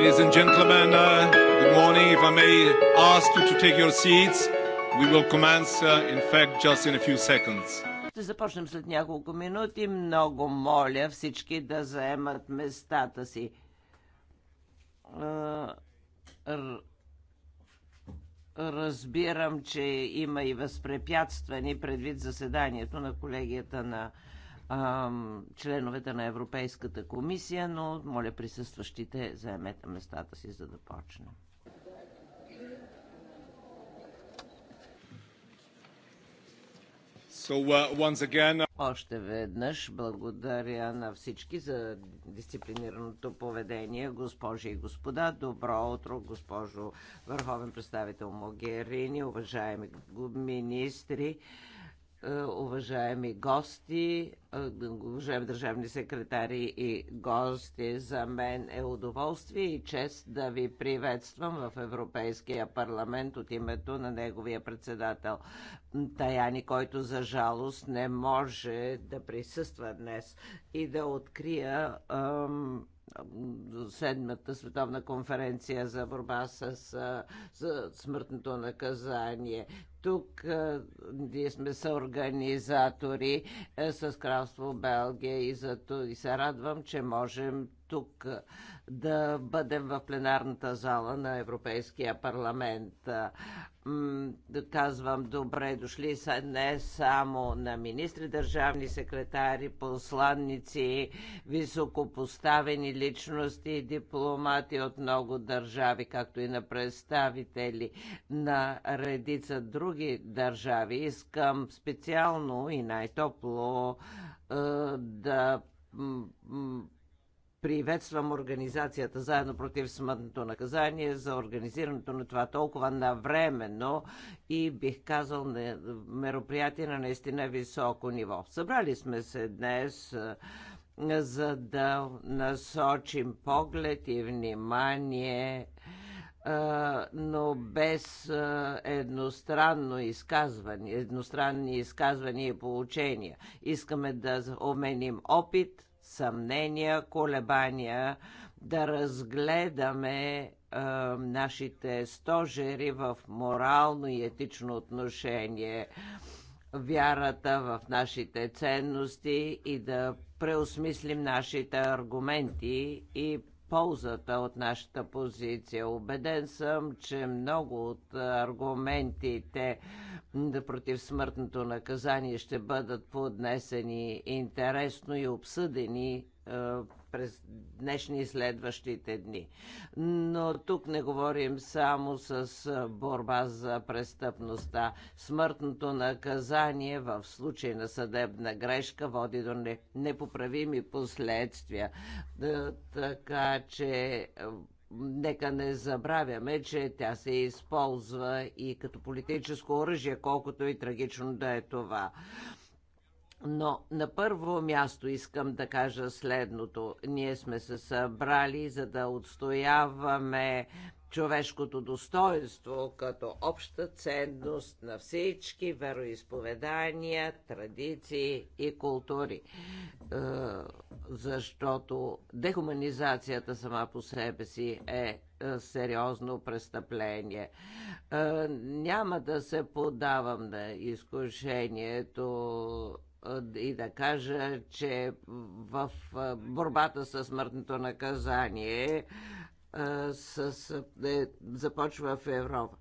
Ladies and gentlemen, uh, good morning. If I may ask you to take your seats, we will commence, uh, in fact, just in a few seconds. Ще започнем след няколко минути. Много моля всички да заемат местата си. Разбирам, че има и възпрепятствани предвид заседанието на колегията на а, членовете на Европейската комисия, но моля присъстващите заемете местата си, за да почнем. So, uh, once again... Uh, Още веднъж благодаря на всички за дисциплинираното поведение, госпожи и господа. Добро утро, госпожо Върховен представител Могерини, уважаеми министри. Uh, е, уважаеми гости, е, уважаеми държавни секретари и гости, за мен е удоволствие и чест да ви приветствам в Европейския парламент от името на неговия председател Таяни, който за жалост не може да присъства днес и да открия ам, седмата световна конференция за борба с, с, с смъртното наказание. Тук а, ние сме съорганизатори а, с Кралство Белгия и, зато, и се радвам, че можем тук да бъдем в пленарната зала на Европейския парламент. Казвам добре, дошли са не само на министри, държавни секретари, посланници, високопоставени личности и дипломати от много държави, както и на представители на редица други държави. Искам специално и най-топло да приветствам организацията заедно против смъртното наказание за организирането на това толкова навременно и бих казал не, мероприятие на наистина високо ниво. Събрали сме се днес за да насочим поглед и внимание но без едностранно изказване, едностранни изказвания и получения. Искаме да оменим опит, съмнения, колебания, да разгледаме нашите стожери в морално и етично отношение, вярата в нашите ценности и да преосмислим нашите аргументи и ползата от нашата позиция. Обеден съм, че много от аргументите, против смъртното наказание ще бъдат поднесени интересно и обсъдени е, през днешни и следващите дни. Но тук не говорим само с е, борба за престъпността. Смъртното наказание в случай на съдебна грешка води до непоправими последствия. Е, така че нека не забравяме, че тя се използва и като политическо оръжие, колкото и трагично да е това. Но на първо място искам да кажа следното. Ние сме се събрали, за да отстояваме човешкото достоинство като обща ценност на всички вероисповедания, традиции и култури. Е, защото дехуманизацията сама по себе си е, е сериозно престъпление. Е, няма да се подавам на изкушението и да кажа, че в борбата с смъртното наказание с, е, започва в Европа.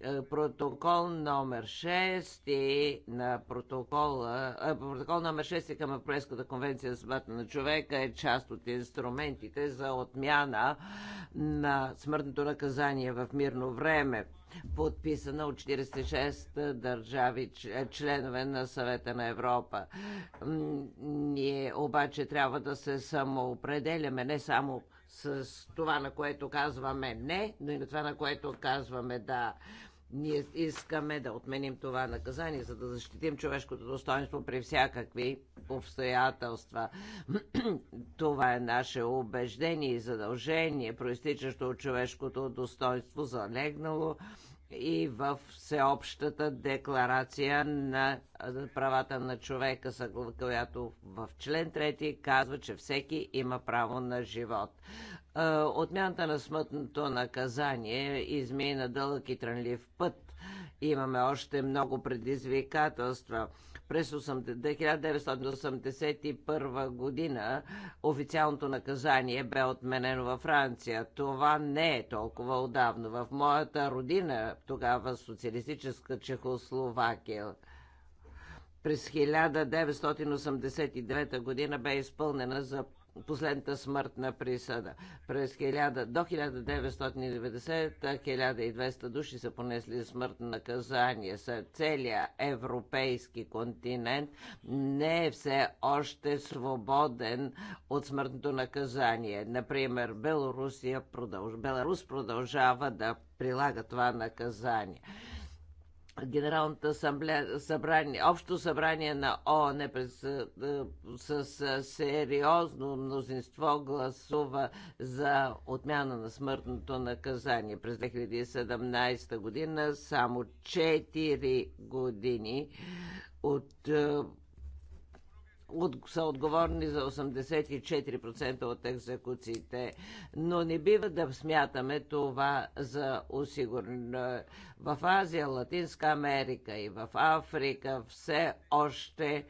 Е, протокол номер 6 е на протокола, а, е, протокол номер 6 към Европейската конвенция за смъртта на човека е част от инструментите за отмяна на смъртното наказание в мирно време подписана от 46 държави, членове на съвета на Европа. Ние обаче трябва да се самоопределяме не само с това, на което казваме не, но и на това, на което казваме да. Ние искаме да отменим това наказание, за да защитим човешкото достоинство при всякакви обстоятелства. това е наше убеждение и задължение, проистичащо от човешкото достоинство, залегнало и в всеобщата декларация на правата на човека, която в член 3 казва, че всеки има право на живот. Е, отмяната на смътното наказание измина дълъг и трънлив път. Имаме още много предизвикателства през 1981 година официалното наказание бе отменено във Франция. Това не е толкова отдавно. В моята родина, тогава социалистическа Чехословакия, през 1989 година бе изпълнена за последната смъртна присъда. През 1000, до 1990 1200 души са понесли смъртно наказание. с целият европейски континент не е все още свободен от смъртното наказание. Например, Белорусия продълж... Беларус продължава да прилага това наказание. Генералната асамблея, събрание, общо събрание на ООН е през, е, с, с е, сериозно мнозинство гласува за отмяна на смъртното наказание. През 2017 година само 4 години от от, са отговорни за 84% от екзекуциите, но не бива да смятаме това за осигурено. В Азия, Латинска Америка и в Африка все още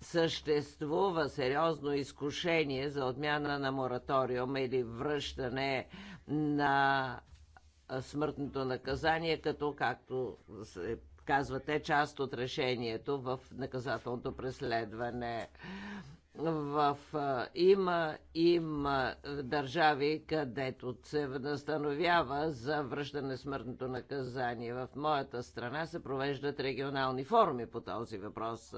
съществува сериозно изкушение за отмяна на мораториум или връщане на смъртното наказание, като както се казват, е част от решението в наказателното преследване в, а, има, има държави, където се настановява за връщане смъртното наказание. В моята страна се провеждат регионални форуми по този въпрос.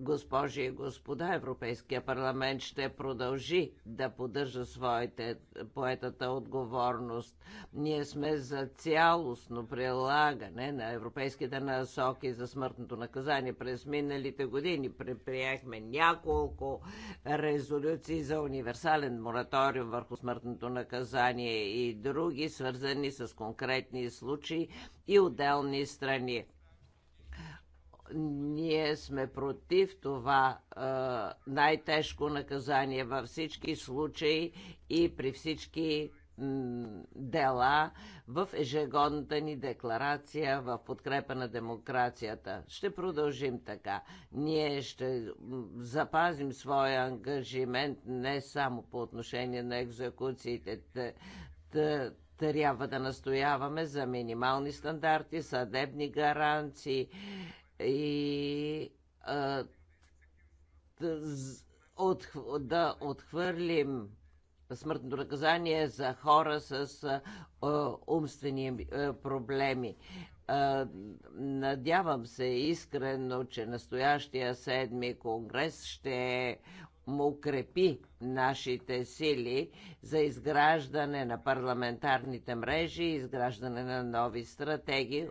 Госпожи и господа, Европейския парламент ще продължи да поддържа своите поетата отговорност. Ние сме за цялостно прилагане на европейските насоки за смъртното наказание. През миналите години предприехме няколко резолюции за универсален мораториум върху смъртното наказание и други, свързани с конкретни случаи и отделни страни ние сме против това най-тежко наказание във всички случаи и при всички дела в ежегодната ни декларация в подкрепа на демокрацията. Ще продължим така. Ние ще запазим своя ангажимент не само по отношение на екзекуциите. Трябва да настояваме за минимални стандарти, съдебни гаранции и а, от, да отхвърлим смъртното наказание за хора с а, умствени а, проблеми. А, надявам се искрено, че настоящия седми конгрес ще му укрепи нашите сили за изграждане на парламентарните мрежи, изграждане на нови стратегии,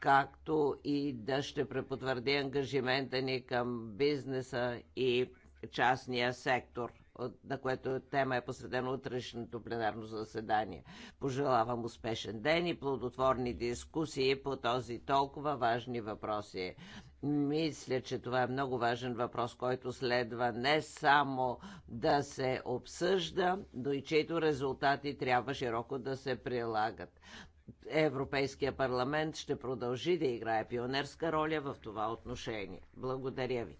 както и да ще препотвърди ангажимента ни към бизнеса и частния сектор, на което тема е посредено утрешното пленарно заседание. Пожелавам успешен ден и плодотворни дискусии по този толкова важни въпроси. Мисля, че това е много важен въпрос, който следва не само да се обсъжда, но и чието резултати трябва широко да се прилагат. Европейския парламент ще продължи да играе пионерска роля в това отношение. Благодаря ви.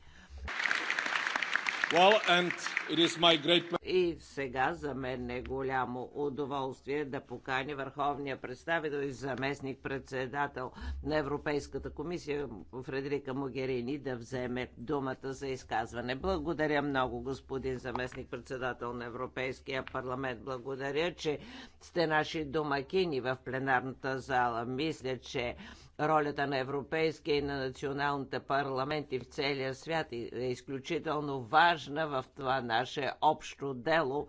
Well, and it is my great... И сега за мен е голямо удоволствие да покани върховния представител и заместник председател на Европейската комисия Фредерика Могерини да вземе думата за изказване. Благодаря много, господин заместник председател на Европейския парламент. Благодаря, че сте наши домакини в пленарната зала. Мисля, че Ролята на Европейския и на националните парламенти в целия свят е изключително важна в това наше общо дело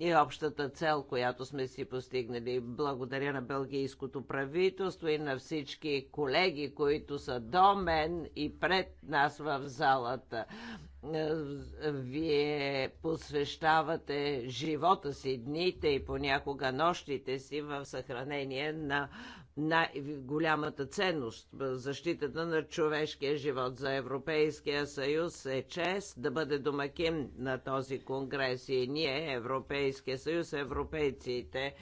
и общата цел, която сме си постигнали. Благодаря на белгийското правителство и на всички колеги, които са до мен и пред нас в залата. Вие посвещавате живота си, дните и понякога нощите си в съхранение на най-голямата ценност защитата на човешкия живот за Европейския съюз е чест да бъде домакин на този конгрес и ние, Европейския съюз, европейците,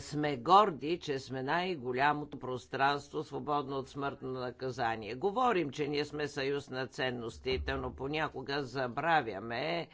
сме горди, че сме най-голямото пространство, свободно от смъртно наказание. Говорим, че ние сме съюз на ценностите, но понякога забравяме,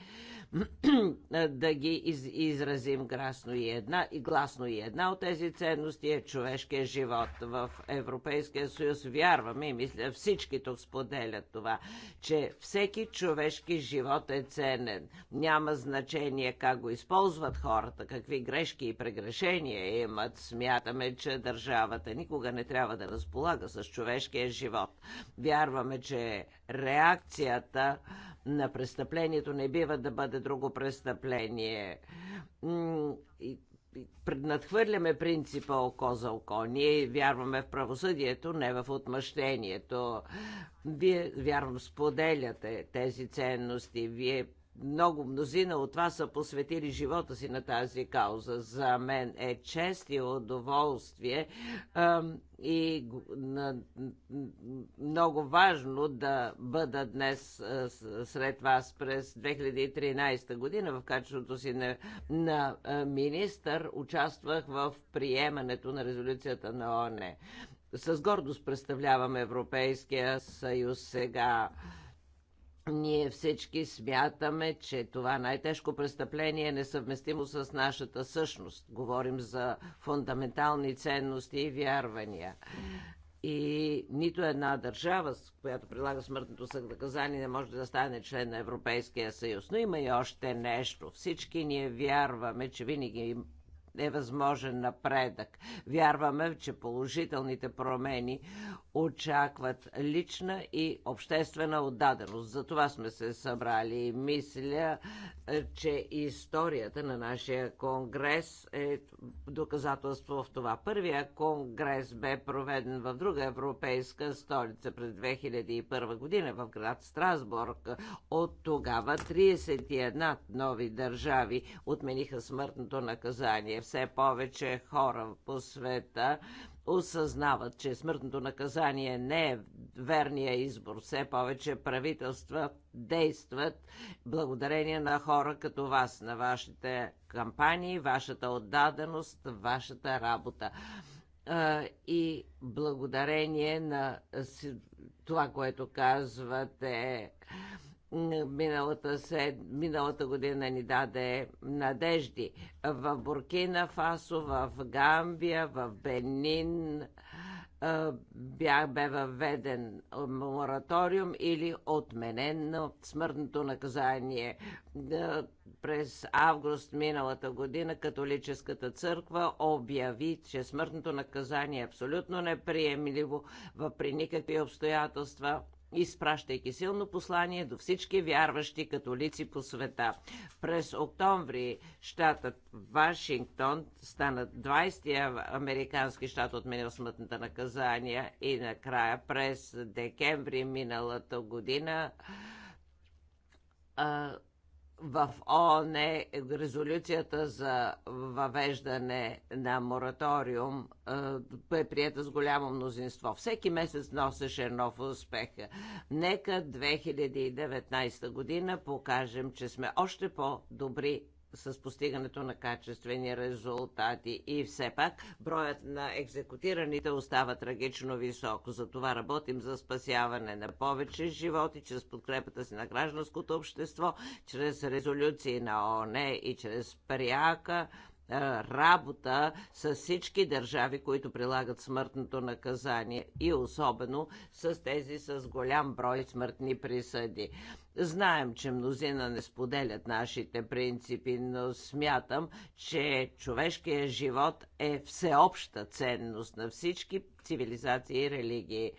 да ги из, изразим грасно и една и гласно и една от тези ценности е човешкия живот. В Европейския съюз вярваме и мисля всички тук споделят това, че всеки човешки живот е ценен. Няма значение как го използват хората, какви грешки и прегрешения имат. Смятаме, че държавата никога не трябва да разполага с човешкия живот. Вярваме, че реакцията на престъплението не бива да бъде друго престъпление. Надхвърляме принципа око за око. Ние вярваме в правосъдието, не в отмъщението. Вие, вярвам, споделяте тези ценности. Вие много мнозина от вас са посветили живота си на тази кауза. За мен е чест и удоволствие и много важно да бъда днес сред вас през 2013 година в качеството си на, на министър участвах в приемането на резолюцията на ОНЕ. С гордост представлявам Европейския съюз сега. Ние всички смятаме, че това най-тежко престъпление е несъвместимо с нашата същност. Говорим за фундаментални ценности и вярвания. И нито една държава, която прилага смъртното съдъказание, не може да стане член на Европейския съюз. Но има и още нещо. Всички ние вярваме, че винаги е възможен напредък. Вярваме, че положителните промени очакват лична и обществена отдаденост. За това сме се събрали и мисля, е, че историята на нашия конгрес е доказателство в това. Първия конгрес бе проведен в друга европейска столица през 2001 година в град Страсбург. От тогава 31 нови държави отмениха смъртното наказание. Все повече хора по света осъзнават, че смъртното наказание не е верния избор. Все повече правителства действат благодарение на хора като вас, на вашите кампании, вашата отдаденост, вашата работа. И благодарение на това, което казвате, миналата, сед... миналата година ни даде надежди в Буркина Фасо, в Гамбия, в Бенин бях бе въведен мораториум или отменен на смъртното наказание. През август миналата година католическата църква обяви, че смъртното наказание е абсолютно неприемливо въпри никакви обстоятелства изпращайки силно послание до всички вярващи католици по света. През октомври щатът Вашингтон стана 20-я американски щат отменил смътната наказания и накрая през декември миналата година а, в ООН е резолюцията за въвеждане на мораториум е, е прията с голямо мнозинство. Всеки месец носеше нов успех. Нека 2019 година покажем, че сме още по-добри с постигането на качествени резултати. И все пак броят на екзекутираните остава трагично висок. Затова работим за спасяване на повече животи, чрез подкрепата си на гражданското общество, чрез резолюции на ОНЕ и чрез пряка работа с всички държави, които прилагат смъртното наказание и особено с тези с голям брой смъртни присъди. Знаем, че мнозина не споделят нашите принципи, но смятам, че човешкият живот е всеобща ценност на всички цивилизации и религии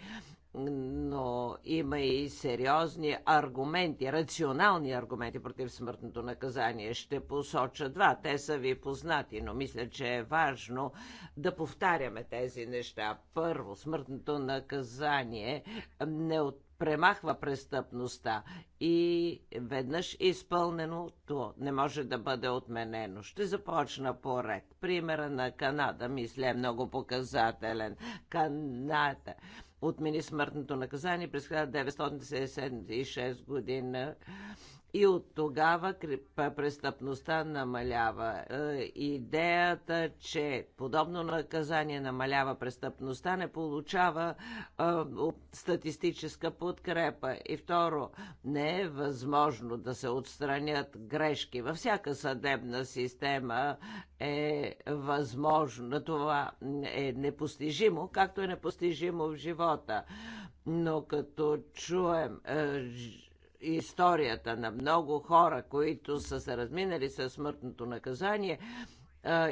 но има и сериозни аргументи, рационални аргументи против смъртното наказание. Ще посоча два. Те са ви познати, но мисля, че е важно да повтаряме тези неща. Първо, смъртното наказание не от премахва престъпността и веднъж изпълнено то не може да бъде отменено. Ще започна по ред. Примера на Канада, мисля, е много показателен. Канада отмени смъртното наказание през 1976 година и от тогава престъпността намалява. Е, идеята, че подобно наказание намалява престъпността, не получава е, статистическа подкрепа. И второ, не е възможно да се отстранят грешки. Във всяка съдебна система е възможно. Това е непостижимо, както е непостижимо в живота. Но като чуем е, историята на много хора, които са се разминали със смъртното наказание,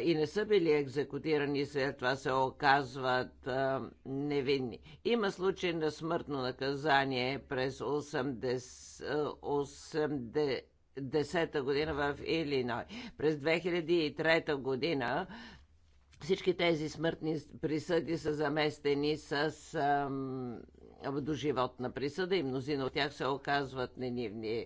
и не са били екзекутирани, след това се оказват а, невинни. Има случай на смъртно наказание през 80, 10-та година в Илиной. През 2003 година всички тези смъртни присъди са заместени с ам, до животна присъда и мнозина от тях се оказват ненивни.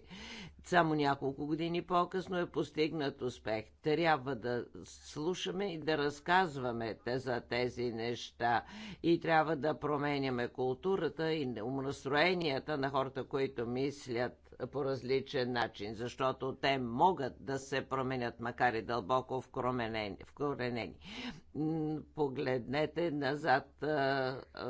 Само няколко години по-късно е постигнат успех. Трябва да слушаме и да разказваме за тези неща. И трябва да променяме културата и умнастроенията на хората, които мислят по различен начин, защото те могат да се променят, макар и дълбоко вкоренени погледнете назад а, а,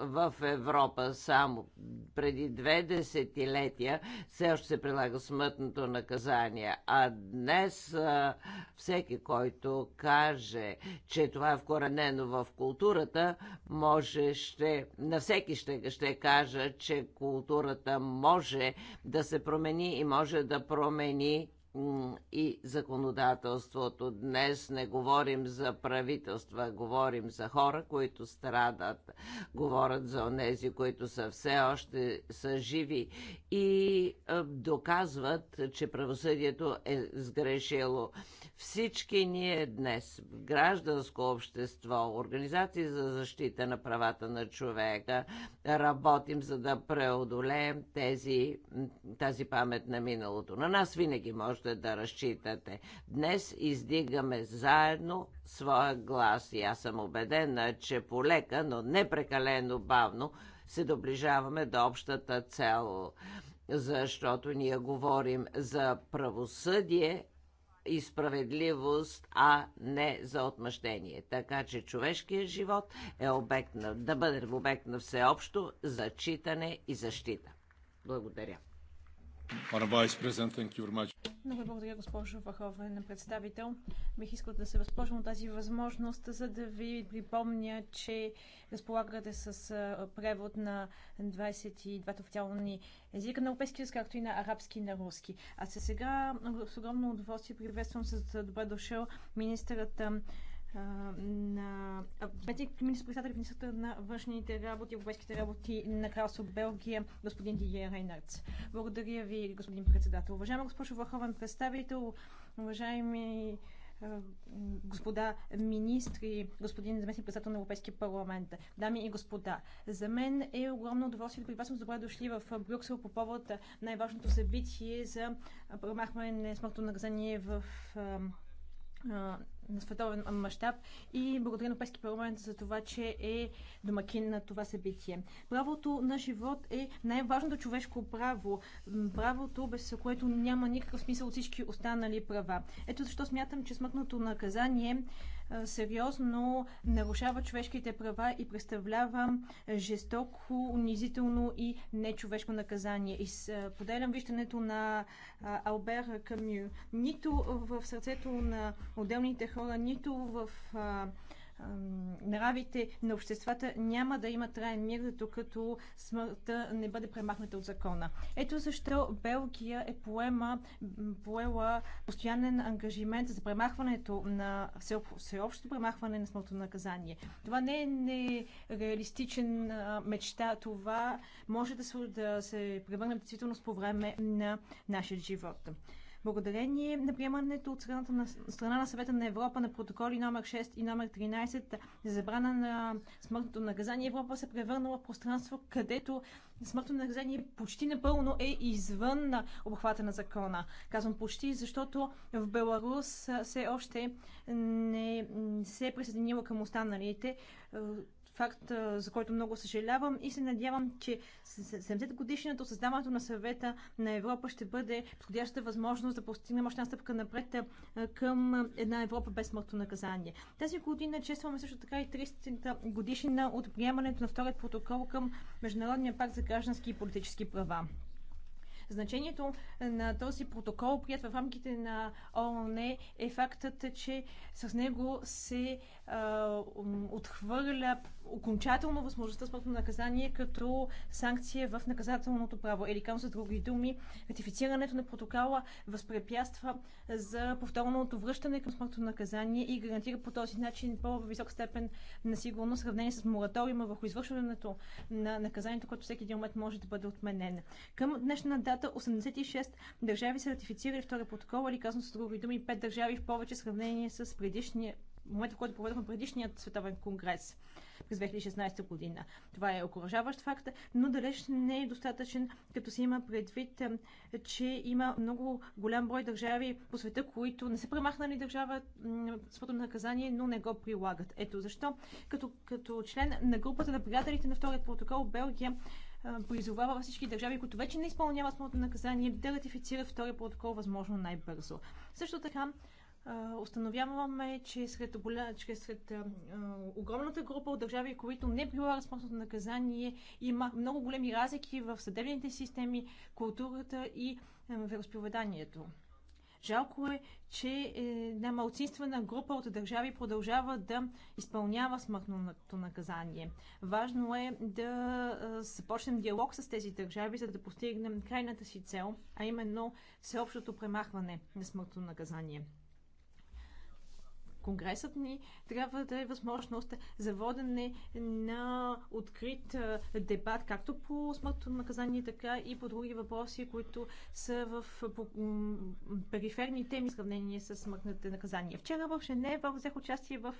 в Европа само преди две десетилетия все още се прилага смътното наказание, а днес а, всеки, който каже, че това е вкоренено в културата, може ще, на всеки ще, ще кажа, че културата може да се промени и може да промени и законодателството. Днес не говорим за правителства, говорим за хора, които страдат, говорят за онези, които са все още са живи и доказват, че правосъдието е сгрешило. Всички ние днес, гражданско общество, организации за защита на правата на човека, работим за да преодолеем тези, тази памет на миналото. На нас винаги можете да разчитате. Днес издигаме заедно своя глас и аз съм убедена, че полека, но не прекалено бавно, се доближаваме до общата цел защото ние говорим за правосъдие, и справедливост, а не за отмъщение. Така че човешкият живот е обект на, да бъде обект на всеобщо зачитане и защита. Благодаря. Много благодаря, госпожо Върховен представител. Бих искал да се възползвам от тази възможност, за да ви припомня, че разполагате с превод на 22 официални езика на европейски, както и на арабски и на руски. А сега с огромно удоволствие приветствам с добре дошъл министърът на заместник министър председател министър на външните работи, европейските работи на Кралство Белгия, господин Дидие Рейнардс. Благодаря ви, господин председател. Уважаема госпожо Върховен представител, уважаеми господа министри, господин заместник председател на Европейския парламент, дами и господа. За мен е огромно удоволствие да приветствам добре дошли в Брюксел по повод най-важното събитие за промахване на смъртно наказание в на световен мащаб и благодаря на Пески парламент за това, че е домакин на това събитие. Правото на живот е най-важното човешко право. Правото, без което няма никакъв смисъл от всички останали права. Ето защо смятам, че смътното наказание сериозно нарушава човешките права и представлява жестоко, унизително и нечовешко наказание. И поделям виждането на Албер Камю. Нито в сърцето на отделните хора, нито в нравите на обществата, няма да има траен мир, докато смъртта не бъде премахната от закона. Ето защо Белгия е поема, поела постоянен ангажимент за премахването на всеобщо премахване на смъртно наказание. Това не е нереалистичен мечта, това може да се, да се превърне в действителност по време на нашия живот. Благодарение на приемането от страната на, страна на съвета на Европа на протоколи номер 6 и номер 13 за забрана на смъртното наказание, Европа се превърнала в пространство, където смъртното наказание почти напълно е извън обхвата на закона. Казвам почти, защото в Беларус все още не се е присъединила към останалите факт, за който много съжалявам и се надявам, че 70 годишното създаването на съвета на Европа ще бъде подходяща възможност да постигнем още стъпка напред към една Европа без смъртно наказание. Тази година честваме също така и 30-та годишнина от приемането на вторият протокол към Международния пакт за граждански и политически права. Значението на този протокол, прият в рамките на ООН, е фактът, че с него се а, отхвърля окончателно възможността смъртно наказание като санкция в наказателното право. Или към с други думи, ратифицирането на протокола възпрепятства за повторното връщане към смъртно наказание и гарантира по този начин по висок степен на сигурност, в сравнение с мораториума върху извършването на наказанието, което всеки един момент може да бъде отменен. Към днешна дата света 86 държави са ратифицирали втория протокол, или казано с други думи, 5 държави в повече в сравнение с предишния момента, в който проведохме предишният световен конгрес през 2016 година. Това е окоръжаващ факт, но далеч не е достатъчен, като се има предвид, че има много голям брой държави по света, които не са премахнали държава своето наказание, но не го прилагат. Ето защо, като, като член на групата на приятелите на втория протокол, Белгия призовава всички държави, които вече не изпълняват смъртно наказание, да ратифицират втория протокол възможно най-бързо. Също така, установяваме, че сред, оголя, че сред а, огромната група от държави, които не прилагат смъртното наказание, има много големи разлики в съдебните системи, културата и вероисповеданието. Жалко е, че е, една малцинствена група от държави продължава да изпълнява смъртното наказание. Важно е да е, започнем диалог с тези държави, за да постигнем крайната си цел, а именно всеобщото премахване на смъртното наказание. Конгресът ни трябва да е възможност за водене на открит дебат, както по смъртното наказание, така и по други въпроси, които са в периферни теми в сравнение с смъртното наказание. Вчера в Женева взех участие в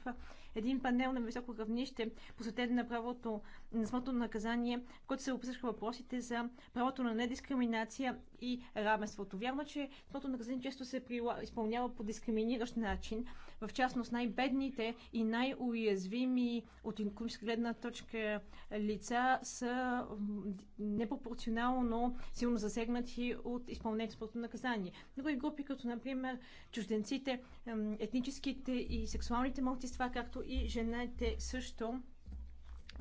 един панел на високо равнище, посветен на правото на смъртното наказание, в който се обсъждаха въпросите за правото на недискриминация и равенството. Вярно, че смъртното наказание често се изпълнява по дискриминиращ начин. В част частност най-бедните и най-уязвими от економическа гледна точка лица са непропорционално силно засегнати от изпълнението на наказание. Други групи, като например чужденците, етническите и сексуалните малцинства, както и жените също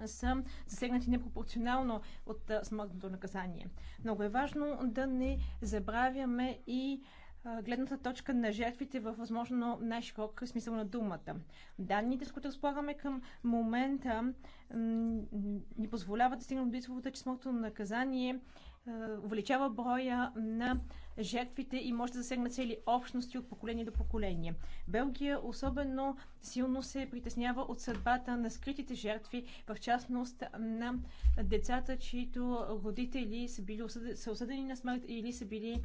са засегнати непропорционално от смъртното наказание. Много е важно да не забравяме и гледната точка на жертвите във възможно най-широк смисъл на думата. Данните, с които разполагаме към момента, ни позволяват да стигнем до извода, че смъртното наказание увеличава броя на жертвите и може да засегне цели общности от поколение до поколение. Белгия особено силно се притеснява от съдбата на скритите жертви, в частност на децата, чието родители са, били са осъдени на смърт или са били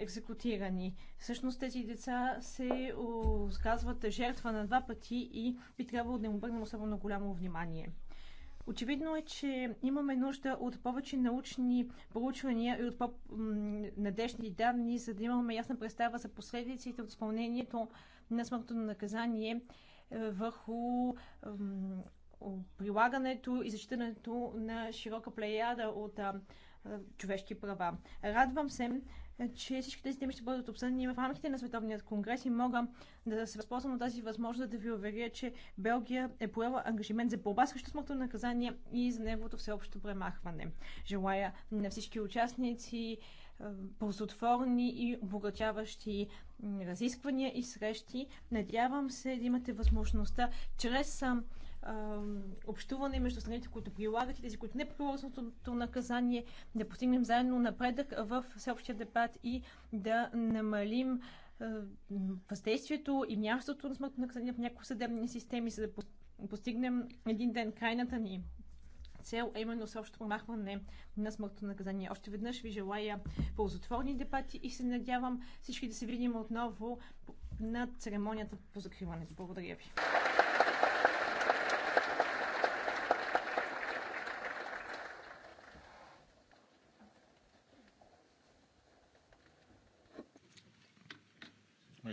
екзекутирани. Всъщност тези деца се оказват жертва на два пъти и би трябвало да им обърнем особено голямо внимание. Очевидно е, че имаме нужда от повече научни проучвания и от по-надежни данни, за да имаме ясна представа за последиците от изпълнението на смъртното наказание е, върху прилагането и зачитането на широка плеяда от човешки права. Радвам се, че всички тези теми ще бъдат обсъдени в рамките на Световният конгрес и мога да се възползвам от тази възможност да ви уверя, че Белгия е поела ангажимент за борба срещу смъртно наказание и за неговото всеобщо премахване. Желая на всички участници е, ползотворни и обогатяващи разисквания и срещи. Надявам се да имате възможността чрез общуване между страните, които прилагат и тези, които не прилагат наказание, да постигнем заедно напредък в всеобщия дебат и да намалим въздействието и мястото на смъртното наказание в някои съдебни системи, за да постигнем един ден крайната ни цел е именно съобщо промахване на смъртното наказание. Още веднъж ви желая ползотворни дебати и се надявам всички да се видим отново на церемонията по закриването. Благодаря ви.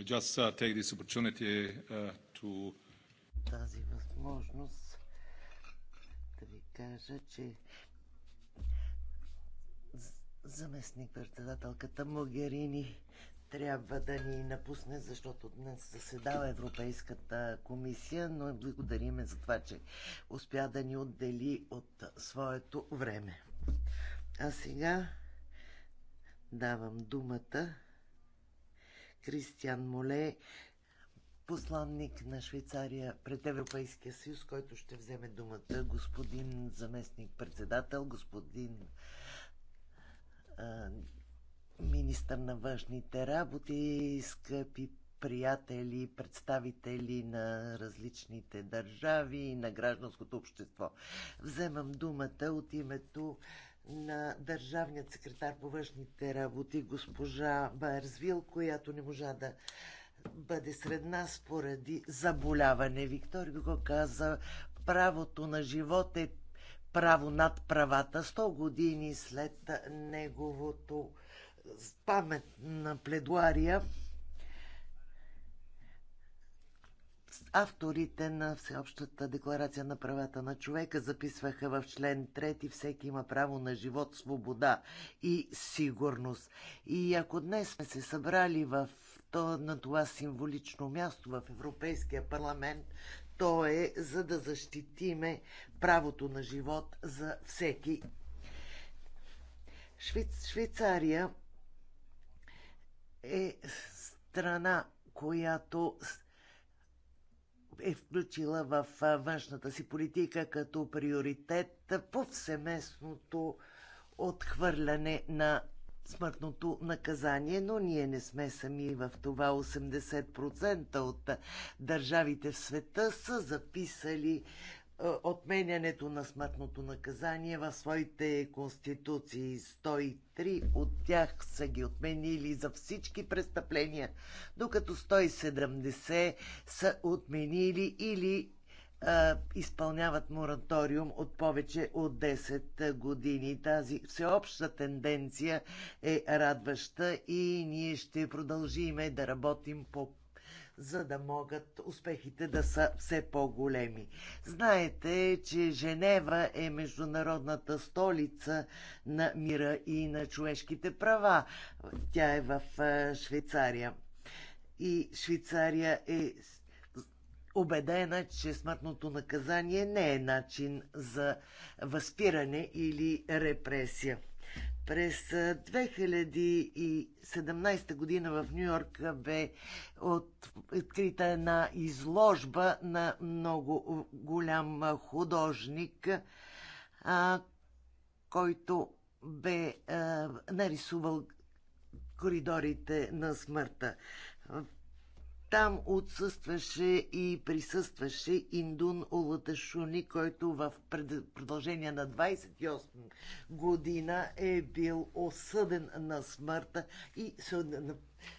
I just uh, take this opportunity uh, to тази възможност да ви кажа, че заместник-председателката Могерини трябва да ни напусне, защото днес заседава Европейската комисия, но благодариме за това, че успя да ни отдели от своето време. А сега давам думата Кристиан Моле, посланник на Швейцария пред Европейския съюз, който ще вземе думата, господин заместник-председател, господин министър на външните работи, скъпи приятели, представители на различните държави и на гражданското общество. Вземам думата от името на държавният секретар по външните работи госпожа Барзвил, която не можа да бъде сред нас поради заболяване. Виктор го каза, правото на живот е право над правата. 100 години след неговото памет на пледуария авторите на Всеобщата декларация на правата на човека записваха в член 3 всеки има право на живот, свобода и сигурност. И ако днес сме се събрали в то, на това символично място в Европейския парламент, то е за да защитиме правото на живот за всеки. Швейц, Швейцария е страна, която е включила в външната си политика като приоритет повсеместното отхвърляне на смъртното наказание, но ние не сме сами в това. 80% от държавите в света са записали е, отменянето на смъртното наказание в своите конституции. 103 от тях са ги отменили за всички престъпления, докато 170 са отменили или а, е, изпълняват мораториум от повече от 10 години. Тази всеобща тенденция е радваща и ние ще продължиме да работим по за да могат успехите да са все по-големи. Знаете, че Женева е международната столица на мира и на човешките права. Тя е в Швейцария. И Швейцария е убедена, че смъртното наказание не е начин за възпиране или репресия. През 2017 година в Нью Йорк бе открита една изложба на много голям художник, а, който бе а, нарисувал коридорите на смъртта. Там отсъстваше и присъстваше Индун Олаташуни, който в продължение на 28 година е бил осъден на смърт и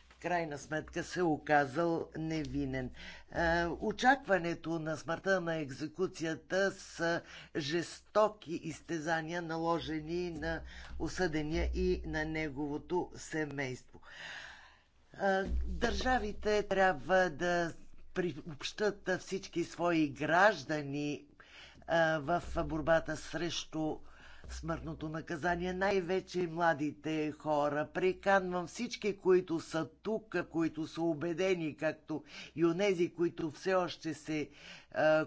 в крайна сметка се оказал невинен. Е, очакването на смъртта на екзекуцията са жестоки изтезания, наложени на осъдения и на неговото семейство. Държавите трябва да приобщат всички свои граждани в борбата срещу смъртното наказание, най-вече младите хора. Приканвам всички, които са тук, които са убедени, както и онези, които все още се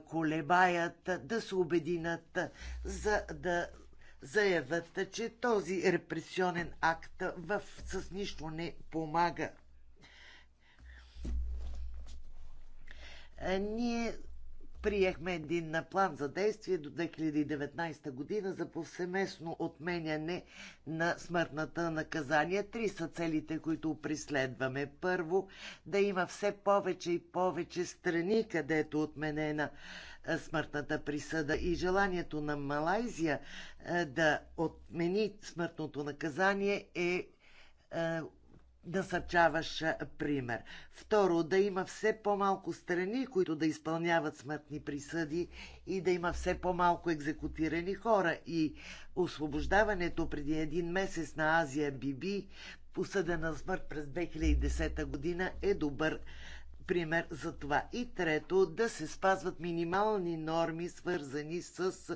колебаят, да се убединат, за да заявят, че този репресионен акт в, с нищо не помага Е, ние приехме един на план за действие до 2019 година за повсеместно отменяне на смъртната наказание. Три са целите, които преследваме. Първо, да има все повече и повече страни, където е отменена е, смъртната присъда и желанието на Малайзия да отмени смъртното наказание е насърчаващ пример. Второ, да има все по-малко страни, които да изпълняват смъртни присъди и да има все по-малко екзекутирани хора. И освобождаването преди един месец на Азия Биби, посъдена на смърт през 2010 година, е добър пример за това. И трето, да се спазват минимални норми, свързани с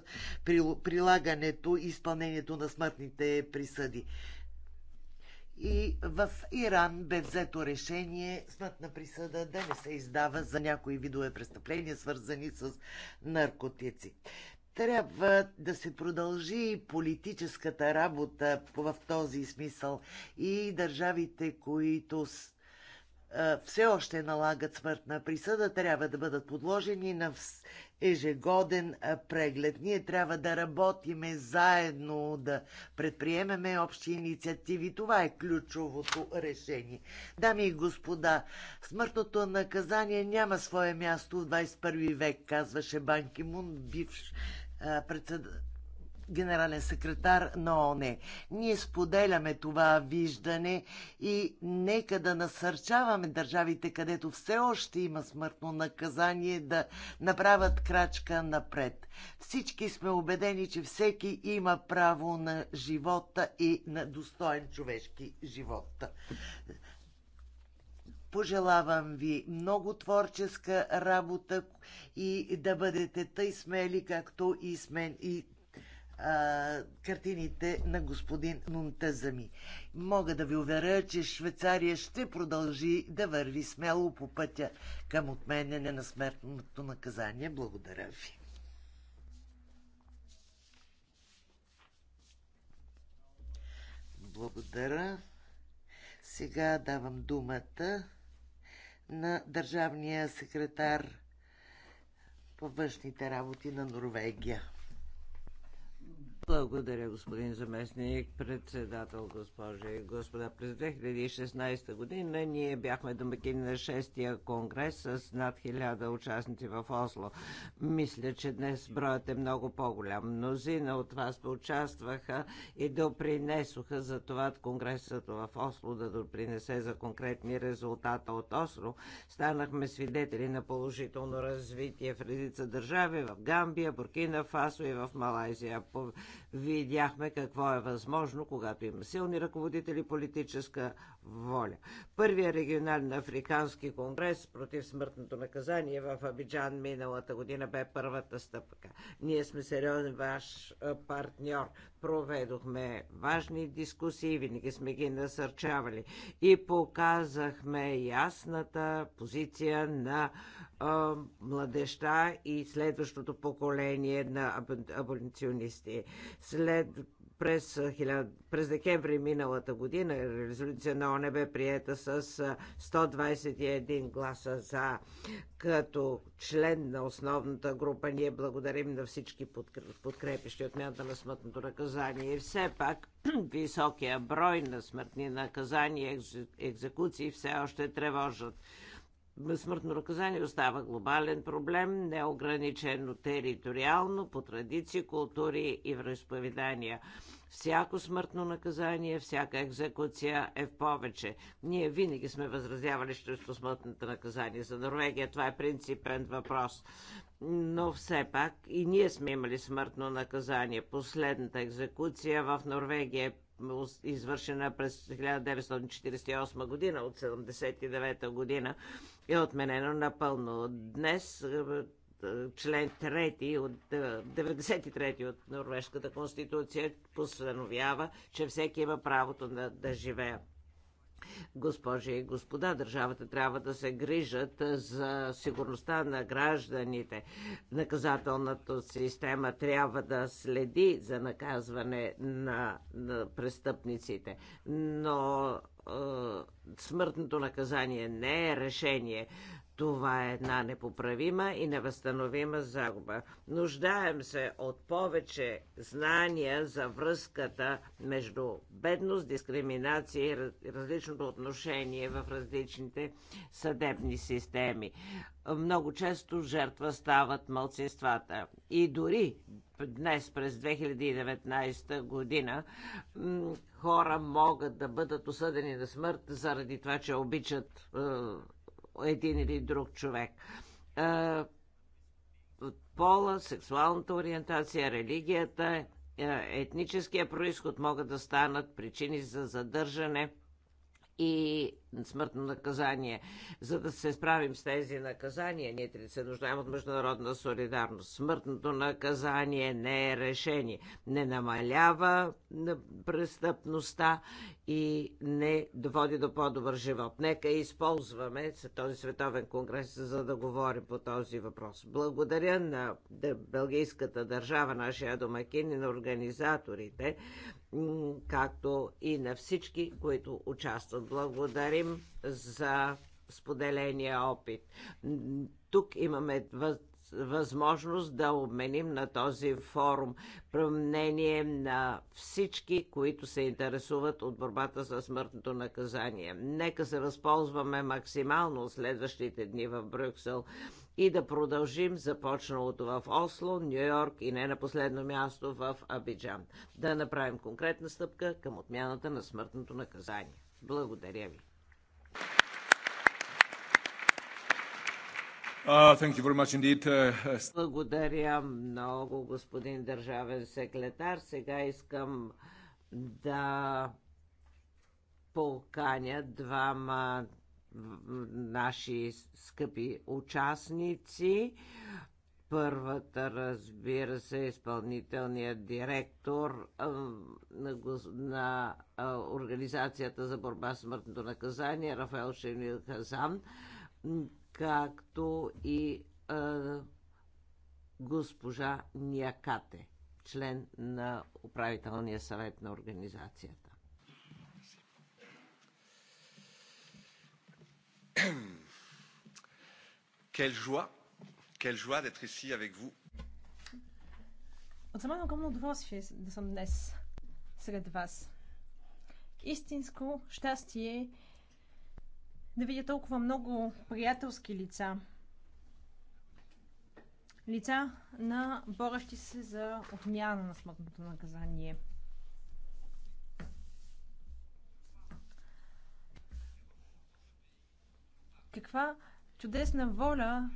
прилагането и изпълнението на смъртните присъди. И в Иран бе взето решение смъртна присъда да не се издава за някои видове престъпления, свързани с наркотици. Трябва да се продължи политическата работа в този смисъл и държавите, които все още налагат смъртна присъда, трябва да бъдат подложени на ежегоден преглед. Ние трябва да работиме заедно, да предприемеме общи инициативи. Това е ключовото решение. Дами и господа, смъртното наказание няма свое място в 21 век, казваше Банки Мун, бивш председател генерален секретар на ООН. Ние споделяме това виждане и нека да насърчаваме държавите, където все още има смъртно наказание, да направят крачка напред. Всички сме убедени, че всеки има право на живота и на достоен човешки живот. Пожелавам ви много творческа работа и да бъдете тъй смели, както и, смен, и а, картините на господин Мунтазами. Мога да ви уверя, че Швейцария ще продължи да върви смело по пътя към отменене на смъртното наказание. Благодаря ви. Благодаря. Сега давам думата на държавния секретар по външните работи на Норвегия. Благодаря, господин заместник, председател, госпожи и господа. През 2016 година ние бяхме домакини на 6-я конгрес с над 1000 участници в Осло. Мисля, че днес броят е много по-голям. Мнозина от вас участваха и допринесоха за това конгресът в Осло да допринесе за конкретни резултата от Осло. Станахме свидетели на положително развитие в редица държави, в Гамбия, Буркина Фасо и в Малайзия. Видяхме какво е възможно, когато има силни ръководители, политическа воля. Първия регионален африкански конгрес против смъртното наказание в Абиджан миналата година бе първата стъпка. Ние сме сериозен ваш партньор. Проведохме важни дискусии, винаги сме ги насърчавали и показахме ясната позиция на младеща и следващото поколение на аболиционисти. След през, през декември миналата година резолюция на ОНЕ бе приета с 121 гласа за. Като член на основната група ние благодарим на всички подкрепещи отмяната на смъртното наказание. И все пак високия брой на смъртни наказания и екзекуции все още тревожат. Смъртно наказание остава глобален проблем, неограничено териториално, по традиции, култури и вероисповедания. Всяко смъртно наказание, всяка екзекуция е в повече. Ние винаги сме възразявали срещу смъртното наказание. За Норвегия това е принципен въпрос. Но все пак и ние сме имали смъртно наказание. Последната екзекуция в Норвегия е извършена през 1948 година, от 79 година е отменено напълно. Днес е, е, член 3 от 93 е, от Норвежката конституция постановява, че всеки има правото да, да живее. Госпожи и господа, държавата трябва да се грижат за сигурността на гражданите. Наказателната система трябва да следи за наказване на, на престъпниците. Но смъртното наказание не е решение. Това е една непоправима и невъзстановима загуба. Нуждаем се от повече знания за връзката между бедност, дискриминация и различното отношение в различните съдебни системи. Много често жертва стават мълцинствата. И дори днес, през 2019 година, хора могат да бъдат осъдени на смърт заради това, че обичат е, един или друг човек. Пола, сексуалната ориентация, религията, е, етническия происход могат да станат причини за задържане – и смъртно наказание. За да се справим с тези наказания, ние трябва да се нуждаем от международна солидарност. Смъртното наказание не е решение, не намалява престъпността и не доводи до по-добър живот. Нека използваме този световен конгрес, за да говорим по този въпрос. Благодаря на бългийската държава, нашия домакин и на организаторите както и на всички, които участват. Благодарим за споделения опит. Тук имаме възможност да обменим на този форум мнение на всички, които се интересуват от борбата за смъртното наказание. Нека се възползваме максимално следващите дни в Брюксел и да продължим започналото в Осло, Нью Йорк и не на последно място в Абиджан. Да направим конкретна стъпка към отмяната на смъртното наказание. Благодаря ви. Uh, uh, uh Благодаря много, господин държавен секретар. Сега искам да поканя двама наши скъпи участници. Първата, разбира се, е изпълнителният директор на Организацията за борба с смъртното наказание Рафаел Шенил Хазан, както и госпожа Ниакате, член на управителния съвет на организацията. Quelle joie, quelle joie d'être ici avec vous. От за мен е огромно удоволствие да съм днес сред вас. Истинско щастие да видя толкова много приятелски лица. Лица на борещи се за отмяна на смъртното наказание – каква чудесна воля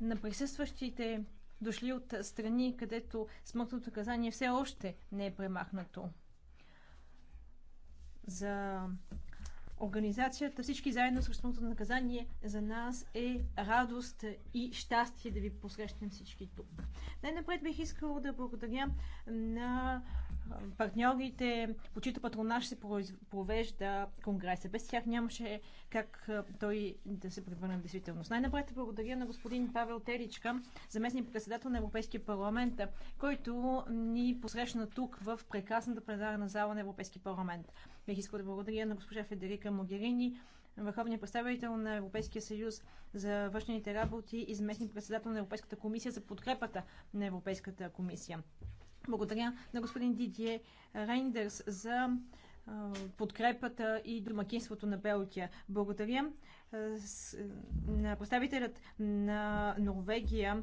на присъстващите дошли от страни, където смъртното казание все още не е премахнато. За организацията всички заедно с смъртното наказание за нас е радост и щастие да ви посрещнем всички тук. Най-напред бих искала да благодаря на партньорите, по чието патронаж се провежда конгреса. Без тях нямаше как той да се превърне в действителност. Най-напред благодаря на господин Павел Теличка, заместник председател на Европейския парламент, който ни посрещна тук в прекрасната пленарна зала на Европейския парламент. Бих искал да благодаря на госпожа Федерика Могерини, върховния представител на Европейския съюз за външните работи и заместник председател на Европейската комисия за подкрепата на Европейската комисия. Благодаря на господин Дидие Рейндърс за подкрепата и домакинството на Белгия. Благодаря на представителят на Норвегия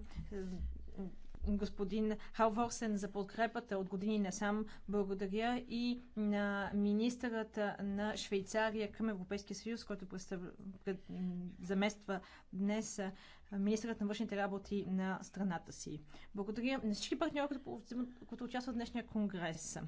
господин Халворсен за подкрепата от години сам Благодаря и на министърът на Швейцария към Европейския съюз, който представ... замества днес министърът на външните работи на страната си. Благодаря на всички партньори, които участват в днешния конгрес.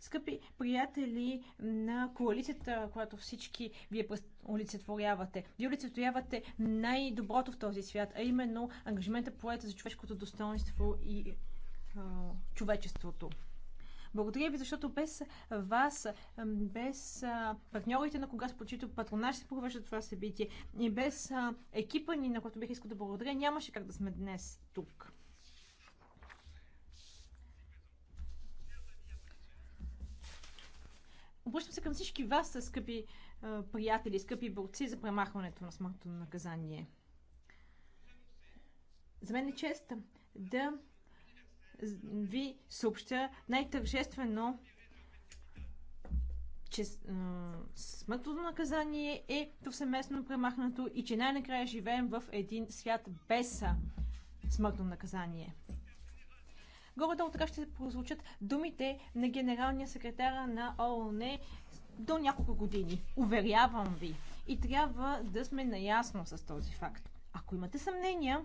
Скъпи приятели на коалицията, която всички вие олицетворявате. Вие олицетворявате най-доброто в този свят, а именно ангажимента поета за човешкото достоинство и а, човечеството. Благодаря ви, защото без вас, без партньорите на кога спочито патронаж се провежда това събитие и без екипа ни, на който бих искал да благодаря, нямаше как да сме днес тук. Обръщам се към всички вас, скъпи е, приятели, скъпи борци за премахването на смъртното наказание. За мен е чест да ви съобща най-тържествено, че смъртно е, смъртното наказание е повсеместно премахнато и че най-накрая живеем в един свят без смъртно наказание. Горе-долу така ще прозвучат думите на генералния секретар на ООН до няколко години. Уверявам ви. И трябва да сме наясно с този факт. Ако имате съмнения,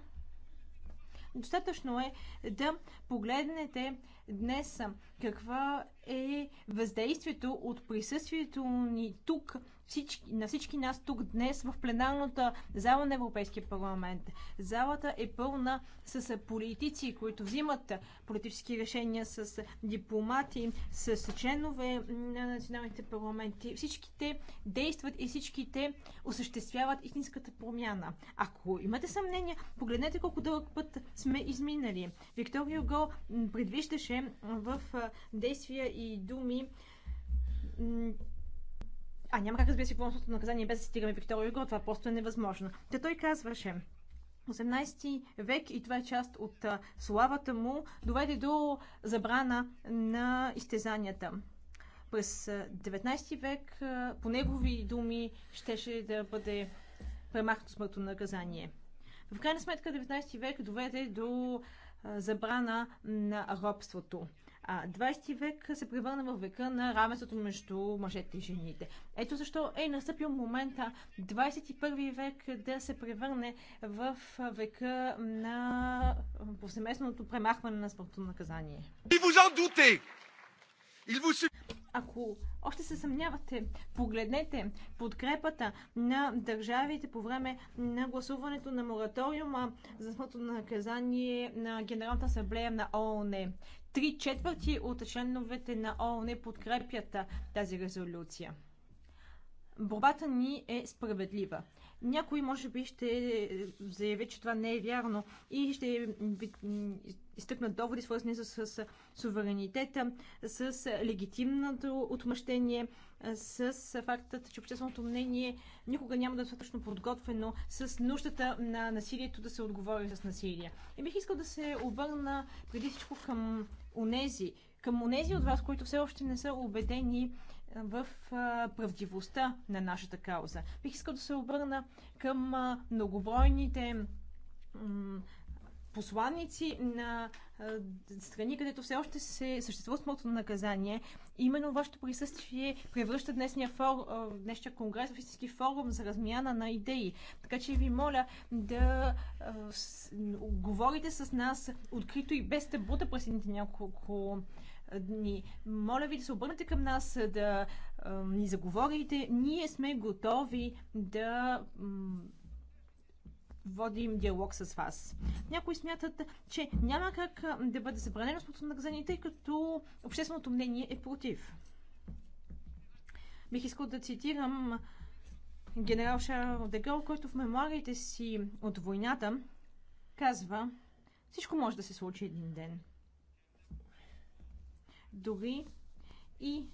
достатъчно е да погледнете днес каква е въздействието от присъствието ни тук, всички, на всички нас тук днес в пленарната зала на Европейския парламент. Залата е пълна с политици, които взимат политически решения с дипломати, с членове на националните парламенти. Всичките действат и всичките осъществяват истинската промяна. Ако имате съмнение, погледнете колко дълъг път сме изминали. Виктор Юго предвиждаше в действия и думи а няма как разбира се пълното наказание без да стигаме Виктория Юго, това просто е невъзможно. Та той казваше, 18 век и това е част от славата му, доведе до забрана на изтезанията. През 19 век, по негови думи, щеше да бъде премахнато смъртно наказание. В крайна сметка 19 век доведе до забрана на робството. 20 век се превърна в века на равенството между мъжете и жените. Ето защо е настъпил момента 21 век да се превърне в века на повсеместното премахване на смъртно наказание. Ако още се съмнявате, погледнете подкрепата на държавите по време на гласуването на мораториума за смъртно наказание на Генералната асамблея на ООН. Три четвърти от членовете на ООН подкрепят тази резолюция борбата ни е справедлива. Някой може би ще заяви, че това не е вярно и ще изтъкнат доводи, свързани с, с, с суверенитета, с легитимното отмъщение, с фактът, че общественото мнение никога няма да е достатъчно подготвено, с нуждата на насилието да се отговори с насилие. И бих искал да се обърна преди всичко към онези, към онези от вас, които все още не са убедени в правдивостта на нашата кауза. Бих искал да се обърна към многобройните посланници на страни, където все още се съществува смъртно наказание. Именно вашето присъствие превръща днесния, фор, днешния конгрес в истински форум за размяна на идеи. Така че ви моля да говорите с нас открито и без табута през едните няколко дни. Моля ви да се обърнете към нас, да ни заговорите. Ние сме готови да водим диалог с вас. Някои смятат, че няма как да бъде забранено смъртно наказание, тъй като общественото мнение е против. Бих искал да цитирам генерал Шарл Дегъл, който в мемуарите си от войната казва, всичко може да се случи един ден – дори и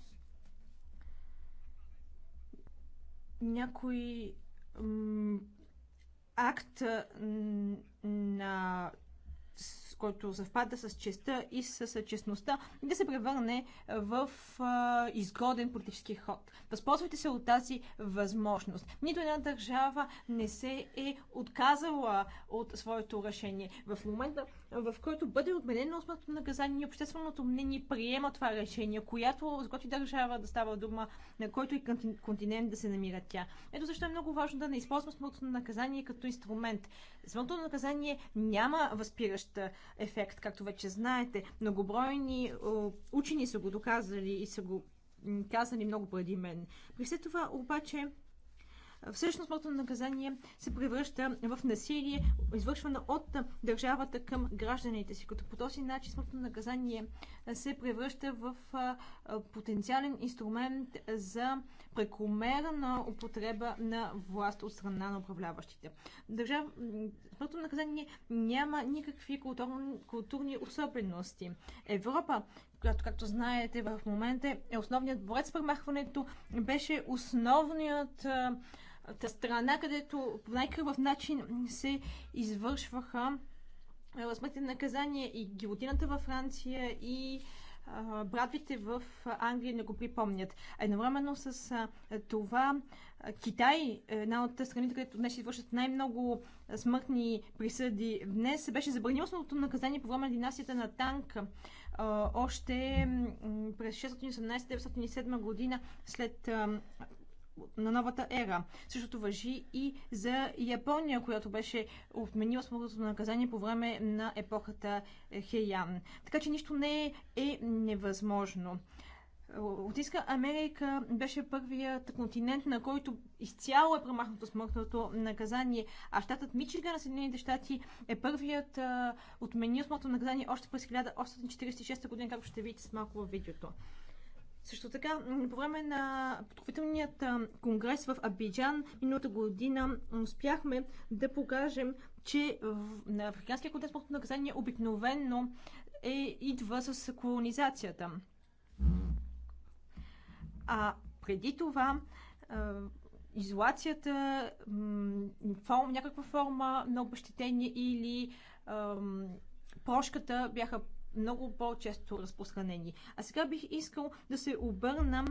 някой акт на с който съвпада с честа и с честността, да се превърне в а, изгоден политически ход. Възползвайте се от тази възможност. Нито една държава не се е отказала от своето решение. В момента в който бъде отменено смъртното наказание, общественото мнение приема това решение, която, за което и държава да става дума, на който и континент да се намира тя. Ето защо е много важно да не използваме смъртното наказание като инструмент. Смъртното наказание няма възпиращ ефект, както вече знаете. Многобройни учени са го доказали и са го казани много преди мен. При след това обаче всъщност смъртно наказание се превръща в насилие, извършвано от държавата към гражданите си, като по този начин смъртното наказание се превръща в потенциален инструмент за прекомерна употреба на власт от страна на управляващите. Държав... смъртното наказание няма никакви културни особености. Европа която, както знаете, в момента е основният борец с премахването, беше основният страна, където по най-кръвъв начин се извършваха смъртни наказания и гилотината във Франция и братвите в Англия не го припомнят. Едновременно с това Китай, една от страните, където днес извършват най-много смъртни присъди, днес беше забранил основното наказание по време на династията на Танк още през 618-907 година след на новата ера. Същото въжи и за Япония, която беше отменила смъртното наказание по време на епохата Хеян. Така че нищо не е, е невъзможно. Латинска Америка беше първият континент, на който изцяло е премахнато смъртното наказание, а щатът Мичиган на Съединените щати е първият а, отменил смъртното наказание още през 1846 година, както ще видите с малко във видеото. Също така, по време на подготвителният конгрес в Абиджан миналата година успяхме да покажем, че на африканския контекст смъртното наказание обикновено е, идва с колонизацията. А преди това изолацията, някаква форма на обещетение или прошката бяха много по-често разпространени. А сега бих искал да се обърна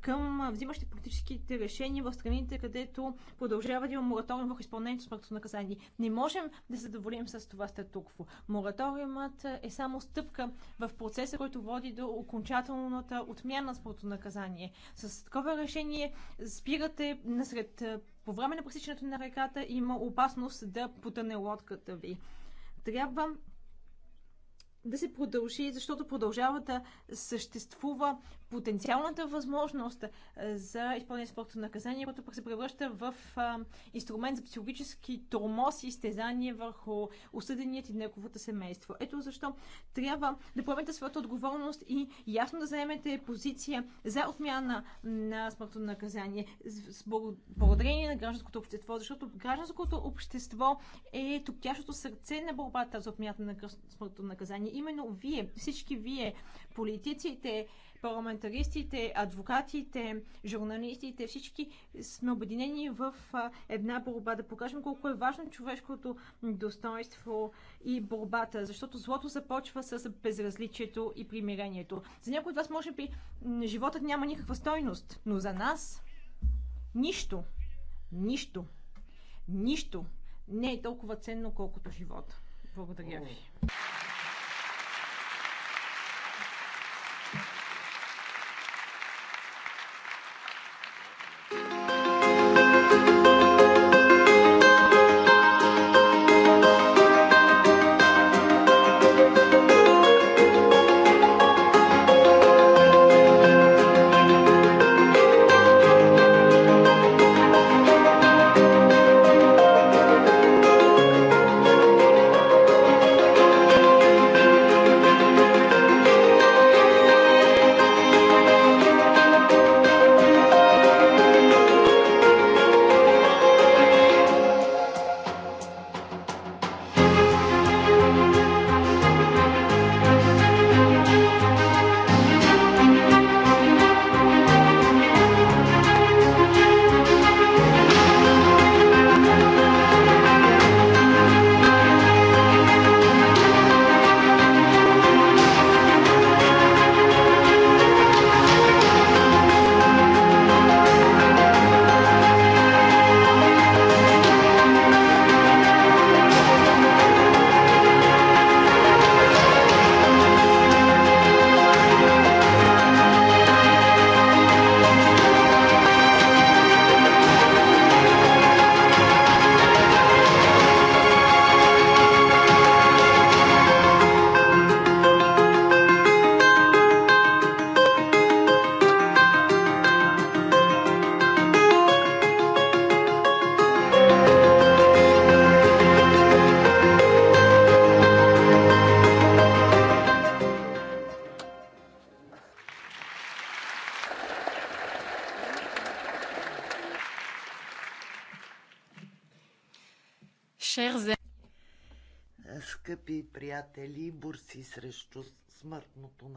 към взимащи политическите решения в страните, където продължава да има мораториум върху изпълнението на смъртното наказание. Не можем да се задоволим с това статукво. Мораториумът е само стъпка в процеса, който води до окончателната отмяна на смъртното наказание. С такова решение спирате насред по време на пресичането на реката има опасност да потъне лодката ви. Трябва да се продължи, защото продължава да съществува потенциалната възможност за изпълнение спортно наказание, което пък се превръща в инструмент за психологически тормоз и стезание върху осъденият и неговото семейство. Ето защо трябва да поемете своята отговорност и ясно да заемете позиция за отмяна на смъртно наказание с благодарение на гражданското общество, защото гражданското общество е топтящото сърце на борбата за отмяна на смъртно наказание. Именно вие, всички вие, политиците, парламентаристите, адвокатите, журналистите, всички сме обединени в една борба да покажем колко е важно човешкото достоинство и борбата, защото злото започва с безразличието и примирението. За някои от вас, може би, животът няма никаква стойност, но за нас нищо, нищо, нищо не е толкова ценно, колкото живота. Благодаря ви.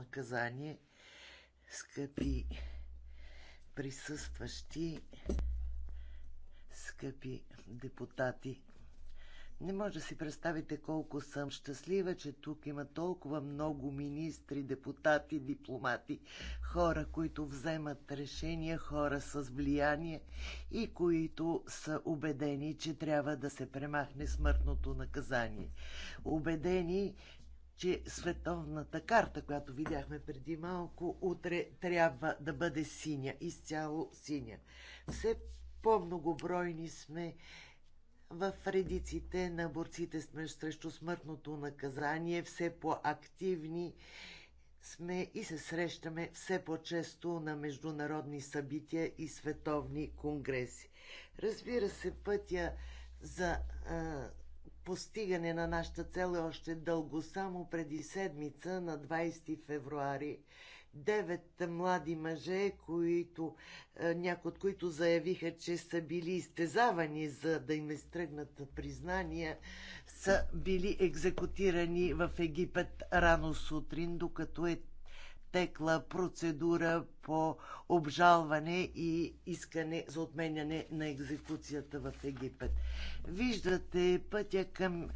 наказание, скъпи присъстващи, скъпи депутати. Не може да си представите колко съм щастлива, че тук има толкова много министри, депутати, дипломати, хора, които вземат решения, хора с влияние и които са убедени, че трябва да се премахне смъртното наказание. Убедени, че световната карта, която видяхме преди малко, утре трябва да бъде синя, изцяло синя. Все по-многобройни сме в редиците на борците сме срещу смъртното наказание, все по-активни сме и се срещаме все по-често на международни събития и световни конгреси. Разбира се, пътя за а, постигане на нашата цел е още дълго. Само преди седмица, на 20 февруари, девет млади мъже, които, е, някои от които заявиха, че са били изтезавани за да им изтръгнат е признания, са били екзекутирани в Египет рано сутрин, докато е текла процедура по обжалване и искане за отменяне на екзекуцията в Египет. Виждате пътя към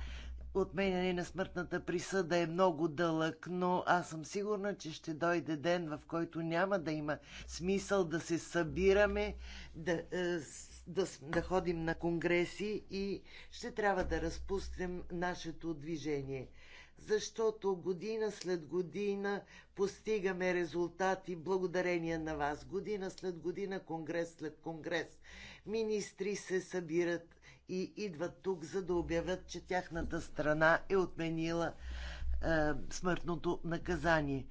отменяне на смъртната присъда е много дълъг, но аз съм сигурна, че ще дойде ден, в който няма да има смисъл да се събираме, да, е, да, да ходим на конгреси и ще трябва да разпустим нашето движение защото година след година постигаме резултати благодарение на вас. Година след година, конгрес след конгрес. Министри се събират и идват тук, за да обявят, че тяхната страна е отменила е, смъртното наказание.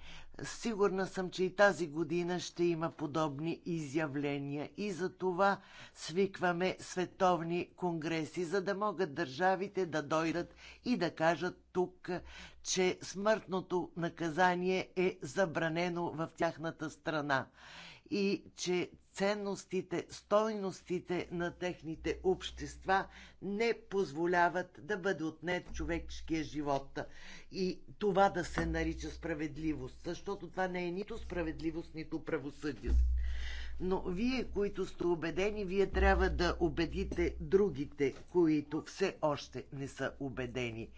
Сигурна съм, че и тази година ще има подобни изявления и за това свикваме световни конгреси, за да могат държавите да дойдат и да кажат тук, че смъртното наказание е забранено в тяхната страна и че ценностите, стойностите на техните общества не позволяват да бъде отнет човешкия живот. И това да се нарича справедливост, защото това не е нито справедливост, нито правосъдие. Но вие, които сте убедени, вие трябва да убедите другите, които все още не са убедени.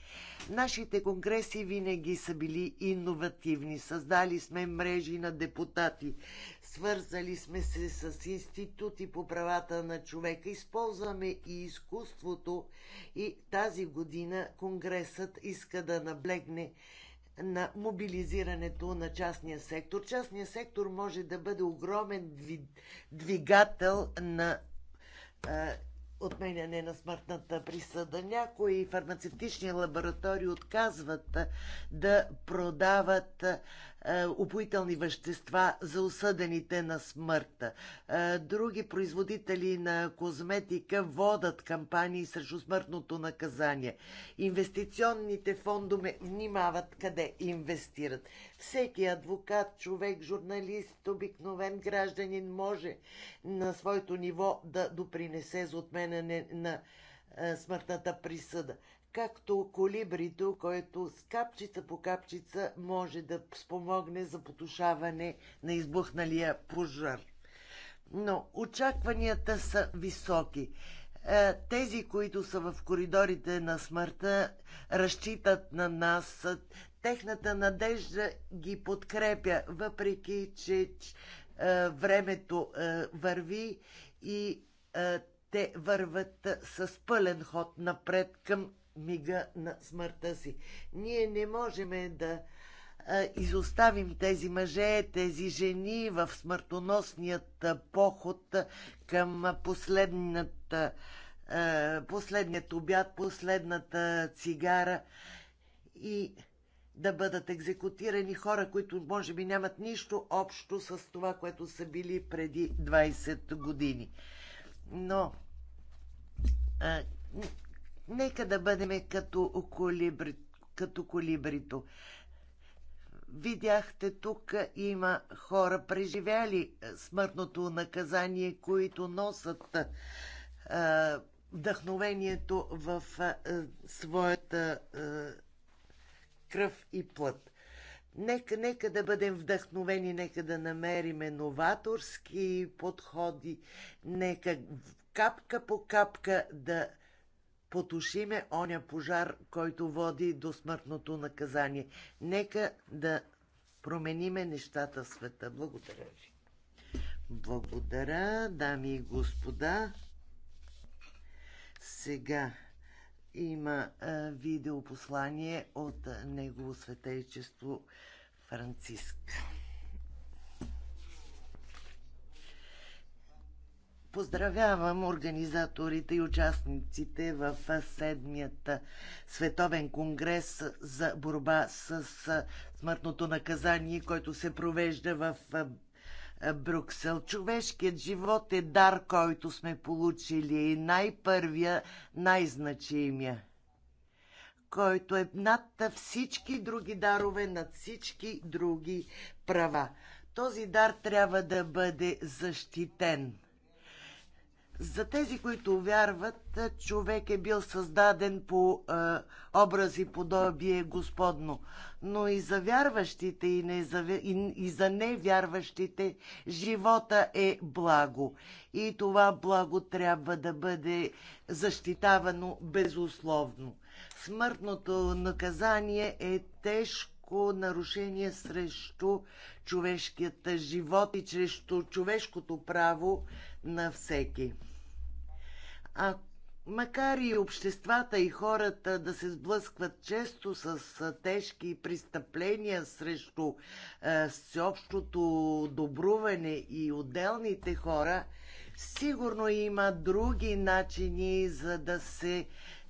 Нашите конгреси винаги са били иновативни. Създали сме мрежи на депутати, свързали сме се с институти по правата на човека, използваме и изкуството и тази година Конгресът иска да наблегне на мобилизирането на частния сектор. Частният сектор може да бъде огромен двигател на е, отменяне на смъртната присъда. Някои фармацевтични лаборатории отказват да продават опоителни е, вещества за осъдените на смърт. Е, други производители на козметика водат кампании срещу смъртното наказание. Инвестиционните фондове внимават къде инвестират. Всеки адвокат, човек, журналист, обикновен гражданин може на своето ниво да допринесе за отменяне на е, смъртната присъда както колибрито, което с капчица по капчица може да спомогне за потушаване на избухналия пожар. Но очакванията са високи. Е, тези, които са в коридорите на смъртта, разчитат на нас. Техната надежда ги подкрепя, въпреки че е, времето е, върви и те върват с пълен ход напред към мига на смъртта си. Ние не можем да изоставим тези мъже, тези жени в смъртоносният поход към последната, последният обяд, последната цигара и да бъдат екзекутирани хора, които може би нямат нищо общо с това, което са били преди 20 години. Но Нека да бъдем като, колибри, като колибрито. Видяхте, тук има хора, преживяли е, смъртното наказание, които носят а, е, вдъхновението в а, е, своята а, кръв и плът. Нека, нека да бъдем вдъхновени, нека да намерим новаторски подходи, нека капка по капка да потушиме оня пожар, който води до смъртното наказание. Нека да промениме нещата в света. Благодаря ви. Благодаря, дами и господа. Сега има а, видеопослание от Негово светейчество Франциск. Поздравявам организаторите и участниците в седмият Световен конгрес за борба с смъртното наказание, който се провежда в Брюксел. Човешкият живот е дар, който сме получили. Най-първия, най-значимия който е над всички други дарове, над всички други права. Този дар трябва да бъде защитен за тези, които вярват, е, човек е бил създаден по е, образ и подобие Господно, но и за вярващите и, не, и, и за невярващите живота е благо. И това благо трябва да бъде защитавано безусловно. Смъртното наказание е тежко тежко нарушение срещу човешкият живот и срещу човешкото право на всеки. А макар и обществата и хората да се сблъскват често с тежки престъпления срещу е, всеобщото добруване и отделните хора, сигурно има други начини за да се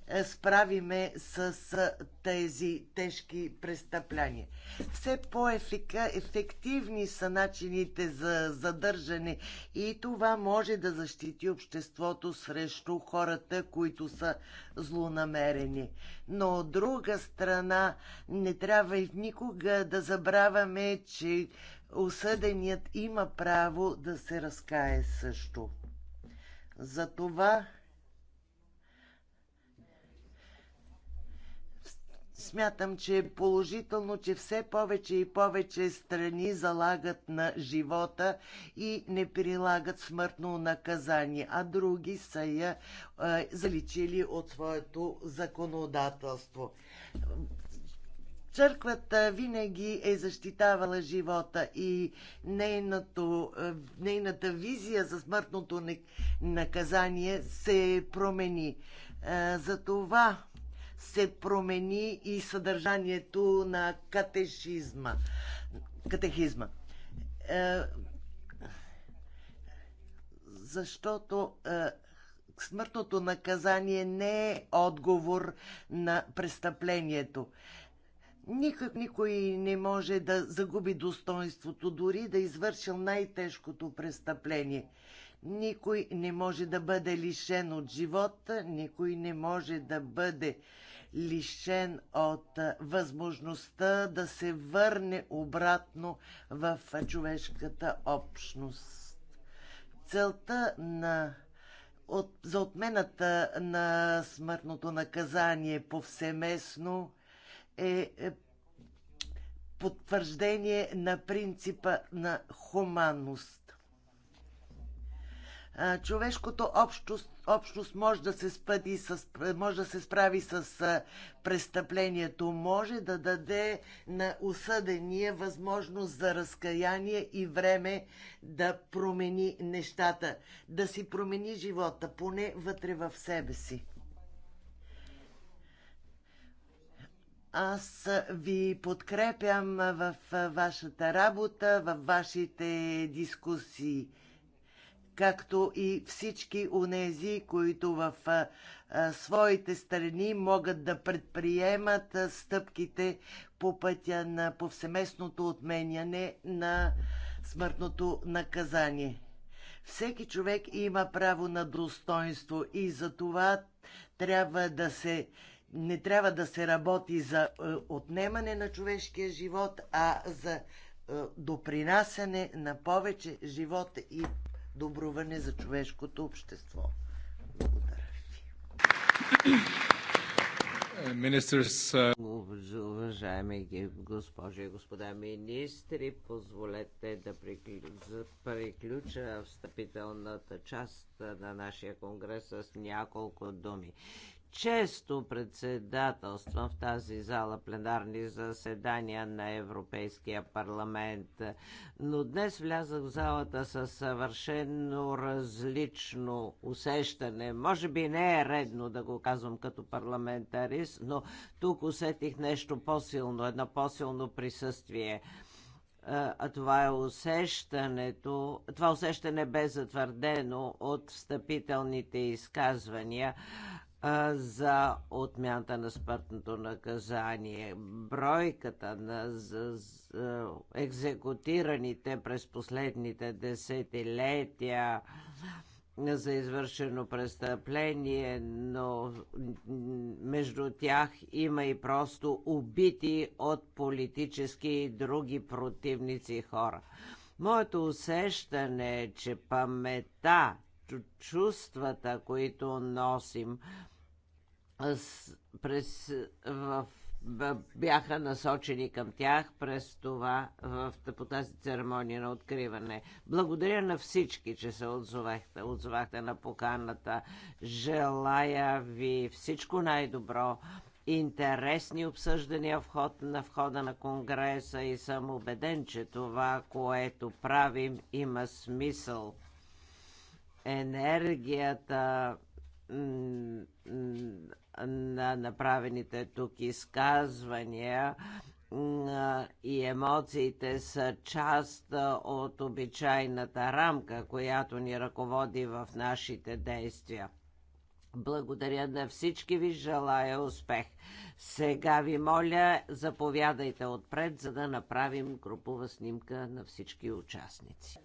е, справиме с е, тези тежки престъпляния. Все по-ефективни са начините за задържане и това може да защити обществото срещу хората, които са злонамерени. Но от друга страна не трябва и никога да забравяме, че осъденият има право да се разкае също. Затова Смятам, че е положително, че все повече и повече страни залагат на живота и не прилагат смъртно наказание, а други са я е, заличили от своето законодателство. Църквата винаги е защитавала живота и нейното, нейната визия за смъртното наказание се промени. Затова се промени и съдържанието на катешизма. катехизма. Е, защото е, смъртното наказание не е отговор на престъплението. Никак никой не може да загуби достоинството, дори да извършил най-тежкото престъпление. Никой не може да бъде лишен от живота, никой не може да бъде лишен от възможността да се върне обратно в човешката общност. Целта на от, за отмената на смъртното наказание повсеместно е, е потвърждение на принципа на хуманност. Човешкото общност общност може да се, спъди с, може да се справи с престъплението, може да даде на осъдения възможност за разкаяние и време да промени нещата, да си промени живота, поне вътре в себе си. Аз ви подкрепям в вашата работа, в вашите дискусии както и всички унези, които в а, а, своите страни могат да предприемат а, стъпките по пътя на повсеместното отменяне на смъртното наказание. Всеки човек има право на достоинство и за това трябва да се не трябва да се работи за е, отнемане на човешкия живот, а за е, допринасяне на повече живот и добруване за човешкото общество. Благодаря ви. Министърс... Уважаеми госпожи и господа министри, позволете да приключа встъпителната част на нашия конгрес с няколко думи често председателствам в тази зала пленарни заседания на Европейския парламент, но днес влязах в залата със съвършенно различно усещане. Може би не е редно да го казвам като парламентарист, но тук усетих нещо по-силно, едно по-силно присъствие а това е усещането, това усещане бе затвърдено от встъпителните изказвания за отмяната на смъртното наказание. Бройката на за, за, екзекутираните през последните десетилетия за извършено престъпление, но между тях има и просто убити от политически и други противници хора. Моето усещане е, че памета, чувствата, които носим, през, в, бяха насочени към тях през това в, по тази церемония на откриване. Благодаря на всички, че се отзовахте, отзовахте на поканата. Желая ви всичко най-добро интересни обсъждания в ход на входа на Конгреса и съм убеден, че това, което правим, има смисъл. Енергията на направените тук изказвания и емоциите са част от обичайната рамка, която ни ръководи в нашите действия. Благодаря на всички ви, желая успех. Сега ви моля, заповядайте отпред, за да направим групова снимка на всички участници.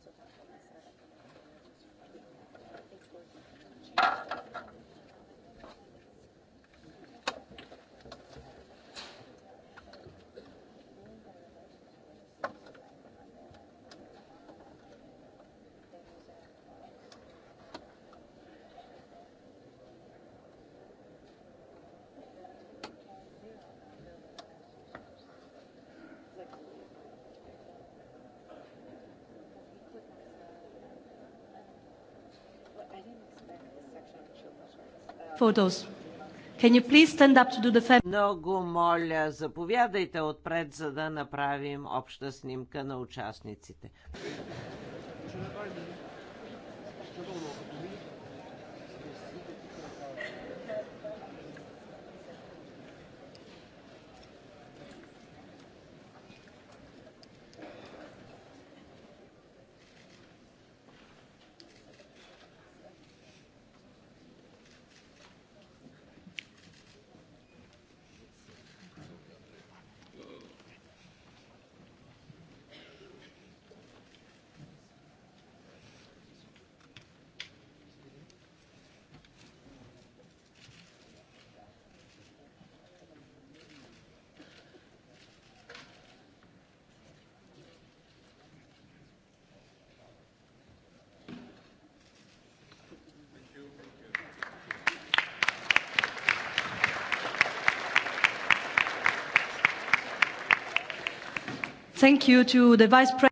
photos. Can you please stand up to do the family? Много моля, заповядайте отпред, за да направим обща снимка на участниците.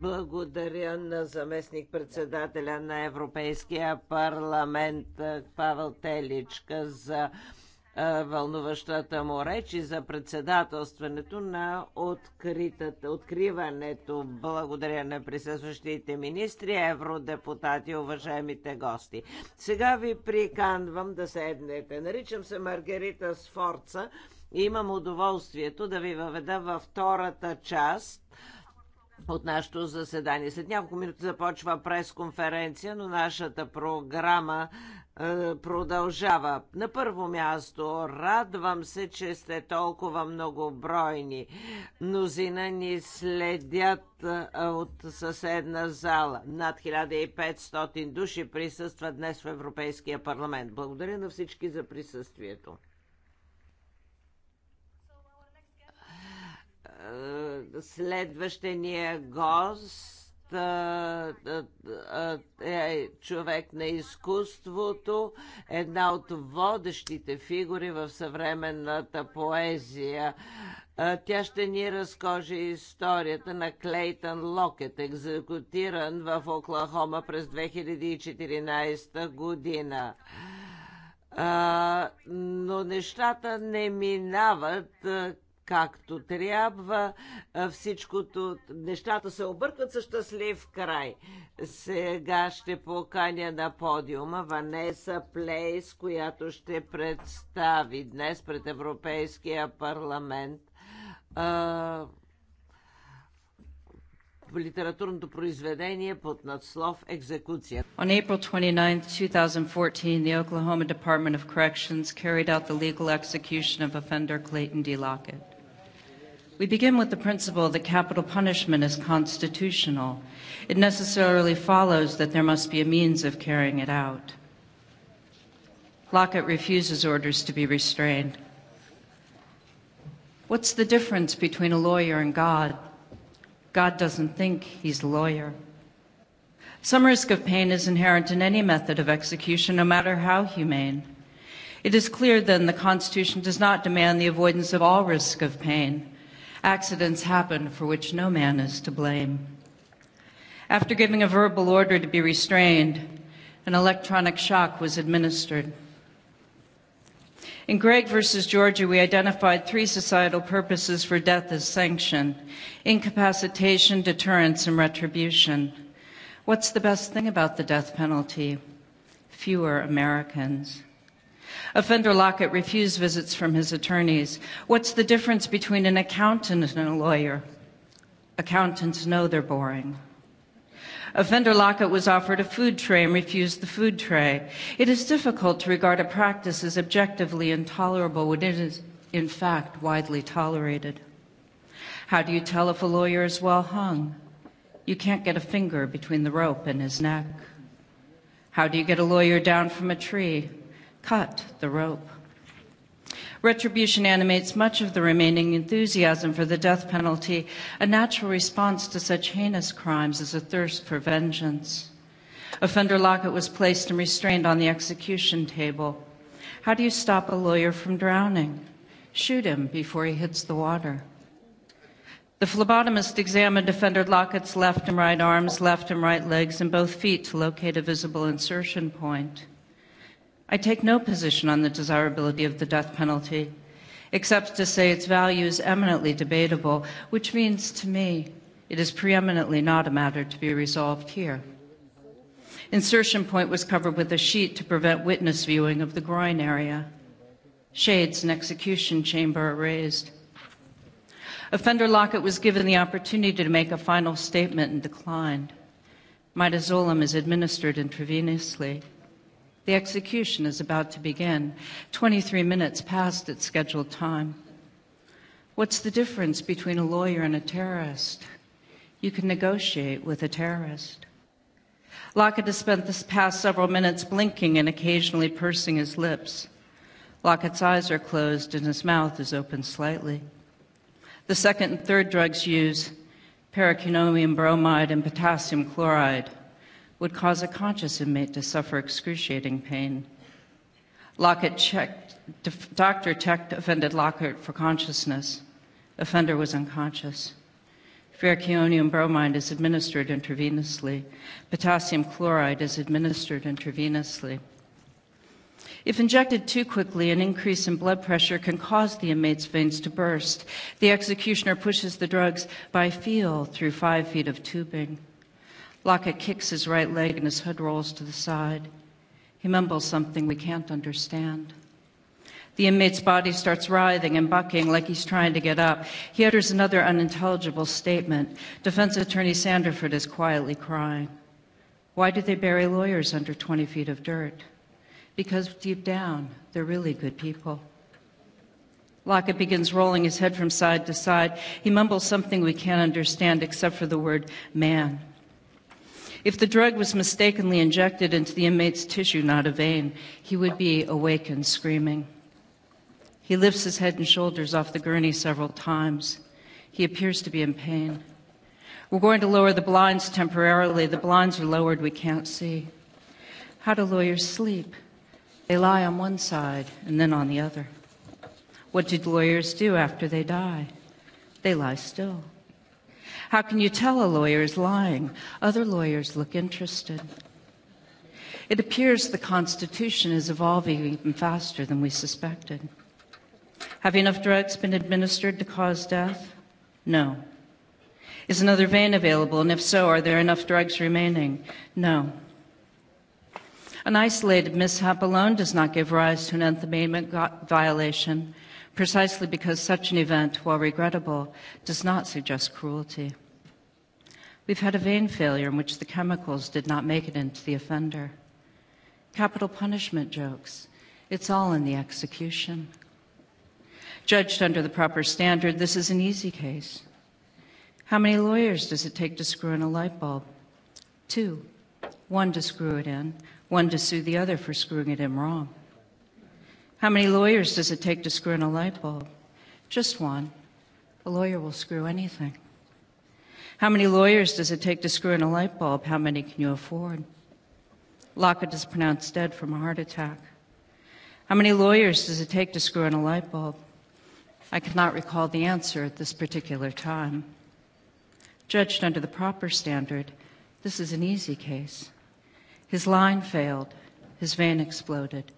Благодаря на заместник председателя на Европейския парламент е, Павел Теличка за е, вълнуващата му реч и за председателстването на откриването. Благодаря на присъстващите министри, евродепутати, уважаемите гости. Сега ви приканвам да седнете. Наричам се Маргарита Сфорца и имам удоволствието да ви въведа във втората част – от нашето заседание. След няколко минути започва пресконференция, но нашата програма е, продължава. На първо място, радвам се, че сте толкова многобройни. Мнозина ни следят е, от съседна зала. Над 1500 души присъстват днес в Европейския парламент. Благодаря на всички за присъствието. следващия гост е човек на изкуството, една от водещите фигури в съвременната поезия. Тя ще ни разкаже историята на Клейтън Локет, екзекутиран в Оклахома през 2014 година. А, но нещата не минават както трябва. Всичкото, нещата се объркват със щастлив край. Сега ще поканя на подиума Ванеса Плейс, която ще представи днес пред Европейския парламент а, литературното произведение под надслов Екзекуция. On April 29, 2014, the Oklahoma Department of Corrections carried out the legal execution of offender Clayton D. Lockett. We begin with the principle that capital punishment is constitutional. It necessarily follows that there must be a means of carrying it out. Lockett refuses orders to be restrained. What's the difference between a lawyer and God? God doesn't think he's a lawyer. Some risk of pain is inherent in any method of execution, no matter how humane. It is clear, then, the Constitution does not demand the avoidance of all risk of pain. Accidents happen for which no man is to blame. After giving a verbal order to be restrained, an electronic shock was administered. In Gregg versus Georgia, we identified three societal purposes for death as sanction incapacitation, deterrence, and retribution. What's the best thing about the death penalty? Fewer Americans. Offender Lockett refused visits from his attorneys. What's the difference between an accountant and a lawyer? Accountants know they're boring. Offender Lockett was offered a food tray and refused the food tray. It is difficult to regard a practice as objectively intolerable when it is, in fact, widely tolerated. How do you tell if a lawyer is well hung? You can't get a finger between the rope and his neck. How do you get a lawyer down from a tree? Cut the rope. Retribution animates much of the remaining enthusiasm for the death penalty, a natural response to such heinous crimes as a thirst for vengeance. Offender Lockett was placed and restrained on the execution table. How do you stop a lawyer from drowning? Shoot him before he hits the water. The phlebotomist examined offender Lockett's left and right arms, left and right legs, and both feet to locate a visible insertion point. I take no position on the desirability of the death penalty, except to say its value is eminently debatable, which means to me it is preeminently not a matter to be resolved here. Insertion point was covered with a sheet to prevent witness viewing of the groin area. Shades and execution chamber are raised. Offender Lockett was given the opportunity to make a final statement and declined. Midazolam is administered intravenously. The execution is about to begin, 23 minutes past its scheduled time. What's the difference between a lawyer and a terrorist? You can negotiate with a terrorist. Lockett has spent the past several minutes blinking and occasionally pursing his lips. Lockett's eyes are closed and his mouth is open slightly. The second and third drugs use paraquinomium bromide and potassium chloride, would cause a conscious inmate to suffer excruciating pain. Lockett checked, doctor checked offended Lockhart for consciousness. Offender was unconscious. Ferrocheonium bromide is administered intravenously. Potassium chloride is administered intravenously. If injected too quickly, an increase in blood pressure can cause the inmate's veins to burst. The executioner pushes the drugs by feel through five feet of tubing. Locke kicks his right leg and his hood rolls to the side. He mumbles something we can't understand. The inmate's body starts writhing and bucking like he's trying to get up. He utters another unintelligible statement. Defense attorney Sanderford is quietly crying. Why do they bury lawyers under 20 feet of dirt? Because deep down, they're really good people. Lockett begins rolling his head from side to side. He mumbles something we can't understand except for the word man. If the drug was mistakenly injected into the inmate's tissue, not a vein, he would be awakened screaming. He lifts his head and shoulders off the gurney several times. He appears to be in pain. We're going to lower the blinds temporarily. The blinds are lowered, we can't see. How do lawyers sleep? They lie on one side and then on the other. What do lawyers do after they die? They lie still. How can you tell a lawyer is lying? Other lawyers look interested. It appears the Constitution is evolving even faster than we suspected. Have enough drugs been administered to cause death? No. Is another vein available? And if so, are there enough drugs remaining? No. An isolated mishap alone does not give rise to an Nth Amendment violation, precisely because such an event, while regrettable, does not suggest cruelty. We've had a vein failure in which the chemicals did not make it into the offender. Capital punishment jokes. It's all in the execution. Judged under the proper standard, this is an easy case. How many lawyers does it take to screw in a light bulb? Two. One to screw it in, one to sue the other for screwing it in wrong. How many lawyers does it take to screw in a light bulb? Just one. A lawyer will screw anything. How many lawyers does it take to screw in a light bulb? How many can you afford? Lockett is pronounced dead from a heart attack. How many lawyers does it take to screw in a light bulb? I cannot recall the answer at this particular time. Judged under the proper standard, this is an easy case. His line failed, his vein exploded,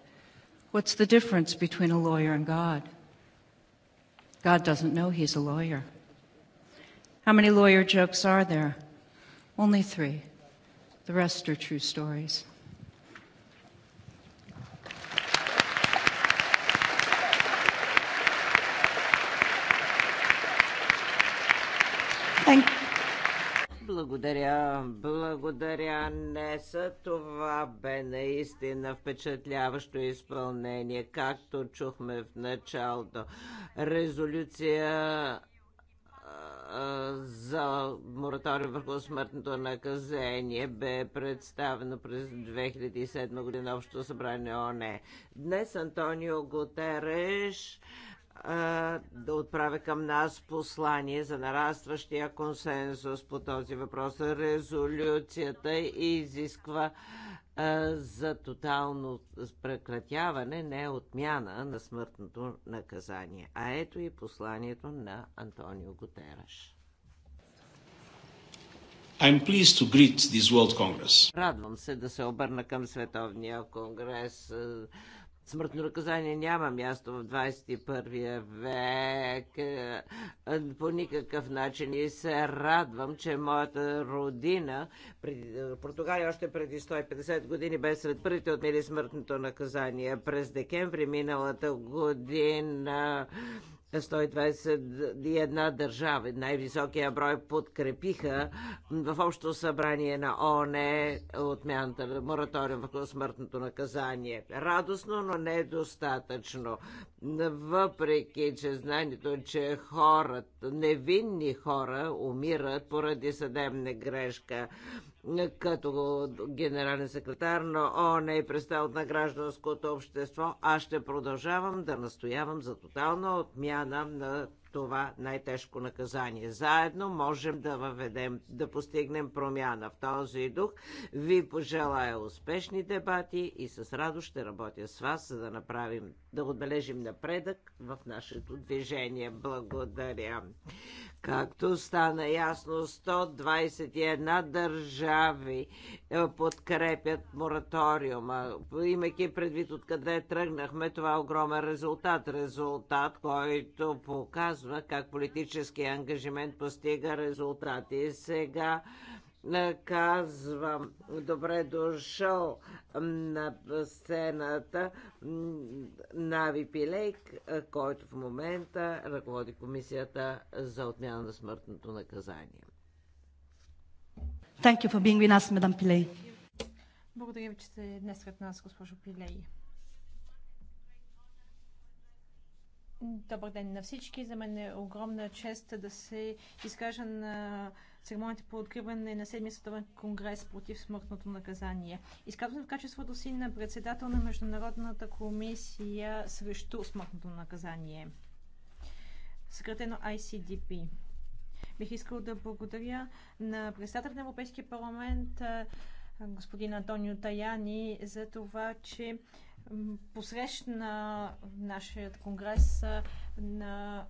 What's the difference between a lawyer and God? God doesn't know he's a lawyer. How many lawyer jokes are there? Only three. The rest are true stories. Благодаря, благодаря са Това бе наистина впечатляващо изпълнение, както чухме в началото. Резолюция за мораториум върху смъртното наказание бе представено през 2007 година Общо събрание ОНЕ. Днес Антонио Готереш да отправя към нас послание за нарастващия консенсус по този въпрос. Резолюцията изисква за тотално прекратяване, не отмяна на смъртното наказание. А ето и посланието на Антонио Гутераш. I'm pleased to greet this World Congress. Радвам се да се обърна към Световния конгрес. Смъртно наказание няма място в 21 век. Е, по никакъв начин и се радвам, че моята родина, Португалия още преди 150 години, бе сред първите отмели смъртното наказание. През декември миналата година 121 държави, най-високия брой, подкрепиха в Общо събрание на ООН отмяната на мораториум върху смъртното наказание. Радостно, но недостатъчно. Въпреки, че знанието, че хората, невинни хора умират поради съдебна грешка, като генерален секретар на ООН и представ на гражданското общество, аз ще продължавам да настоявам за тотална отмяна на това най-тежко наказание. Заедно можем да въведем, да постигнем промяна в този дух. Ви пожелая успешни дебати и с радост ще работя с вас, за да направим, да отбележим напредък в нашето движение. Благодаря. Както стана ясно, 121 държави е, подкрепят мораториума. Имайки предвид откъде тръгнахме, това е огромен резултат. Резултат, който показва как политически ангажимент постига резултати. Сега казвам добре дошъл на сцената Нави Пилейк, който в момента ръководи комисията за отмяна на смъртното наказание. Thank you for being with us, Madame Pilei. Благодаря ви, че сте днес сред нас, госпожо Пилей. Добър ден на всички. За мен е огромна чест да се изкажа на церемонията по откриване на 7-я световен конгрес против смъртното наказание. Изказвам в качеството си на председател на Международната комисия срещу смъртното наказание, съкратено ICDP. Бих искал да благодаря на председател на Европейския парламент господин Антонио Таяни за това, че посрещна нашият конгрес на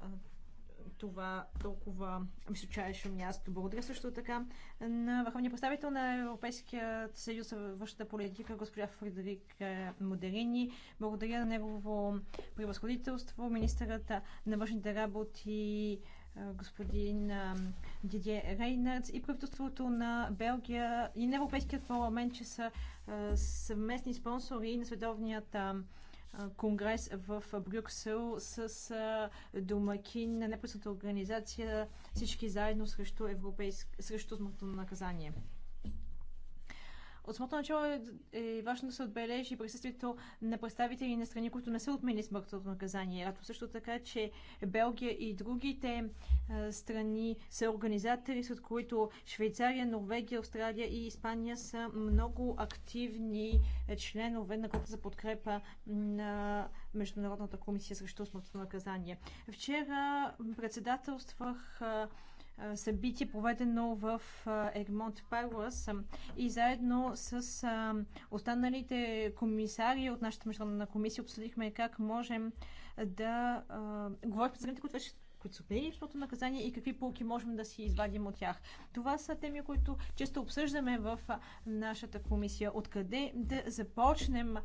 това толкова височайшо място. Благодаря също така на върховния представител на Европейския съюз в външната политика, госпожа Фредерик Модерини. Благодаря на негово превъзходителство, министърът на външните работи господин Дидие Рейнардс и правителството на Белгия и на Европейският парламент, че са съвместни спонсори на Световният конгрес в Брюксел с домакин на непресната организация Всички заедно срещу, европейск... срещу смъртно наказание. От самото начало е, е важно да се отбележи присъствието на представители на страни, които не са отмени смъртното наказание. то също така, че Белгия и другите е, страни са организатори, сред които Швейцария, Норвегия, Австралия и Испания са много активни е, членове на групата за подкрепа на Международната комисия срещу смъртното наказание. Вчера председателствах събитие, поведено в Егмонт Палас и заедно с останалите комисари от нашата международна комисия обсъдихме как можем да говорим за страните, които вече които са определили смъртно наказание и какви полки можем да си извадим от тях. Това са теми, които често обсъждаме в нашата комисия. Откъде да започнем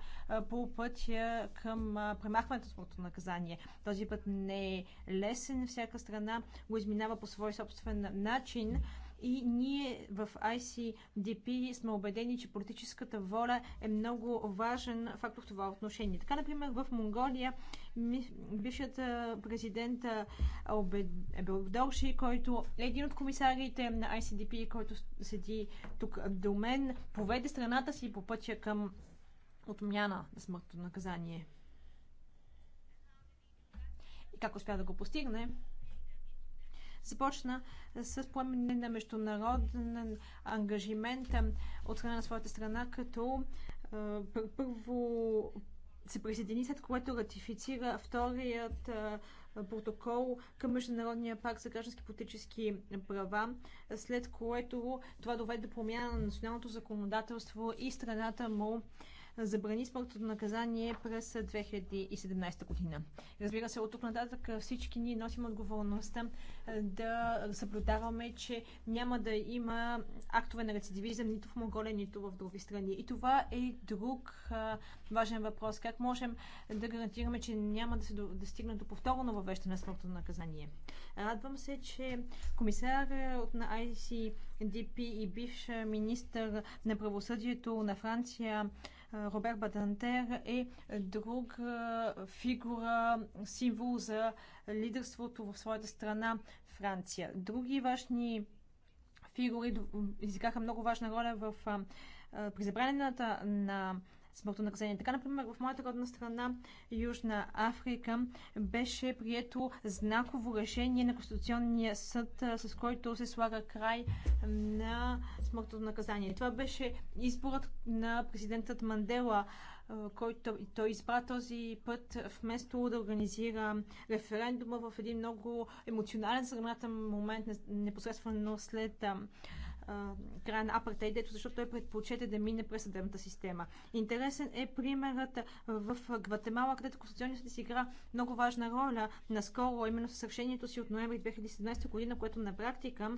по пътя към премахването на наказание. Този път не е лесен. Всяка страна го изминава по свой собствен начин. И ние в ICDP сме убедени, че политическата воля е много важен фактор в това отношение. Така, например, в Монголия бившият президент Белдолши, е който е един от комисарите на ICDP, който седи тук до мен, поведе страната си по пътя към отмяна на смъртното наказание. И как успя да го постигне? започна с поемане на международен ангажимент от страна на своята страна, като първо се присъедини, след което ратифицира вторият протокол към Международния парк за граждански политически права, след което това доведе до промяна на националното законодателство и страната му забрани смъртното наказание през 2017 година. Разбира се, от тук нататък всички ние носим отговорността да съблюдаваме, че няма да има актове на рецидивизъм нито в Монголия, нито в други страни. И това е друг важен въпрос. Как можем да гарантираме, че няма да се достигне до повторно въвеждане на смъртното наказание? Радвам се, че комисар от на ICDP и бивш министър на правосъдието на Франция Роберт Бадантер е друг фигура, символ за лидерството в своята страна Франция. Други важни фигури изиграха много важна роля в при забраната на смъртно наказание. Така, например, в моята родна страна, Южна Африка, беше прието знаково решение на Конституционния съд, с който се слага край на смъртно наказание. Това беше изборът на президентът Мандела, който той избра този път, вместо да организира референдума в един много емоционален за момент, непосредствено след края на апартейдето, защото той предпочете да мине през съдебната система. Интересен е примерът в Гватемала, където Конституционният съд изигра много важна роля наскоро, именно с решението си от ноември 2017 година, което на практика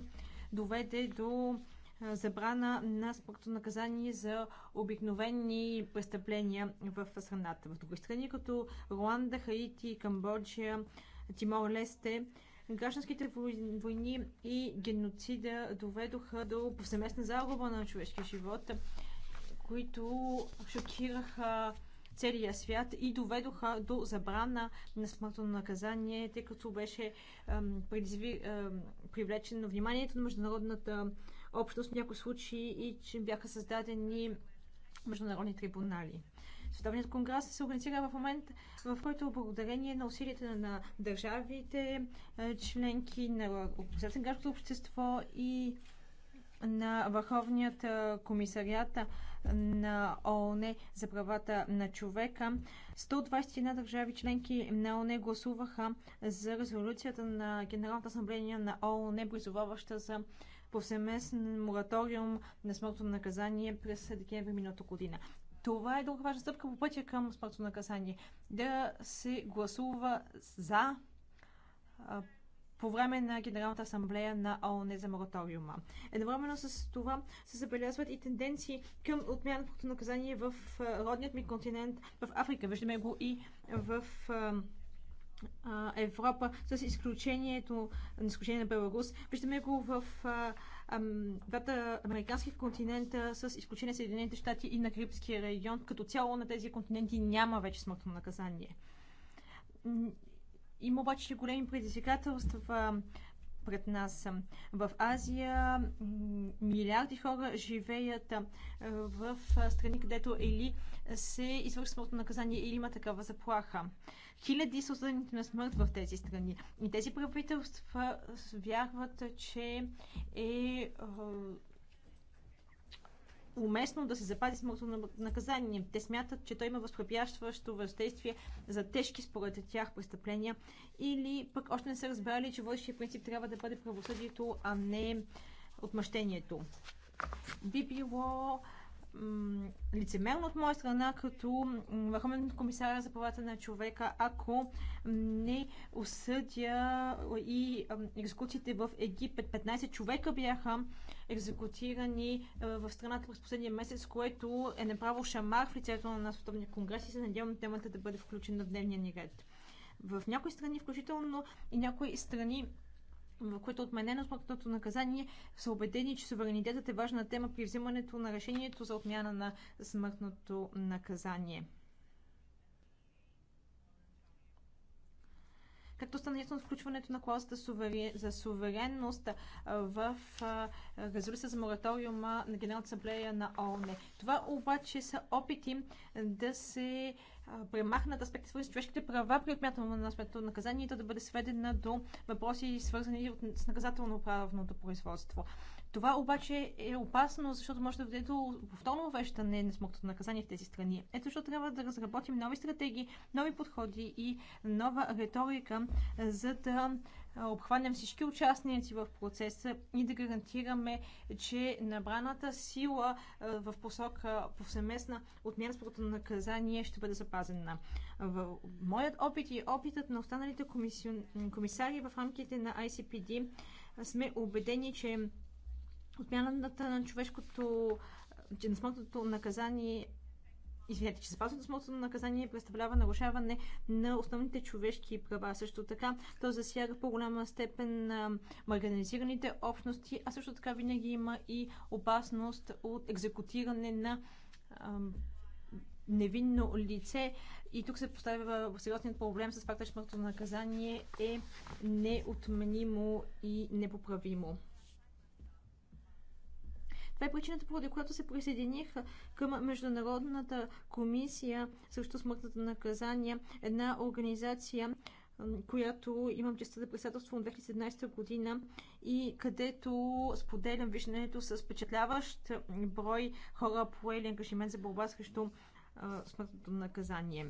доведе до забрана на спортно наказание за обикновени престъпления в страната. В други страни, като Руанда, Хаити, Камбоджа, Тимор Лесте, гражданските войни и геноцида доведоха до повсеместна загуба на човешкия живот, които шокираха целия свят и доведоха до забрана на смъртно наказание, тъй като беше привлечено вниманието на международната общност в някои случаи и че бяха създадени международни трибунали. Световният конгрес се организира в момент, в който благодарение на усилията на държавите, е, членки на Организацията на гражданското общество и на Върховният е, комисарият на ООН за правата на човека. 121 държави членки на ООН гласуваха за резолюцията на Генералната асамблея на ООН, призоваваща за повсеместен мораториум на смъртно наказание през декември миналата година. Това е друга важна стъпка по пътя към смъртно наказание. Да се гласува за по време на Генералната асамблея на ООН за мораториума. Едновременно с това се забелязват и тенденции към отмяна на наказание в родният ми континент, в Африка. Виждаме го и в Европа, с изключението, изключение на Беларус. Виждаме го в двата американски континента, с изключение на Съединените щати и на Карибския регион. Като цяло на тези континенти няма вече смъртно наказание. Има обаче големи предизвикателства пред нас. В Азия милиарди хора живеят в страни, където или се извършва смъртно наказание, или има такава заплаха. Хиляди са осъдените на смърт в тези страни. И тези правителства вярват, че е уместно да се запази смъртно наказание. Те смятат, че той има възпрепятстващо въздействие за тежки според тях престъпления или пък още не са разбрали, че водещия принцип трябва да бъде правосъдието, а не отмъщението. Би било лицемерно от моя страна, като върховен комисар за правата на човека, ако не осъдя и екзекуциите в Египет. 15 човека бяха екзекутирани е, в страната през последния месец, което е направо шамар в лицето на Световния конгрес и се надявам темата да бъде включена в дневния ни ред. В някои страни, включително и някои страни, в което е отменено смъртното наказание, са убедени, че суверенитетът е важна тема при взимането на решението за отмяна на смъртното наказание. както стана ясно от включването на клаузата за суверенност в резолюция за мораториума на Генералната асамблея на ООН. Това обаче са опити да се премахнат аспект, свързан с човешките права при отмятане на смъртното наказание, и да бъде сведена до въпроси, свързани с наказателно-правното производство. Това обаче е опасно, защото може да доведе до повторно увещане на смъртното наказание в тези страни. Ето защо трябва да разработим нови стратегии, нови подходи и нова риторика, за да обхванем всички участници в процеса и да гарантираме, че набраната сила в посока повсеместна отмяна спорта на наказание ще бъде запазена. В моят опит и опитът на останалите комисион... комисари в рамките на ICPD сме убедени, че отмяната на човешкото че на смъртното наказание Извинете, че запазването смъртно наказание представлява нарушаване на основните човешки права. Също така, то засяга по-голяма степен на марганизираните общности, а също така винаги има и опасност от екзекутиране на ам, невинно лице. И тук се поставя сериозният проблем с факта, че смъртното наказание е неотменимо и непоправимо. Това е причината, поради която се присъединих към Международната комисия срещу смъртната наказание, една организация, която имам честа да председателствам от 2017 година и където споделям виждането с впечатляващ брой хора поели ангажимент за борба срещу смъртното наказание.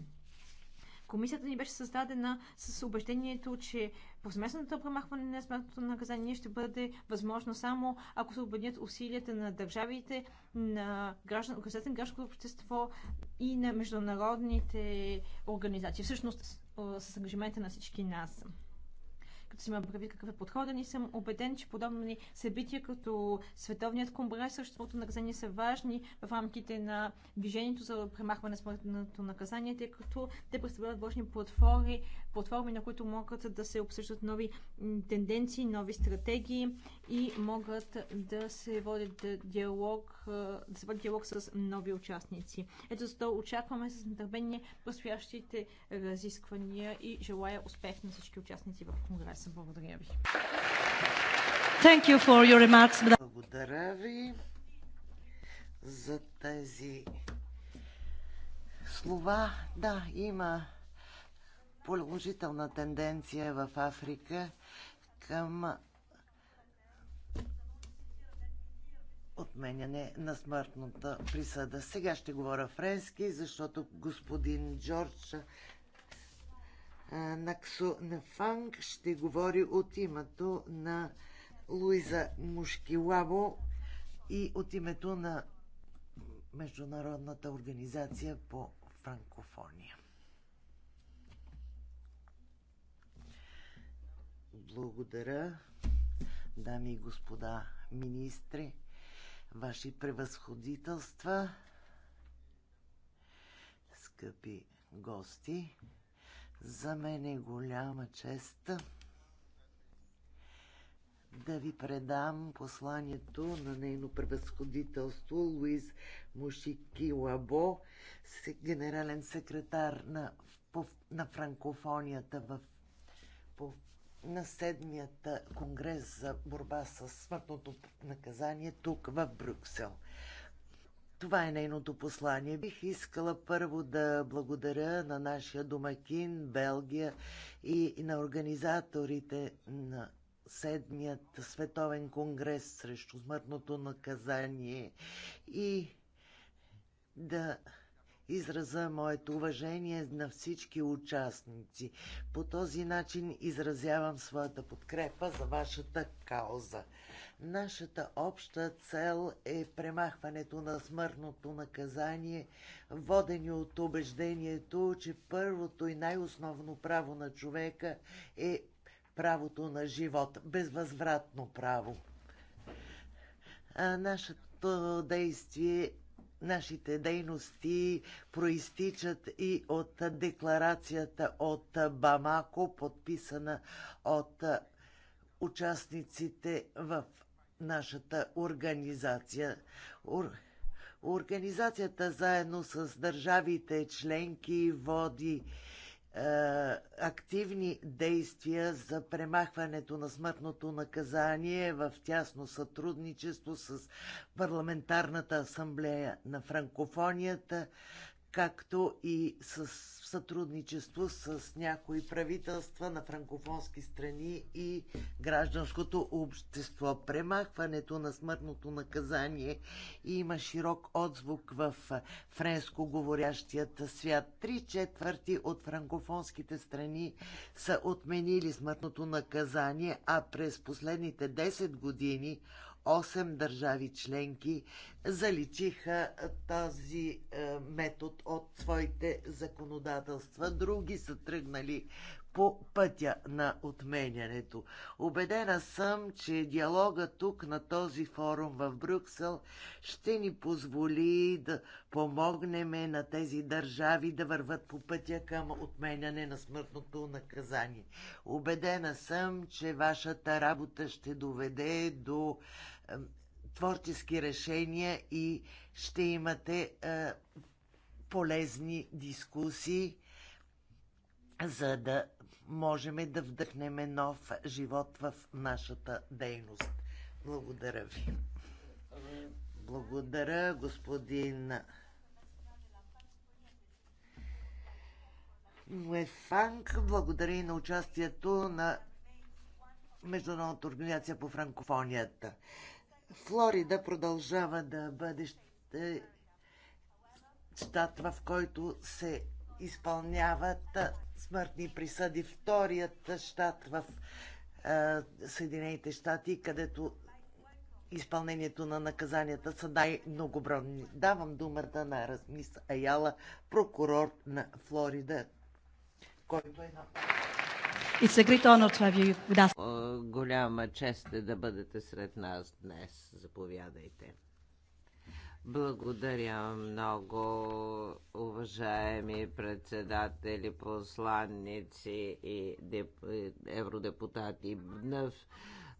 Комисията ни беше създадена с убеждението, че Повсеместното премахване на смъртното наказание ще бъде възможно само ако се обединят усилията на държавите, на гражданското граждан, общество и на международните организации. Всъщност с, с ангажимента на всички нас като си имам предвид какъв е подходът, ни съм убеден, че подобни събития като Световният конгрес съществото наказание са важни в рамките на движението за премахване на смъртното наказание, тъй като те представляват важни платформи, платформи, на които могат да се обсъждат нови тенденции, нови стратегии и могат да се водят диалог, да се водят диалог с нови участници. Ето защо очакваме с нетърпение предстоящите разисквания и желая успех на всички участници в Конгреса. Благодаря ви. Thank you for your remarks. Благодаря ви за тези слова. Да, има положителна тенденция в Африка към отменяне на смъртната присъда. Сега ще говоря френски, защото господин Джордж Наксо Нафанг ще говори от името на Луиза Мушкилаво и от името на Международната организация по франкофония. Благодаря, дами и господа министри, ваши превъзходителства, скъпи гости. За мен е голяма чест да ви предам посланието на нейно превъзходителство Луиз Мушики Лабо, генерален секретар на, по, на франкофонията в, по на седмият конгрес за борба с смъртното наказание тук в Брюксел. Това е нейното послание. Бих искала първо да благодаря на нашия домакин Белгия и на организаторите на седмият световен конгрес срещу смъртното наказание и да израза моето уважение на всички участници. По този начин изразявам своята подкрепа за вашата кауза. Нашата обща цел е премахването на смъртното наказание, водени от убеждението, че първото и най-основно право на човека е правото на живот, безвъзвратно право. А нашето действие Нашите дейности проистичат и от декларацията от Бамако, подписана от участниците в нашата организация. Организацията заедно с държавите членки води е, активни действия за премахването на смъртното наказание в тясно сътрудничество с Парламентарната асамблея на франкофонията, както и с сътрудничество с някои правителства на франкофонски страни и гражданското общество. Премахването на смъртното наказание има широк отзвук в френско говорящият свят. Три четвърти от франкофонските страни са отменили смъртното наказание, а през последните 10 години 8 държави членки заличиха този е, метод от своите законодателства. Други са тръгнали по пътя на отменянето. Обедена съм, че диалога тук на този форум в Брюксел ще ни позволи да помогнем на тези държави да върват по пътя към отменяне на смъртното наказание. Обедена съм, че вашата работа ще доведе до е, творчески решения и ще имате е, полезни дискусии за да можем да вдъхнем нов живот в нашата дейност. Благодаря ви. Благодаря, господин Муефанг. Благодаря и на участието на Международната организация по франкофонията. Флорида продължава да бъде е, щат, в който се изпълняват смъртни присъди. Вторият щат в Съединените щати, където изпълнението на наказанията са най-многобронни. Давам думата на Размис Аяла, прокурор на Флорида, който е на... It's a great honor to have you with us. Голяма чест е да бъдете сред нас днес. Заповядайте. Благодаря много, уважаеми председатели, посланници и деп... евродепутати.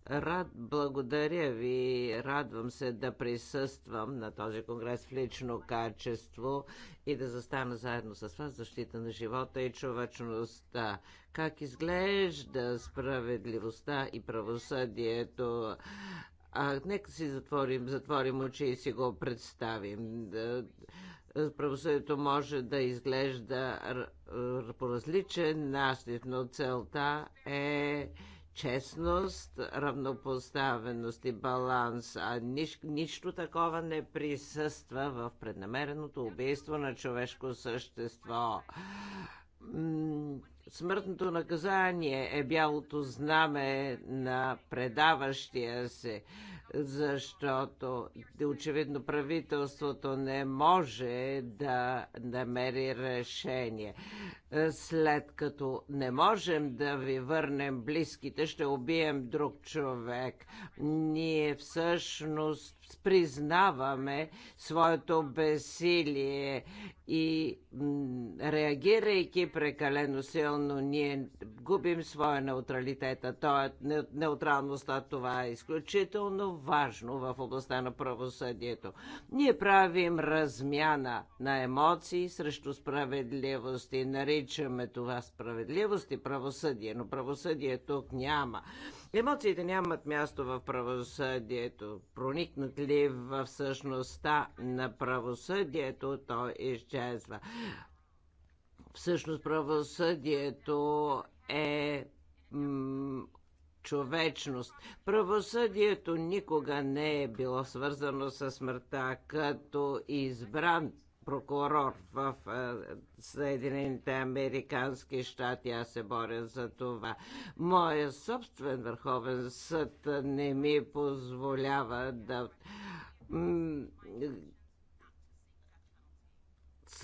Рад, благодаря ви. Радвам се да присъствам на този конгрес в лично качество и да застана заедно с вас защита на живота и човечността. Как изглежда справедливостта и правосъдието а, нека си затворим, затворим очи и си го представим. Правосъдието може да изглежда по различен начин, но целта е честност, равнопоставеност и баланс, а нищ, нищо такова не присъства в преднамереното убийство на човешко същество Смъртното наказание е бялото знаме на предаващия се защото очевидно правителството не може да намери решение. След като не можем да ви върнем близките, ще убием друг човек. Ние всъщност признаваме своето бесилие и реагирайки прекалено силно, ние губим своя неутралитет. Тоест, неутралността това е изключително важно в областта на правосъдието. Ние правим размяна на емоции срещу справедливост и наричаме това справедливост и правосъдие, но правосъдие тук няма. Емоциите нямат място в правосъдието. Проникнат ли в същността на правосъдието, то изчезва. Всъщност правосъдието е човечност. Правосъдието никога не е било свързано с смъртта като избран прокурор в е, Съединените Американски щати. Аз се боря за това. Моя собствен върховен съд не ми позволява да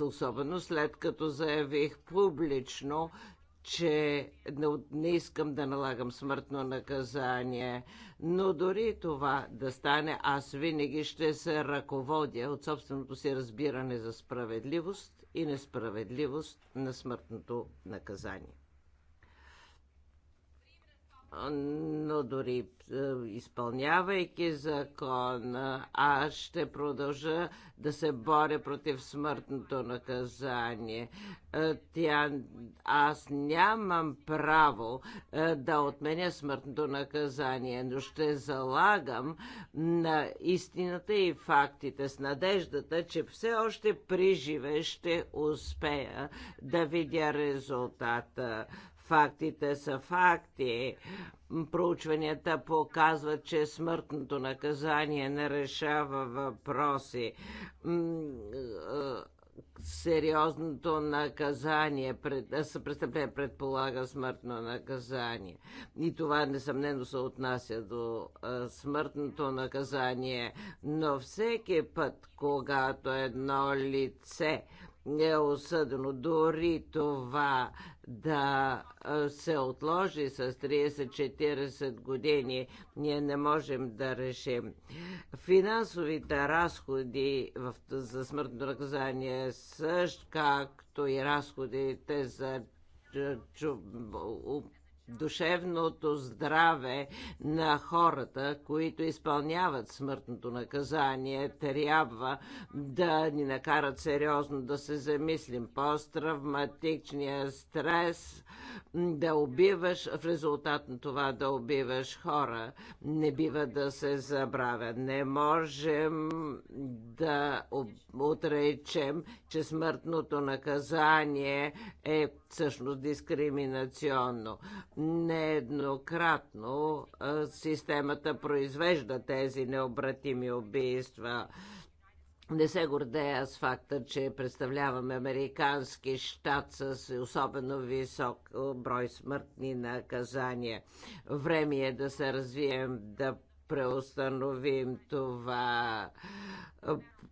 особено след като заявих публично, че не, не искам да налагам смъртно наказание, но дори това да стане, аз винаги ще се ръководя от собственото си разбиране за справедливост и несправедливост на смъртното наказание но дори е, изпълнявайки закона, е, аз ще продължа да се боря против смъртното наказание. Е, тя, аз нямам право да отменя смъртното наказание, но ще залагам на истината и фактите с надеждата, че все още при живе ще успея да видя резултата. Фактите са факти. Проучванията показват, че смъртното наказание не решава въпроси сериозното наказание, пред, престъпление предполага смъртно наказание. И това несъмнено се отнася до смъртното наказание. Но всеки път, когато едно лице е осъдено, дори това да се отложи с 30-40 години, ние не можем да решим. Финансовите разходи за смъртно наказание също, както и разходите за душевното здраве на хората, които изпълняват смъртното наказание, трябва да ни накарат сериозно да се замислим. Посттравматичният стрес да убиваш, в резултат на това да убиваш хора. Не бива да се забравя. Не можем да отречем, че смъртното наказание е всъщност дискриминационно. Нееднократно системата произвежда тези необратими убийства. Не се гордея с факта, че представляваме американски щат с особено висок е, брой смъртни наказания. Време е да се развием, да преустановим това е,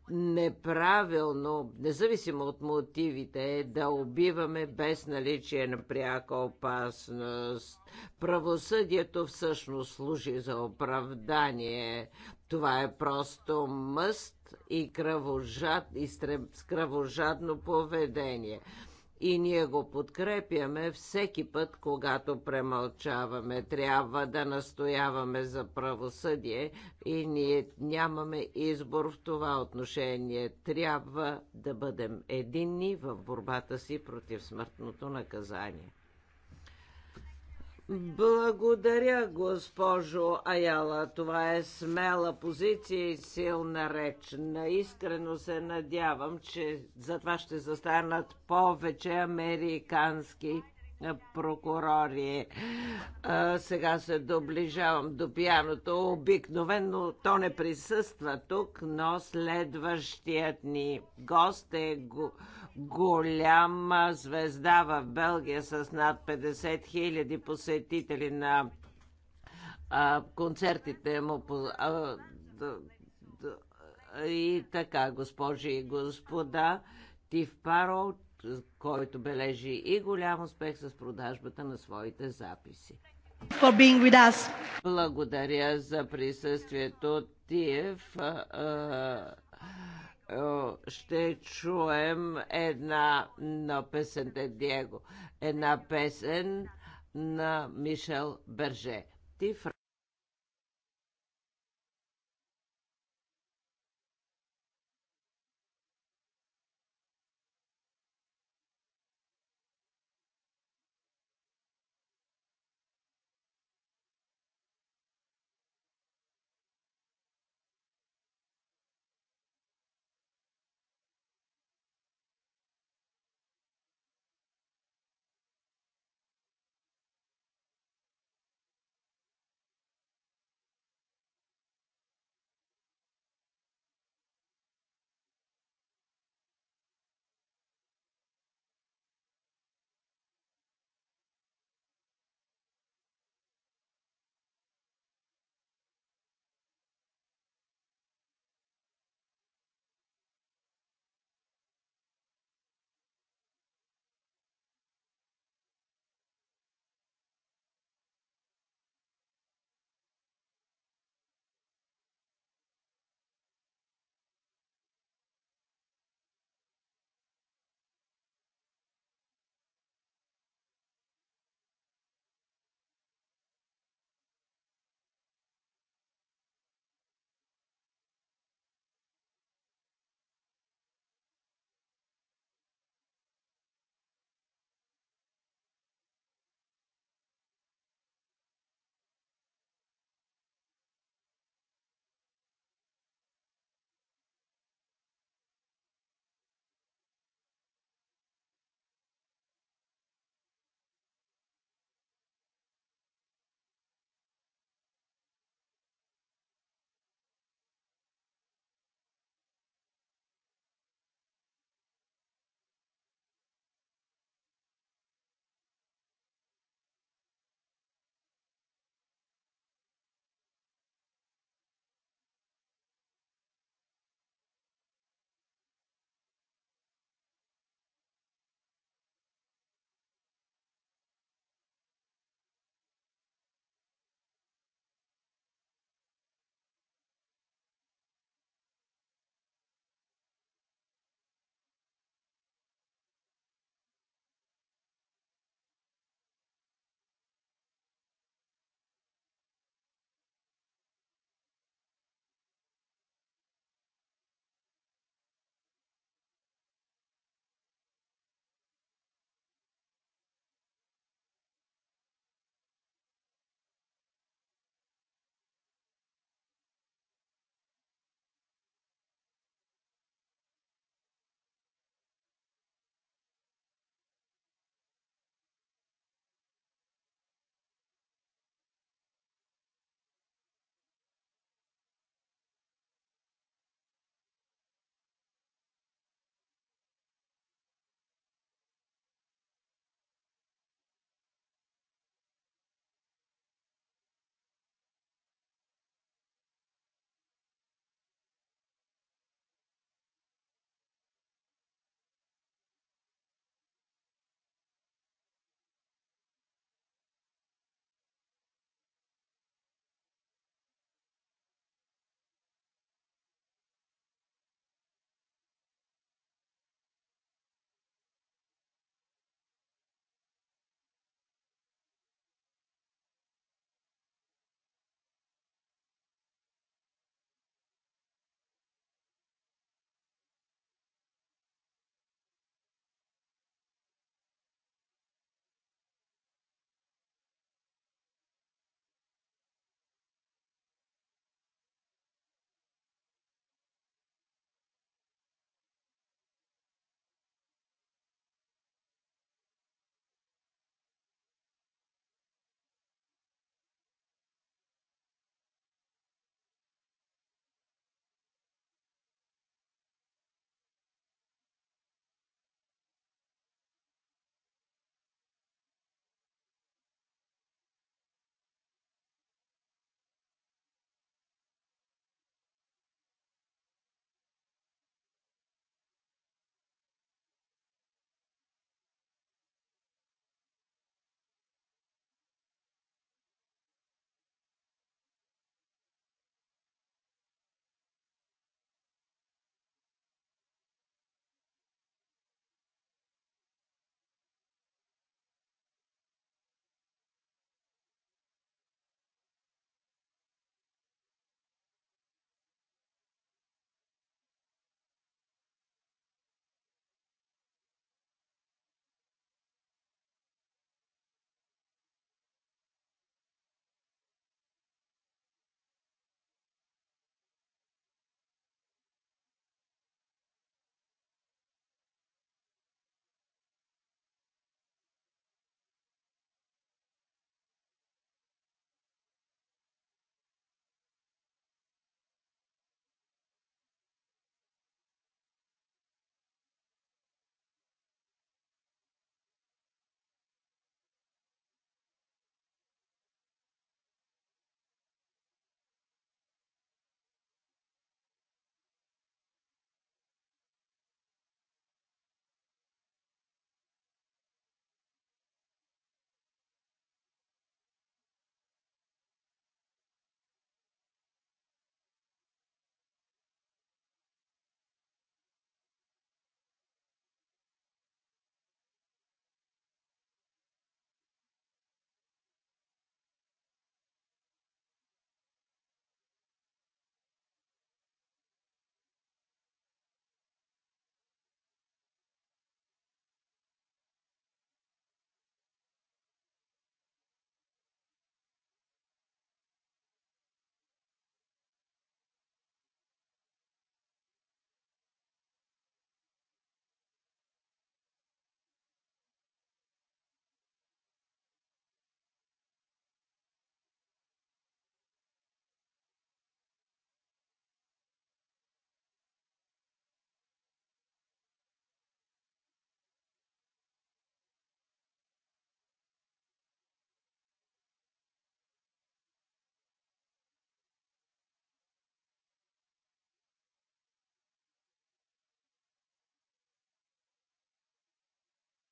неправилно, независимо от мотивите, е да убиваме без наличие на пряка опасност. Правосъдието всъщност служи за оправдание. Това е просто мъст и, кръвожад, и с кръвожадно поведение и ние го подкрепяме всеки път, когато премълчаваме. Трябва да настояваме за правосъдие и ние нямаме избор в това отношение. Трябва да бъдем единни в борбата си против смъртното наказание. Благодаря, госпожо Аяла. Това е смела позиция и силна реч. Наискрено се надявам, че за това ще застанат повече американски прокурори. А, сега се доближавам до пияното. Обикновено то не присъства тук, но следващият ни гост е го голяма звезда в Белгия с над 50 000 посетители на а, концертите му. А, да, да, и така, госпожи и господа, Тив Паро, който бележи и голям успех с продажбата на своите записи. Благодаря за присъствието, Тиев. А, а, е, ще чуем една на песента Диего, една песен на Мишел Берже. Ти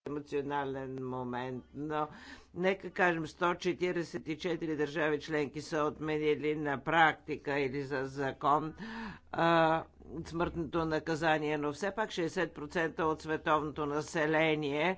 емоционален момент, но нека кажем 144 държави членки са отменили на практика или за закон а, смъртното наказание, но все пак 60% от световното население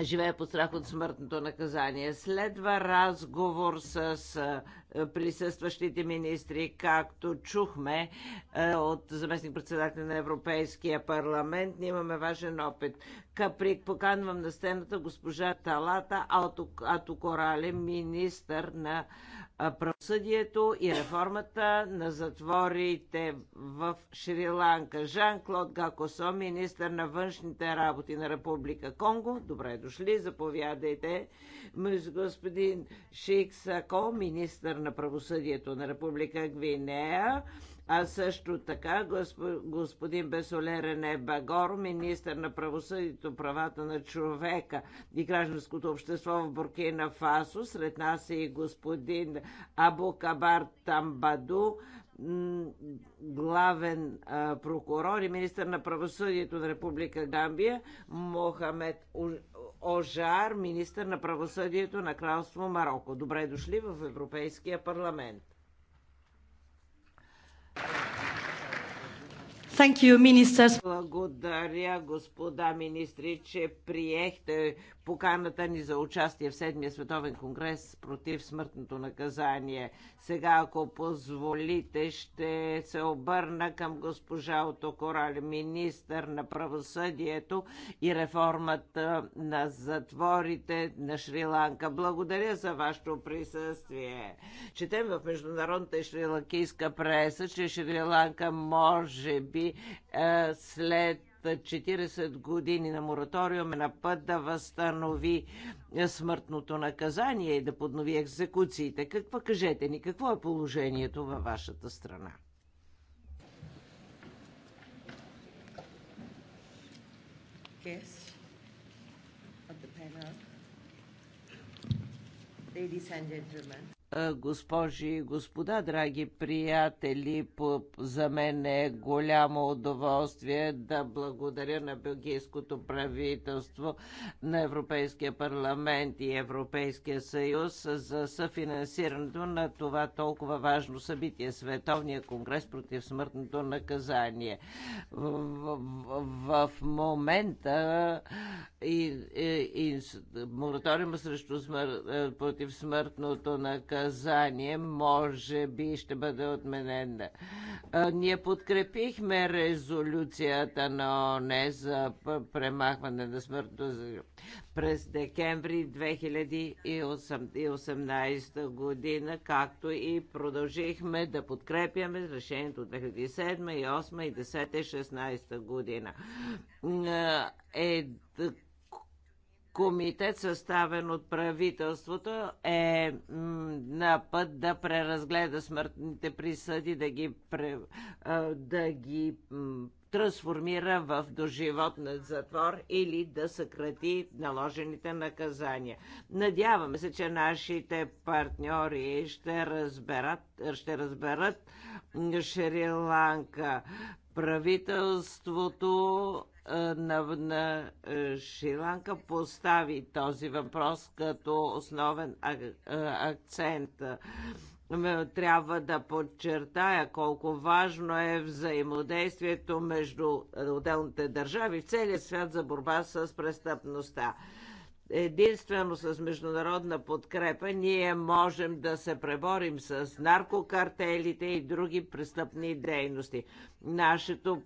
живее под страх от смъртното наказание. Следва разговор с е, присъстващите министри, както чухме е, от заместник председател на Европейския парламент. Ние имаме важен опит. Каприк, поканвам на стената госпожа Талата Атокорале, министър на е, правосъдието и реформата на затворите в Шри-Ланка. Жан-Клод Гакосо, министър на външните работи на Република Конго. Добре дошли, заповядайте. Господин Шик Сако, министър министър на правосъдието на Република Гвинея, а също така господин Бесоле Рене Багор, министър на правосъдието, правата на човека и гражданското общество в Буркина Фасо. Сред нас е и господин Абу Кабар Тамбаду, главен прокурор и министър на правосъдието на Република Гамбия Мохамед Ожар, министър на правосъдието на Кралство Марокко. Добре дошли в Европейския парламент. Thank you, Благодаря, господа министри, че приехте поканата ни за участие в Седмия световен конгрес против смъртното наказание. Сега, ако позволите, ще се обърна към госпожа Отокораль, министър на правосъдието и реформата на затворите на Шри-Ланка. Благодаря за вашето присъствие. Четем в международната шри-ланкийска преса, че Шри-Ланка може би е, след 40 години на мораториум е на път да възстанови смъртното наказание и да поднови екзекуциите. Какво кажете ни, какво е положението във вашата страна? Yes. Ladies and gentlemen госпожи и господа, драги приятели, по, за мен е голямо удоволствие да благодаря на Белгийското правителство, на Европейския парламент и Европейския съюз за съфинансирането на това толкова важно събитие Световния конгрес против смъртното наказание. В, в, в, в момента и, и, и мораториума срещу смър, е, против смъртното наказание наказание може би ще бъде отменена. Ние подкрепихме резолюцията на ОНЕ за премахване на смъртта през декември 2018 година, както и продължихме да подкрепяме решението от 2007, 2008, и 2010, и 2016 година. Е, комитет, съставен от правителството, е на път да преразгледа смъртните присъди, да ги, пре, да ги трансформира в доживотен затвор или да съкрати наложените наказания. Надяваме се, че нашите партньори ще разберат, ще разберат Шри-Ланка правителството е, на, на е, Шри-Ланка постави този въпрос като основен е, акцент трябва да подчертая колко важно е взаимодействието между отделните държави в целия свят за борба с престъпността. Единствено с международна подкрепа ние можем да се преборим с наркокартелите и други престъпни дейности. Нашето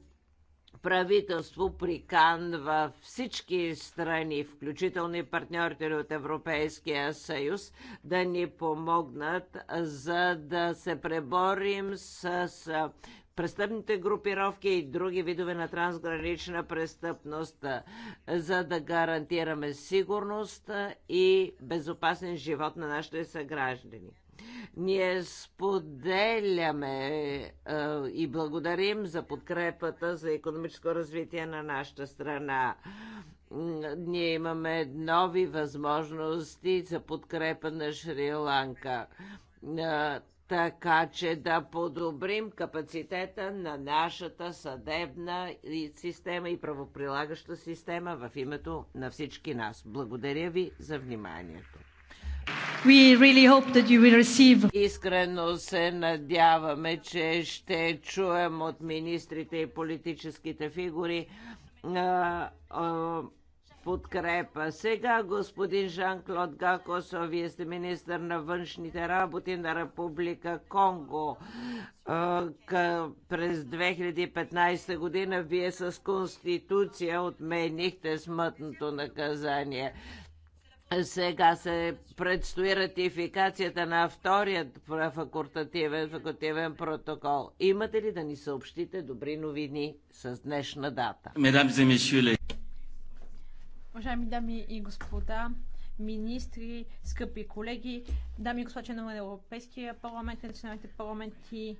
правителство приканва всички страни, включително и партньорите от Европейския съюз, да ни помогнат, за да се преборим с престъпните групировки и други видове на трансгранична престъпност, за да гарантираме сигурност и безопасен живот на нашите съграждани. Ние споделяме а, и благодарим за подкрепата за економическо развитие на нашата страна ние имаме нови възможности за подкрепа на Шри-Ланка. Така че да подобрим капацитета на нашата съдебна система и правоприлагаща система в името на всички нас. Благодаря ви за вниманието. We really hope that you will receive... Искрено се надяваме, че ще чуем от министрите и политическите фигури а, а, подкрепа. Сега господин Жан-Клод Гакосо, вие сте министър на външните работи на Република Конго. Къ... През 2015 година вие с конституция отменихте смътното наказание. Сега се предстои ратификацията на вторият факултативен, факултативен протокол. Имате ли да ни съобщите добри новини с днешна дата? Уважаеми дами и господа, министри, скъпи колеги, дами и господа, членове на Европейския парламент, националните парламенти,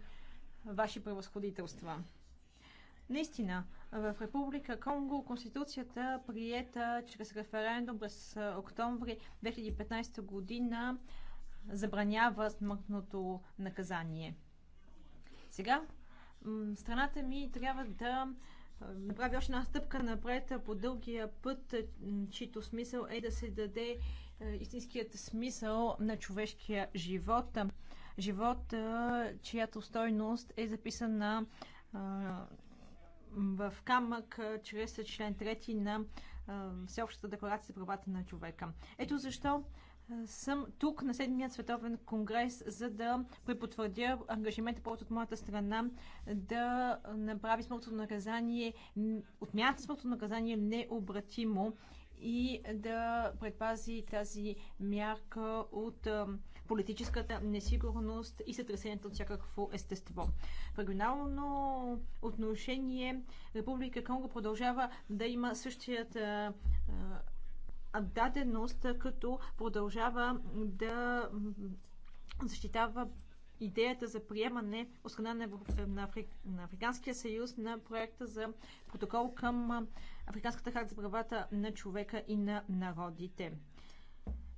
ваши превъзходителства. Наистина, в Република Конго Конституцията, приета чрез референдум през октомври 2015 година, забранява смъртното наказание. Сега страната ми трябва да направи още една стъпка напред по дългия път, чийто смисъл е да се даде истинският смисъл на човешкия живот. Живот, чиято стойност е записана в камък чрез член 3 на Всеобщата декларация за правата на човека. Ето защо съм тук на Седмия световен конгрес, за да препотвърдя ангажимента по от моята страна да направи смъртното наказание, отмяната смъртното наказание необратимо и да предпази тази мярка от политическата несигурност и сътресението от всякакво естество. В регионално отношение Република Конго продължава да има същият даденост, като продължава да защитава идеята за приемане от страна на, на, на Африканския съюз на проекта за протокол към Африканската харта за правата на човека и на народите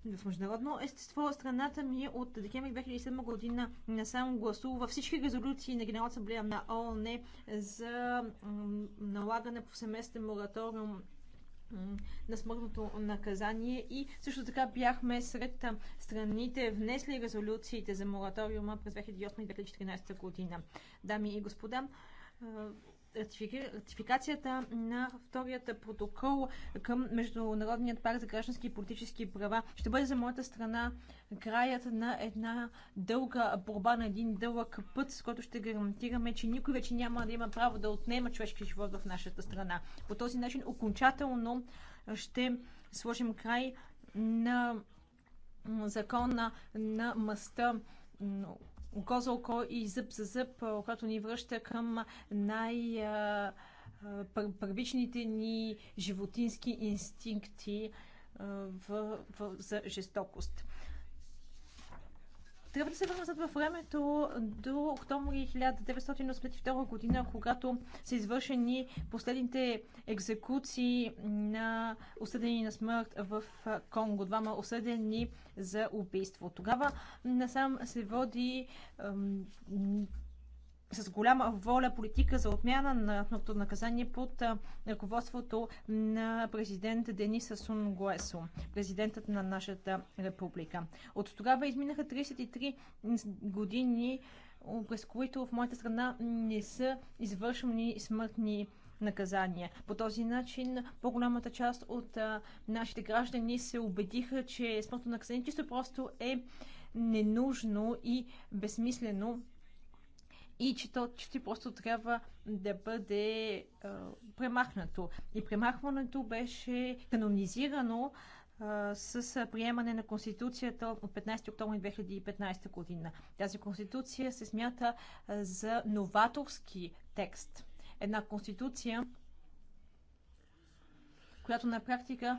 в международно естество страната ми е от декември 2007 година не само гласува всички резолюции на Генерал асамблея на ООН за налагане повсеместен мораториум на смъртното наказание и също така бяхме сред страните внесли резолюциите за мораториума през 2008 и 2014 година. Дами и господа, ратификацията на вторията протокол към Международният парк за граждански и политически права ще бъде за моята страна краят на една дълга борба, на един дълъг път, с който ще гарантираме, че никой вече няма да има право да отнема човешки живот в нашата страна. По този начин окончателно ще сложим край на закона на мъста око за око и зъб за зъб, което ни връща към най- първичните ни животински инстинкти в, в, за жестокост. Трябва да се върнем назад във времето до октомври 1982 година, когато са извършени последните екзекуции на осъдени на смърт в Конго. Двама осъдени за убийство. Тогава насам се води с голяма воля политика за отмяна на смъртното наказание под ръководството на президент Денис Сунгуесо, Гуесо, президентът на нашата република. От тогава изминаха 33 години, през които в моята страна не са извършвани смъртни наказания. По този начин по-голямата част от а, нашите граждани се убедиха, че смъртно наказание чисто просто е ненужно и безсмислено и че то че просто трябва да бъде а, премахнато. И премахването беше канонизирано с приемане на Конституцията от 15 октомври 2015 година. Тази Конституция се смята за новаторски текст. Една Конституция, която на практика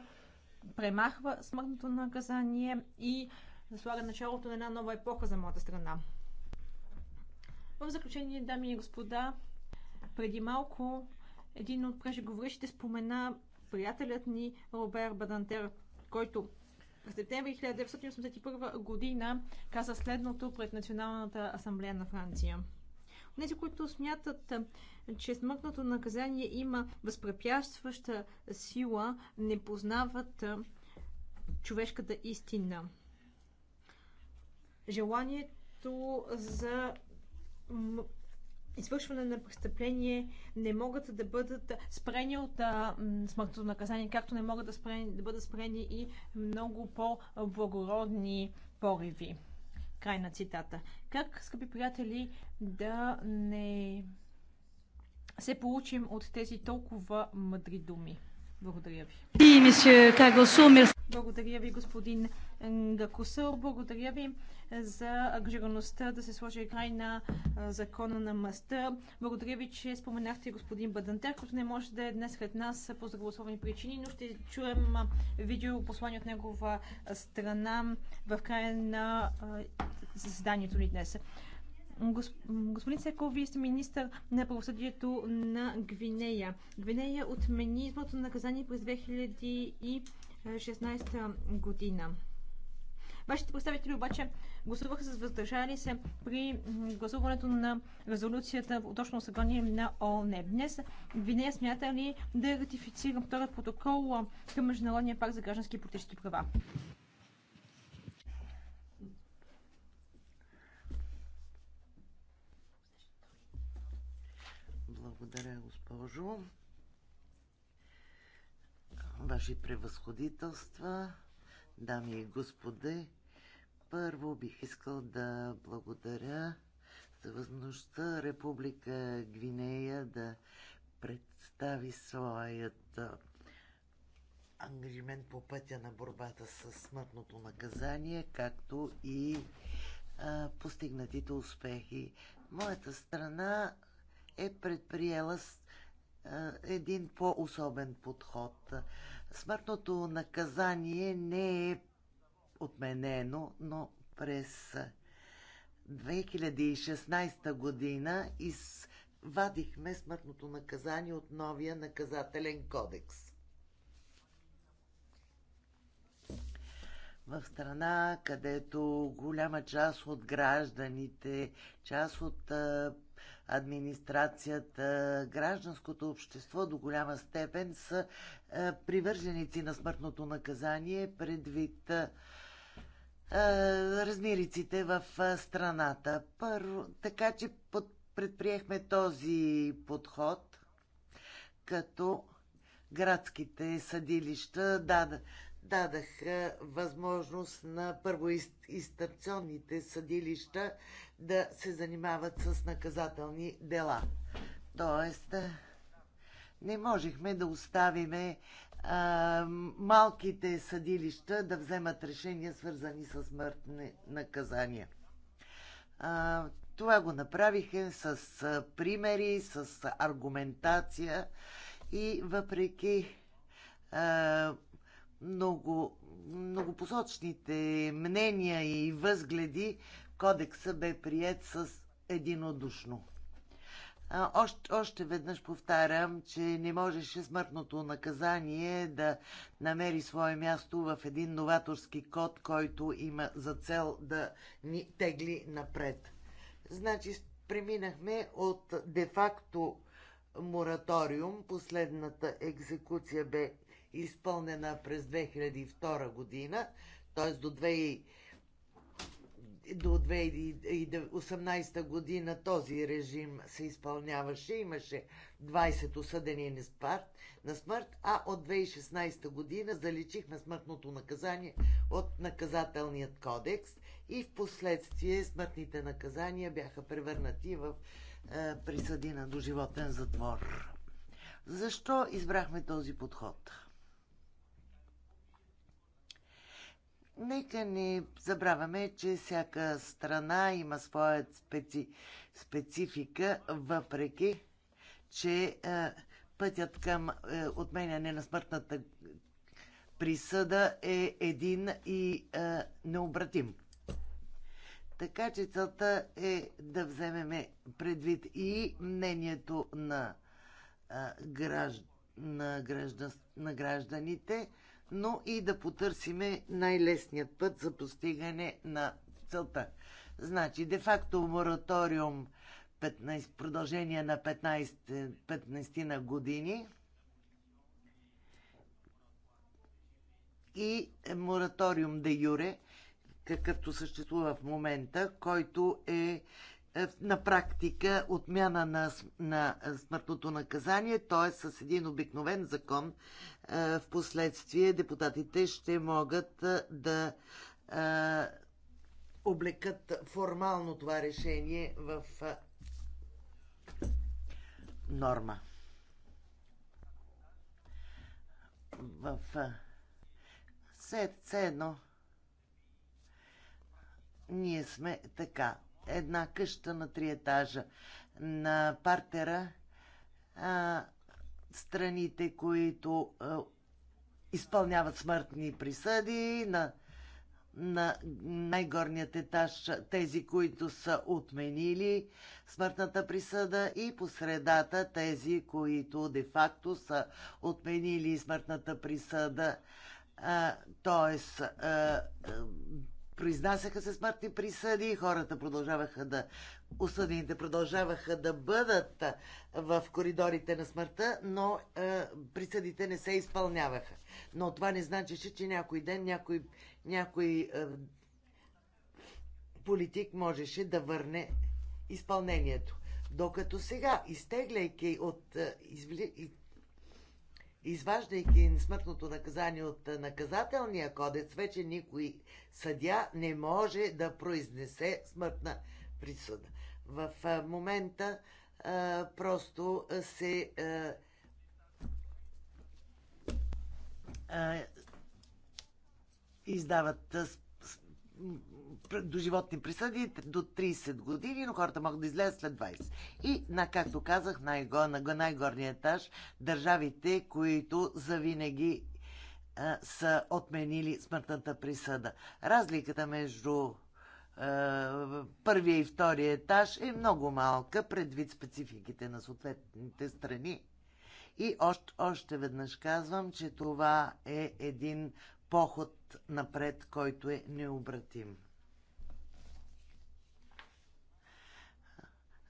премахва смъртното наказание и слага началото на една нова епоха за моята страна. В заключение, дами и господа, преди малко един от преждеговорившите спомена приятелят ни Робер Бадантер, който през септември 1981 година каза следното пред Националната асамблея на Франция. Нези, които смятат, че смъртното наказание има възпрепятстваща сила, не познават човешката истина. Желанието за извършване на престъпление не могат да бъдат спрени от а, смъртното наказание, както не могат да, спрени, да бъдат спрени и много по-благородни пориви. Край на цитата. Как, скъпи приятели, да не се получим от тези толкова мъдри думи? Благодаря ви. Благодаря ви, господин Гакусъл. Благодаря ви за ангажираността да се сложи край на закона на мъста. Благодаря ви, че споменахте господин Бадантер, който не може да е днес след нас по здравословни причини, но ще чуем видео послание от негова страна в края на заседанието ни днес. Господин Секо, вие сте министър на правосъдието на Гвинея. Гвинея отмени измото наказание през 2016 година. Вашите представители обаче гласуваха с въздържали се при гласуването на резолюцията точно съгласие на ООН. Днес Гвинея смята ли да ратифицира вторият протокол към Международния пакт за граждански и политически права? Благодаря, госпожо. Ваши превъзходителства, дами и господи, първо бих искал да благодаря за възможността Република Гвинея да представи своят ангажимент по пътя на борбата с смъртното наказание, както и постигнатите успехи. Моята страна е предприела един по-особен подход. Смъртното наказание не е отменено, но през 2016 година извадихме смъртното наказание от новия наказателен кодекс. В страна, където голяма част от гражданите, част от администрацията, гражданското общество до голяма степен са е, привърженици на смъртното наказание предвид е, е, размериците в страната. Първо, така че под, предприехме този подход, като градските съдилища дад, дадаха възможност на първоинстанционните съдилища да се занимават с наказателни дела. Тоест, не можехме да оставиме а, малките съдилища да вземат решения, свързани с смъртни наказания. А, това го направиха с примери, с аргументация и въпреки а, много, многопосочните мнения и възгледи кодекса бе прият с единодушно. А, още, още веднъж повтарям, че не можеше смъртното наказание да намери свое място в един новаторски код, който има за цел да ни тегли напред. Значи, преминахме от де-факто мораториум, последната екзекуция бе изпълнена през 2002 година, т.е. до 2000 до 2018 година този режим се изпълняваше. Имаше 20 осъдени на смърт, на смърт, а от 2016 година заличихме смъртното наказание от наказателният кодекс и в последствие смъртните наказания бяха превърнати в е, присъди на доживотен затвор. Защо избрахме този подход? Нека не забравяме, че всяка страна има своя специ... специфика, въпреки че е, пътят към е, отменяне на смъртната присъда е един и е, необратим. Така че целта е да вземем предвид и мнението на, е, гражд... на, граждан... на гражданите, но и да потърсиме най-лесният път за постигане на целта. Значи, де-факто мораториум 15, продължение на 15, 15 на години и мораториум де юре, какъвто съществува в момента, който е е, на практика отмяна на, на смъртното наказание, т.е. с един обикновен закон е, в последствие депутатите ще могат е, да облекат формално това решение в норма. В все едно ние сме така една къща на три етажа. На партера а, страните, които а, изпълняват смъртни присъди, на, на най-горният етаж тези, които са отменили смъртната присъда и по средата тези, които де-факто са отменили смъртната присъда, т.е произнасяха се смъртни присъди, хората продължаваха да, осъдените продължаваха да бъдат в коридорите на смъртта, но е, присъдите не се изпълняваха. Но това не значеше, че някой ден някой, някой е, политик можеше да върне изпълнението. Докато сега, изтегляйки от, извли, изваждайки смъртното наказание от наказателния кодекс, вече никой съдя не може да произнесе смъртна присъда. В момента а, просто се а, а, издават до животни присъди до 30 години, но хората могат да излезат след 20. И, на, както казах, най- на най-горния етаж, държавите, които завинаги а, са отменили смъртната присъда. Разликата между първия и втория етаж е много малка предвид спецификите на съответните страни. И още, още веднъж казвам, че това е един поход напред, който е необратим.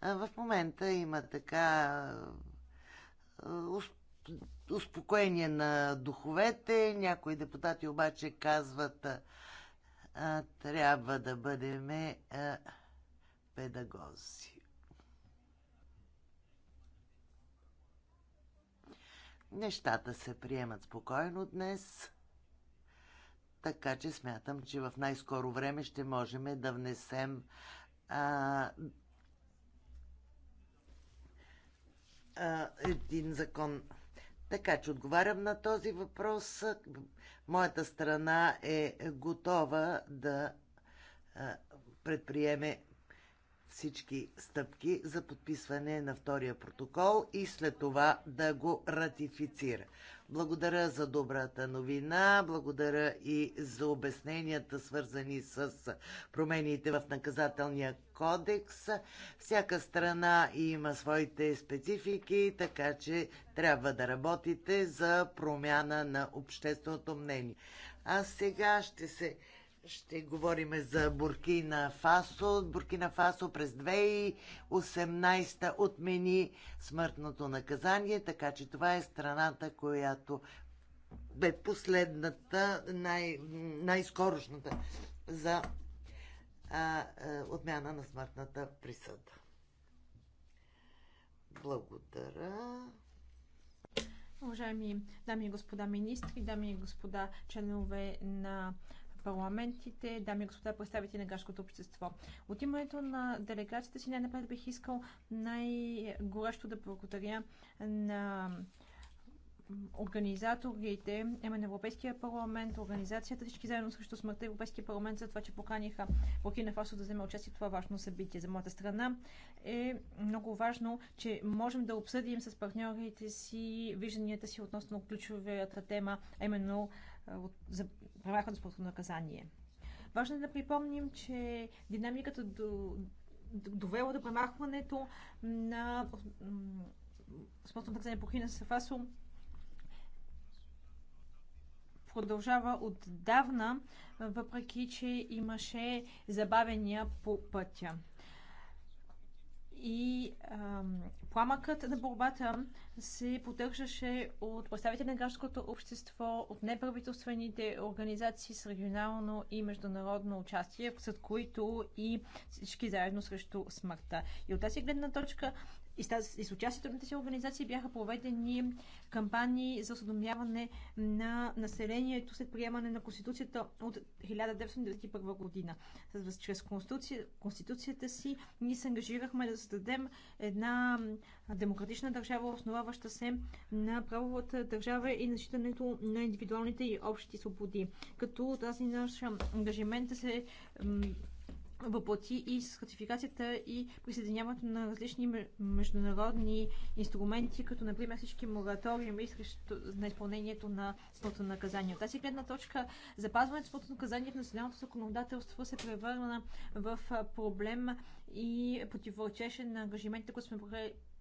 В момента има така успокоение на духовете. Някои депутати обаче казват, трябва да бъдем педагози. Нещата се приемат спокойно днес, така че смятам, че в най-скоро време ще можем да внесем а, а, един закон. Така че отговарям на този въпрос. Моята страна е готова да а, предприеме всички стъпки за подписване на втория протокол и след това да го ратифицира. Благодаря за добрата новина, благодаря и за обясненията, свързани с промените в наказателния кодекс. Всяка страна има своите специфики, така че трябва да работите за промяна на общественото мнение. А сега ще се ще говорим за Буркина Фасо. Буркина Фасо през 2018 отмени смъртното наказание, така че това е страната, която бе последната, най- най-скорошната за а, а, отмяна на смъртната присъда. Благодаря. Уважаеми дами и господа министри, дами и господа членове на парламентите, дами и господа, представители на гражданското общество. От името на делегацията си най-напред бих искал най-горещо да благодаря на организаторите, именно Европейския парламент, организацията всички заедно срещу смъртта Европейския парламент за това, че поканиха Буркина Фасо да вземе участие в това важно събитие. За моята страна е много важно, че можем да обсъдим с партньорите си вижданията си относно ключовата тема, а именно за премахването на наказание. Важно е да припомним, че динамиката до, довела до премахването на смъртно наказание по Хина Сафасо продължава отдавна, въпреки че имаше забавения по пътя и ам, пламъкът на борбата се поддържаше от представители на гражданското общество, от неправителствените организации с регионално и международно участие, сред които и всички заедно срещу смъртта. И от тази гледна точка и с, и с участието на тези организации бяха проведени кампании за осъдомяване на населението след приемане на Конституцията от 1991 година. Чрез конституция, Конституцията си ние се ангажирахме да създадем една демократична държава, основаваща се на правовата държава и на защитането на индивидуалните и общи свободи. Като тази наш ангажимент се въплати и с ратификацията и присъединяването на различни международни инструменти, като например всички мораториуми срещу на изпълнението на смъртно наказание. От тази гледна точка запазването на смъртно наказание в националното законодателство се превърна в проблем и противоречеше на ангажиментите, които сме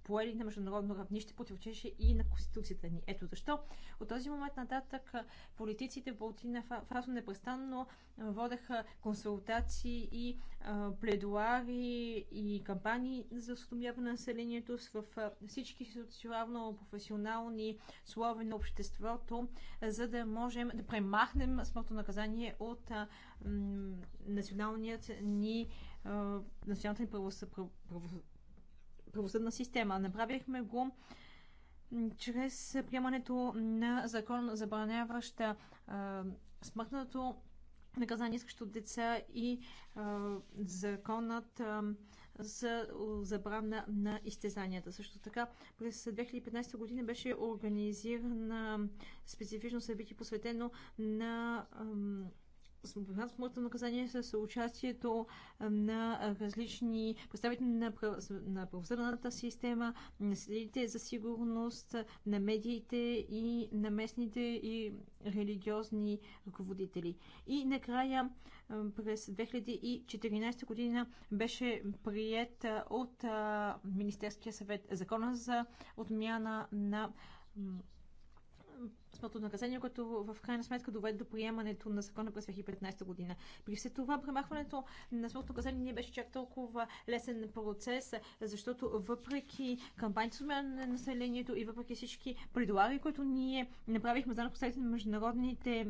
поели на международно равнище, противоречеше и на Конституцията ни. Ето защо от този момент нататък политиците в Болтина фразо непрестанно водеха консултации и а, пледуари и кампании за осъдомяване на населението в всички социално-професионални слови на обществото, за да можем да премахнем смъртно наказание от а, националният ни а, националната ни правосъдие правосъдна система. Направихме го чрез приемането на закон, забраняваща а, смъртното наказание искащо деца и а, законът а, за забрана на изтезанията. Също така през 2015 година беше организирана специфично събитие посветено на а, смъртно смъртно наказание с участието на различни представители на, на правосъдната система, на следите за сигурност, на медиите и на местните и религиозни ръководители. И накрая през 2014 година беше прият от Министерския съвет закона за отмяна на смъртно наказание, което в крайна сметка доведе до приемането на закона през 2015 година. При все това премахването на смъртно наказание не беше чак толкова лесен процес, защото въпреки кампанията за на населението и въпреки всички предлаги, които ние направихме за на международните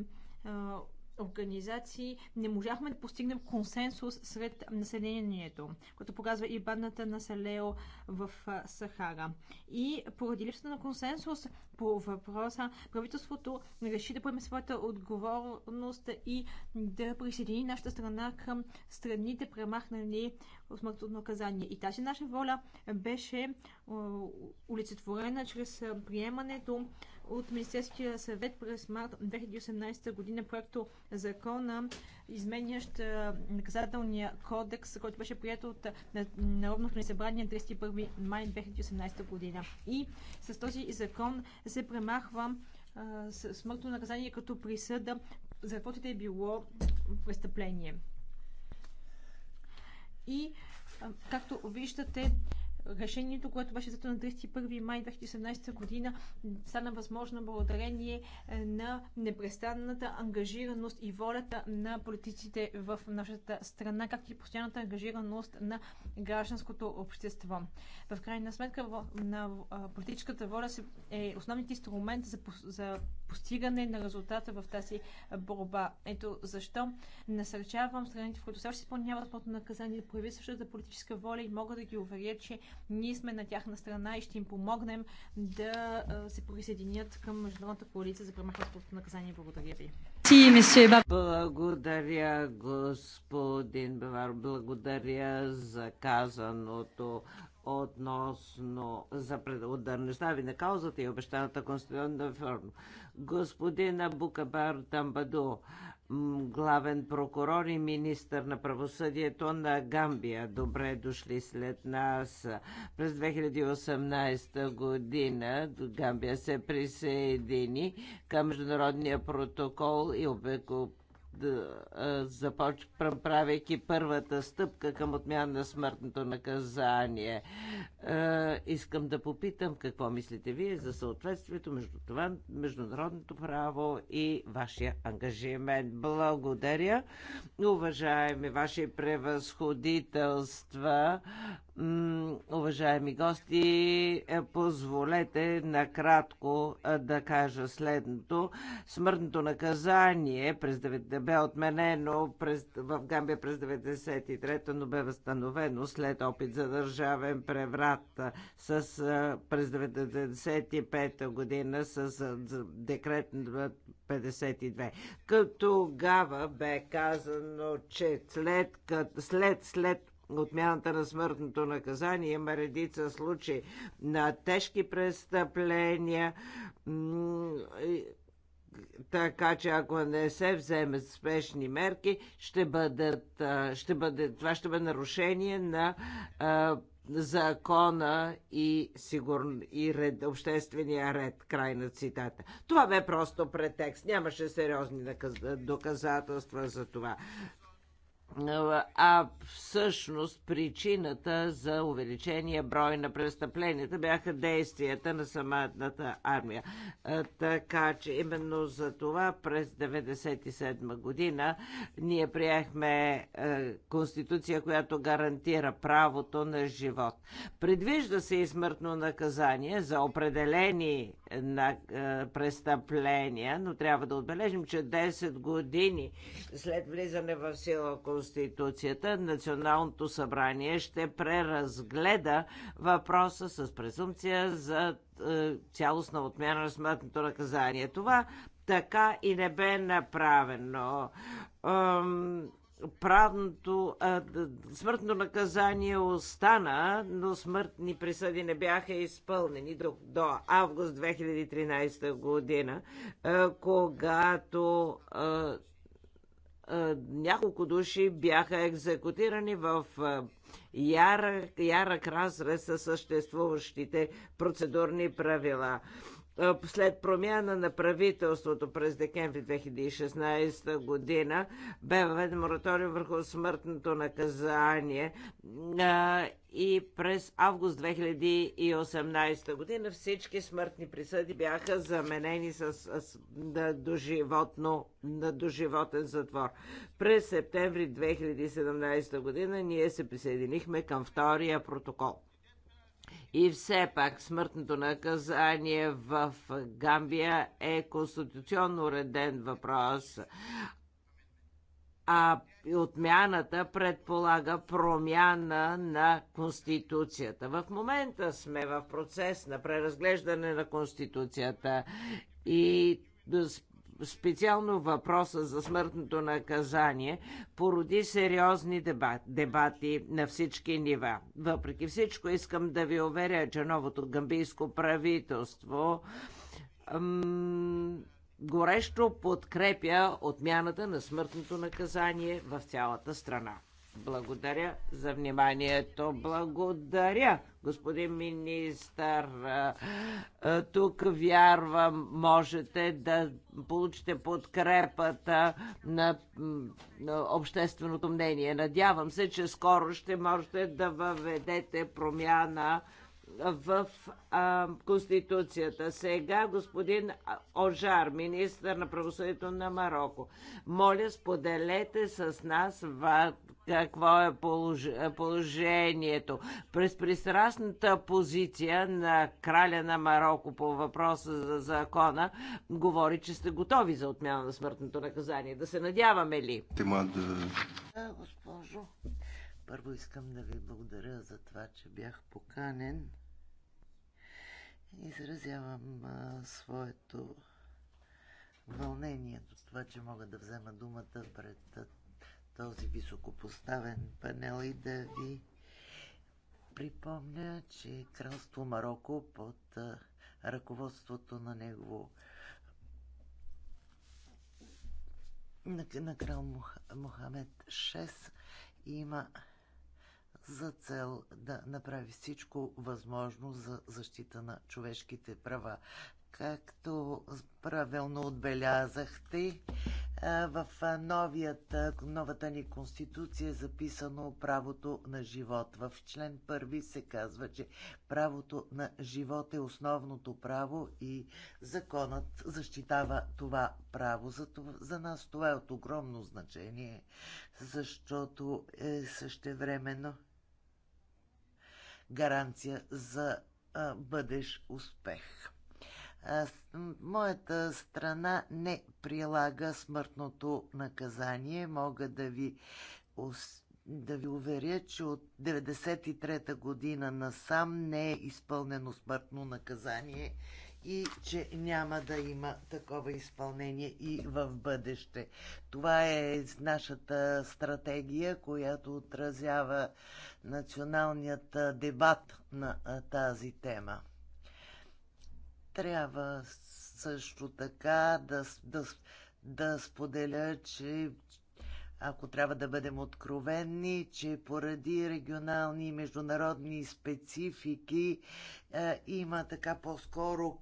организации не можахме да постигнем консенсус сред населението, което показва и бандата на Салео в Сахара. И поради липсата на консенсус по въпроса, правителството реши да поеме своята отговорност и да присъедини нашата страна към страните, премахнали смъртното наказание. И тази наша воля беше олицетворена чрез приемането от Министерския съвет през март 2018 година проекто закона, изменящ наказателния кодекс, който беше прият от Народното събрание на 31 май 2018 година. И с този закон се премахва смъртно наказание като присъда за каквото е било престъпление. И, както виждате, решението, което беше зато на 31 май 2017 година, стана възможно благодарение е, на непрестанната ангажираност и волята на политиците в нашата страна, както и постоянната ангажираност на гражданското общество. В крайна сметка на политическата воля е основният инструмент за, постигане на резултата в тази борба. Ето защо насърчавам страните, в които също изпълняват плотно наказание, да проявят същата политическа воля и мога да ги уверя, че ние сме на тяхна страна и ще им помогнем да се присъединят към Международната коалиция за премахването наказание. Благодаря ви. Благодаря, господин Бевар. Благодаря за казаното относно за предударността ви на каузата и обещаната конституционна реформа. Господина Букабар Тамбадо, главен прокурор и министър на правосъдието на Гамбия. Добре дошли след нас. През 2018 година Гамбия се присъедини към международния протокол и обекуп започ... правейки първата стъпка към отмяна на смъртното наказание. Искам да попитам какво мислите вие за съответствието между това международното право и вашия ангажимент. Благодаря, уважаеми ваши превъзходителства. Уважаеми гости, е, позволете накратко е, да кажа следното. Смъртното наказание през 9, бе отменено през, в Гамбия през 93-та, но бе възстановено след опит за държавен преврат е, с, през 95-та година с декрет 52. Като тогава бе казано, че след, след, след отмяната на смъртното наказание. Има редица случаи на тежки престъпления. Така че ако не се вземат спешни мерки, ще бъдат, ще бъде, това ще бъде нарушение на а, закона и, сигур, и ред, обществения ред. Край на цитата. Това бе просто претекст. Нямаше сериозни доказателства за това а всъщност причината за увеличение брой на престъпленията бяха действията на самата армия. Така че именно за това през 1997 година ние приехме конституция, която гарантира правото на живот. Предвижда се и смъртно наказание за определени на престъпления, но трябва да отбележим, че 10 години след влизане в сила Конституцията, Националното събрание ще преразгледа въпроса с презумпция за е, цялостна отмяна на смъртното наказание. Това така и не бе направено правното, смъртно наказание остана, но смъртни присъди не бяха изпълнени до, до август 2013 година, е, когато е, е, няколко души бяха екзекутирани в ярък, е, ярък разрез със съществуващите процедурни правила след промяна на правителството през декември 2016 година бе въведен мораториум върху смъртното наказание и през август 2018 година всички смъртни присъди бяха заменени с, с на доживотно, на доживотен затвор. През септември 2017 година ние се присъединихме към втория протокол. И все пак смъртното наказание в Гамбия е конституционно уреден въпрос. А отмяната предполага промяна на Конституцията. В момента сме в процес на преразглеждане на Конституцията и Специално въпроса за смъртното наказание породи сериозни дебати, дебати на всички нива. Въпреки всичко искам да ви уверя, че новото гамбийско правителство горещо подкрепя отмяната на смъртното наказание в цялата страна. Благодаря за вниманието. Благодаря, господин министър. Тук вярвам, можете да получите подкрепата на общественото мнение. Надявам се, че скоро ще можете да въведете промяна в а, Конституцията. Сега господин Ожар, министър на правосъдието на Марокко, моля споделете с нас какво е положението. През пристрастната позиция на краля на Марокко по въпроса за закона говори, че сте готови за отмяна на смъртното наказание. Да се надяваме ли? Тема да... да госпожо, първо искам да ви благодаря за това, че бях поканен. Изразявам а, своето вълнение от това, че мога да взема думата пред този високопоставен панел и да ви припомня, че Кралство Марокко под ръководството на него на, на крал Мохамед VI има за цел да направи всичко възможно за защита на човешките права. Както правилно отбелязахте, в новият, новата ни конституция е записано правото на живот. В член първи се казва, че правото на живот е основното право и законът защитава това право. За, това, за нас това е от огромно значение, защото е същевременно гаранция за а, бъдещ успех моята страна не прилага смъртното наказание. Мога да ви, да ви уверя, че от 93-та година насам не е изпълнено смъртно наказание и че няма да има такова изпълнение и в бъдеще. Това е нашата стратегия, която отразява националният дебат на тази тема. Трябва също така да, да, да споделя, че ако трябва да бъдем откровенни, че поради регионални и международни специфики е, има така по-скоро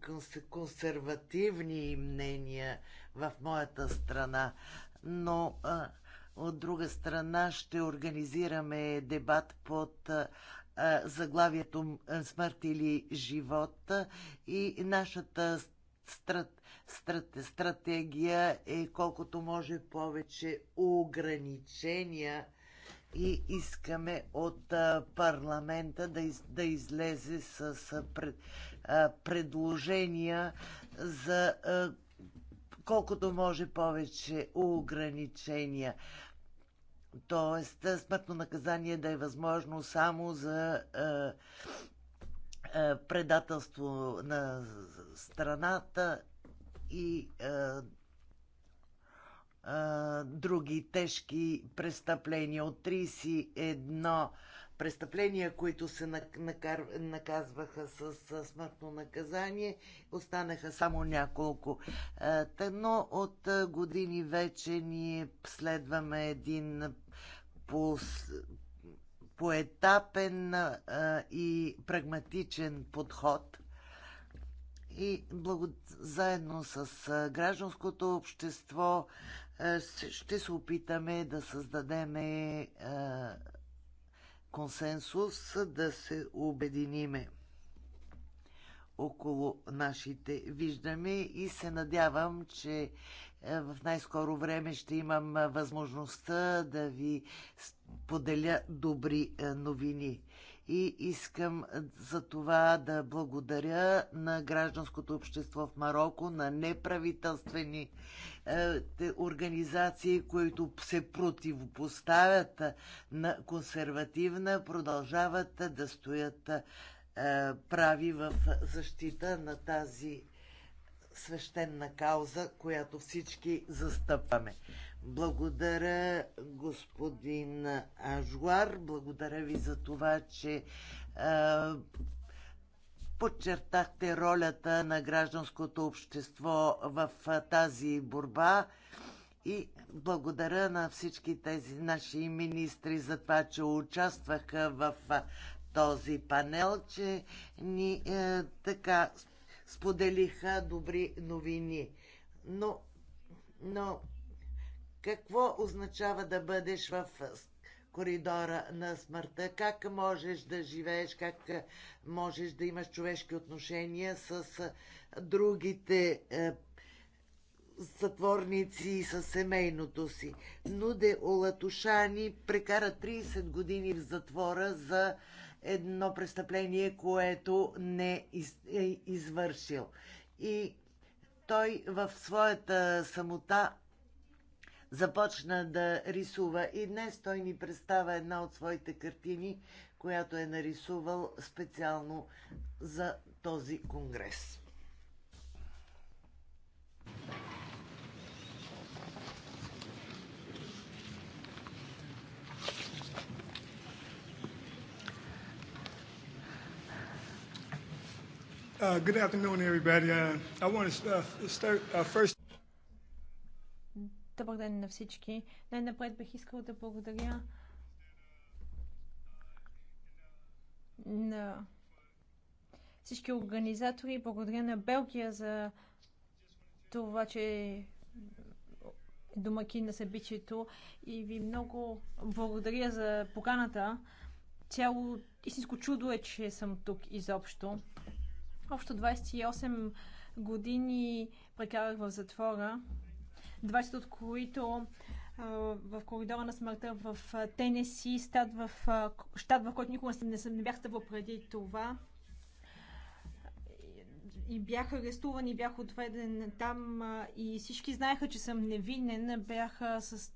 консервативни мнения в моята страна. Но е, от друга страна ще организираме дебат под е, заглавието Смърт или живот и нашата страт, страт, стратегия е колкото може повече ограничения и искаме от парламента да, из, да излезе с пред, предложения за колкото може повече ограничения. Тоест, смъртно наказание да е възможно само за предателство на страната и други тежки престъпления. От 31 престъпления, които се накар... наказваха с, с смъртно наказание, останаха само няколко. Е, но от е, години вече ние следваме един по поетапен е, и прагматичен подход – и благо... заедно с гражданското общество ще се опитаме да създадем консенсус, да се обединиме около нашите виждаме и се надявам, че е, в най-скоро време ще имам е, възможността да ви поделя добри е, новини и искам за това да благодаря на гражданското общество в Марокко, на неправителствени е, организации, които се противопоставят на консервативна, продължават да стоят е, прави в защита на тази свещена кауза, която всички застъпваме. Благодаря, господин Ажуар. Благодаря ви за това, че а, подчертахте ролята на гражданското общество в а, тази борба. И благодаря на всички тези наши министри за това, че участваха в а, този панел, че ни а, е, така споделиха добри новини. Но, но какво означава да бъдеш в коридора на смъртта, как можеш да живееш, как можеш да имаш човешки отношения с другите сътворници и със семейното си. Нуде Олатушани прекара 30 години в затвора за едно престъпление, което не е извършил. И той в своята самота започна да рисува. И днес той ни представя една от своите картини, която е нарисувал специално за този конгрес. Uh, good afternoon, everybody. Uh, I want to uh, start uh, first. Добър ден на всички. Най-напред бих искал да благодаря на всички организатори. Благодаря на Белгия за това, че е домакин на събитието и ви много благодаря за поканата. Цяло истинско чудо е, че съм тук изобщо. Общо 28 години прекарах в затвора 20 от които в коридора на смъртта в Тенеси, щат в, щат, в който никога не, съм, не бях ставал преди това. И бях арестуван и бях отведен там и всички знаеха, че съм невинен. Бяха със,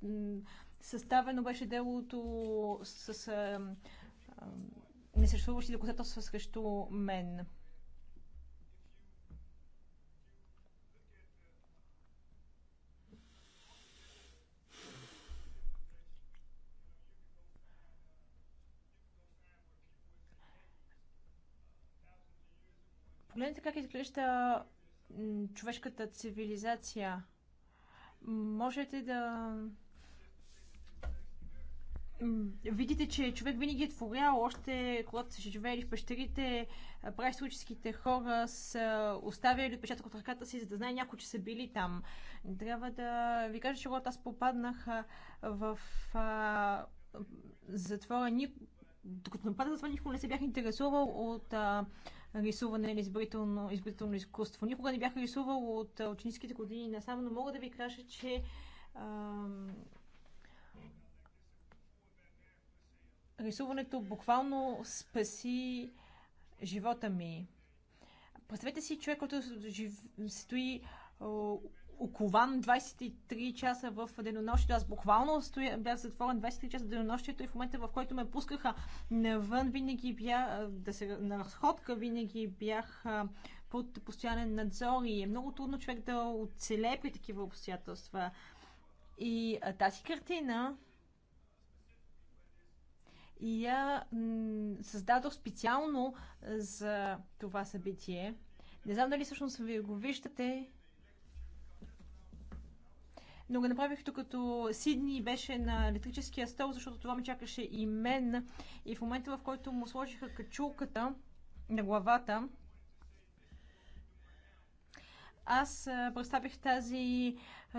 съставено беше делото с а, несъществуващи доказателства срещу мен. Погледнете как изглежда човешката цивилизация. Можете да видите, че човек винаги е творял, още когато са живеели в пещерите, праисторическите хора са оставяли отпечатък от ръката си, за да знае някой, че са били там. Трябва да ви кажа, че когато аз попаднах в а, затвора, ни... докато нападах затвора, никога не се бях интересувал от а, рисуване или изборително, изборително изкуство. Никога не бях рисувал от ученическите години насам, но мога да ви кажа, че а, рисуването буквално спаси живота ми. Представете си човек, който стои окован 23 часа в денонощието. Аз буквално стоя, бях затворен 23 часа в денонощието и в момента, в който ме пускаха навън, винаги бях да се, на разходка, винаги бях под постоянен надзор и е много трудно човек да оцелее при такива обстоятелства. И тази картина я създадох специално за това събитие. Не знам дали всъщност ви го виждате, но го направих тук като Сидни беше на електрическия стол, защото това ме чакаше и мен. И в момента, в който му сложиха качулката на главата, аз представих тази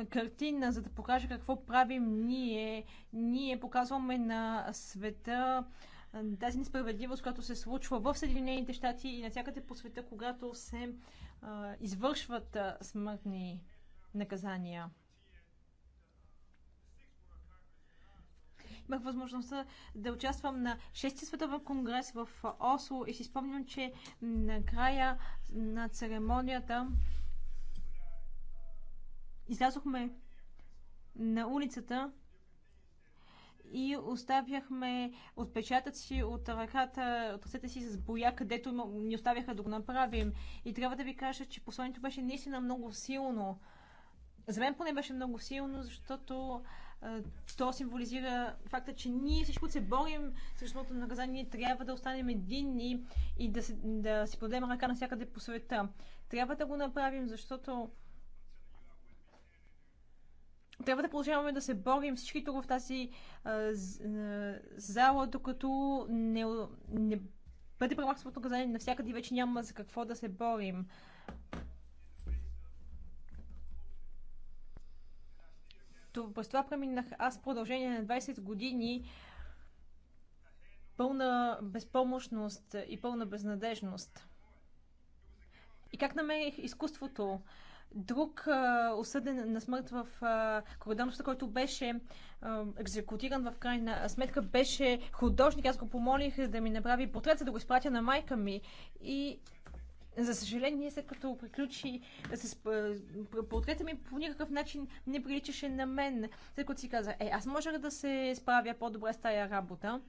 картина, за да покажа какво правим ние. Ние показваме на света тази несправедливост, която се случва в Съединените щати и навсякъде по света, когато се а, извършват а, смъртни наказания. Имах възможността да участвам на 6-ти световен конгрес в Осло и си спомням, че накрая на церемонията излязохме на улицата и оставяхме отпечатъци от ръката, от ръцете си с боя, където ни оставяха да го направим. И трябва да ви кажа, че посланието беше наистина много силно. За мен поне беше много силно, защото то символизира факта, че ние всичко се борим срещу смъртното наказание, трябва да останем единни и да, се, да си подадем ръка навсякъде по света. Трябва да го направим, защото трябва да продължаваме да се борим всички тук в тази а, зала, докато не, не бъде премахнато наказание навсякъде и вече няма за какво да се борим. през това преминах аз продължение на 20 години пълна безпомощност и пълна безнадежност. И как намерих изкуството? Друг а, осъден на смърт в Кордамството, който беше а, екзекутиран в крайна сметка, беше художник. Аз го помолих да ми направи портрет, за да го изпратя на майка ми. И за съжаление, след като приключи с портрета ми по никакъв начин не приличаше на мен, след като си каза, е, аз можех да се справя по-добре с тая работа.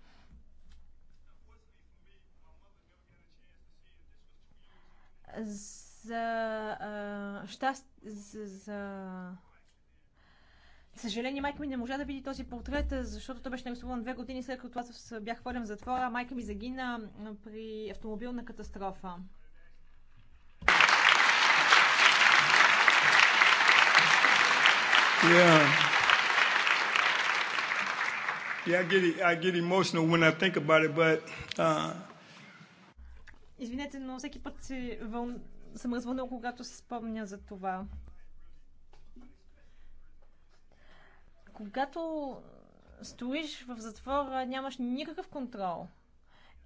За, а, щаст, за, за съжаление, майка ми не можа да види този портрет, защото той беше нарисуван две години след като аз бях хвърлен в затвора. Майка ми загина при автомобилна катастрофа. Yeah. Yeah, I get, I get emotional when I think about it, but... Uh... Извинете, но всеки път се вълн... съм развълнал, когато се спомня за това. Когато стоиш в затвора, нямаш никакъв контрол.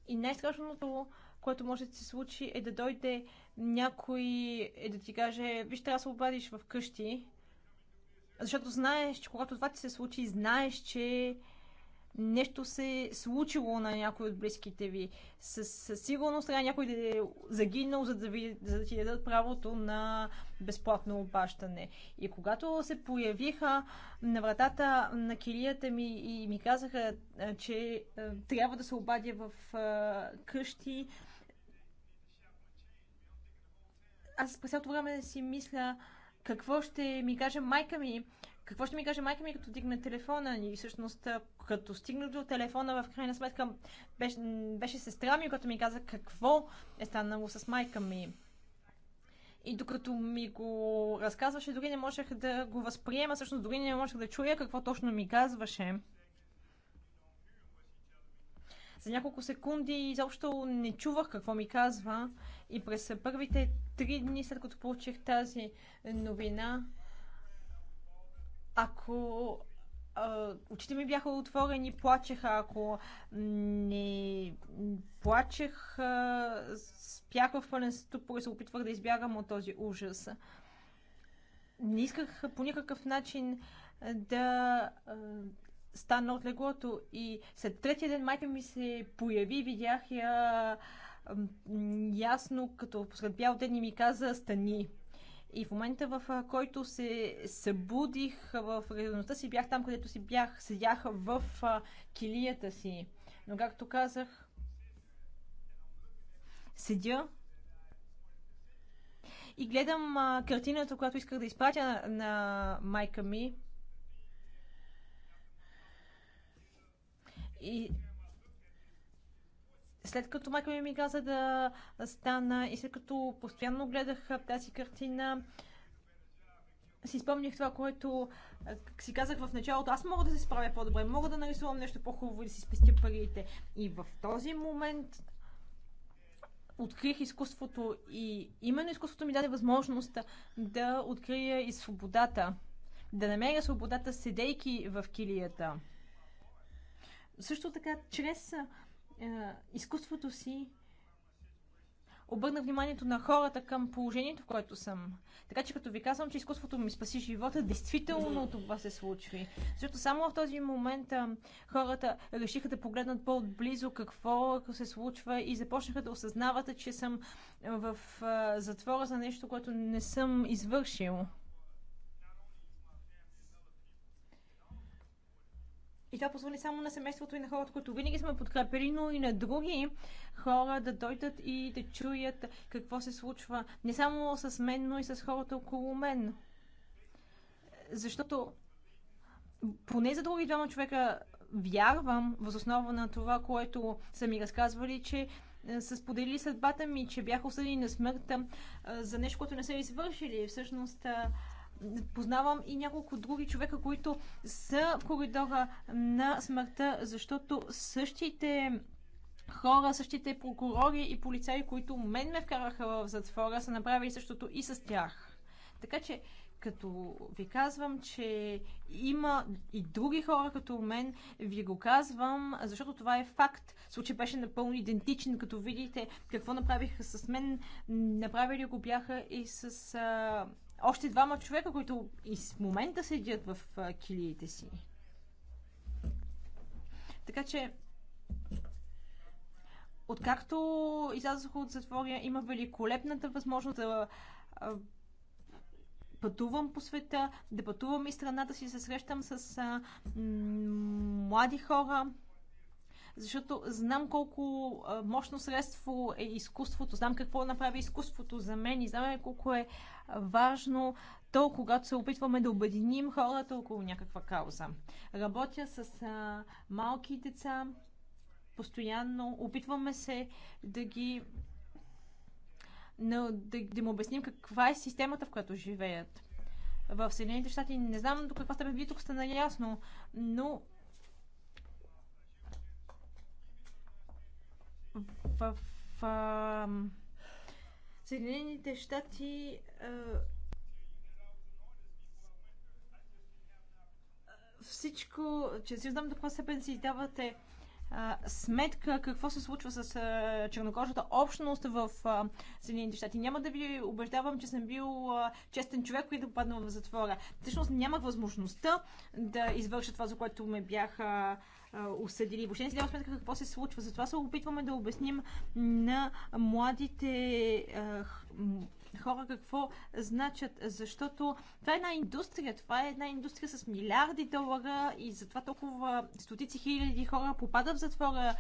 И най-страшното, което може да се случи, е да дойде някой е да ти каже, виж, трябва да се обадиш вкъщи защото знаеш, че когато това ти се случи, знаеш, че нещо се е случило на някой от близките ви. Със, със сигурност трябва някой да е загинал, за да, ви, за да ти дадат правото на безплатно обащане. И когато се появиха на вратата на килията ми и ми казаха, че трябва да се обадя в къщи, аз през цялото време си мисля, какво ще ми каже майка ми, какво ще ми каже майка ми, като дигне телефона и Всъщност, като стигна до телефона, в крайна сметка беше, беше сестра ми, която ми каза какво е станало с майка ми. И докато ми го разказваше, дори не можех да го възприема, всъщност дори не можех да чуя какво точно ми казваше. За няколко секунди изобщо не чувах какво ми казва и през първите три дни след като получих тази новина, ако очите ми бяха отворени, плачеха. Ако не плачех, спях в пълен ступор и се опитвах да избягам от този ужас. Не исках по никакъв начин да стана от леглото и след третия ден майка ми се появи видях я ясно, като посред бял ден и ми каза стани. И в момента, в който се събудих в реалността си, бях там, където си бях, седях в килията си. Но, както казах, седя и гледам картината, която исках да изпратя на, на майка ми. И след като майка ми ми каза да стана и след като постоянно гледах тази картина, си спомних това, което си казах в началото. Аз мога да се справя по-добре, мога да нарисувам нещо по-хубаво и да си спестя парите. И в този момент открих изкуството и именно изкуството ми даде възможност да открия и свободата. Да намеря свободата, седейки в килията. Също така, чрез а, е, изкуството си обърна вниманието на хората към положението, в което съм. Така че като ви казвам, че изкуството ми спаси живота, действително това се случи. Защото само в този момент а, хората решиха да погледнат по-отблизо какво се случва и започнаха да осъзнават, че съм в а, затвора за нещо, което не съм извършил. И това позволи само на семейството и на хората, които винаги сме подкрепили, но и на други хора да дойдат и да чуят какво се случва. Не само с мен, но и с хората около мен. Защото поне за други двама човека вярвам, възоснова на това, което са ми разказвали, че е, са споделили съдбата ми, че бяха осъдени на смъртта е, за нещо, което не са извършили. Всъщност, е, познавам и няколко други човека, които са в коридора на смъртта, защото същите хора, същите прокурори и полицаи, които мен ме вкараха в затвора, са направили същото и с тях. Така че, като ви казвам, че има и други хора като мен, ви го казвам, защото това е факт. Случай беше напълно идентичен, като видите какво направиха с мен. Направили го бяха и с а, още двама човека, които и с момента седят в килиите си. Така че, откакто излязох от затвора, има великолепната възможност да пътувам по света, да пътувам и страната си, се срещам с млади хора, защото знам колко мощно средство е изкуството, знам какво направи изкуството за мен и знам колко е важно то, когато се опитваме да обединим хората около някаква кауза. Работя с а, малки деца, постоянно опитваме се да ги Но да, да им обясним каква е системата, в която живеят. В Съединените щати не знам до каква степен вие тук сте наясно, но в, в а, Съединените щати всичко, че си знам до каква степен си давате а, сметка какво се случва с а, чернокожата общност в а, Съединените щати. Няма да ви убеждавам, че съм бил а, честен човек, който е попаднал в затвора. Всъщност нямах възможността да извърша това, за което ме бяха осъдили. Въобще не си дава сметка какво се случва. Затова се опитваме да обясним на младите хора какво значат, защото това е една индустрия, това е една индустрия с милиарди долара и затова толкова стотици хиляди хора попадат в затвора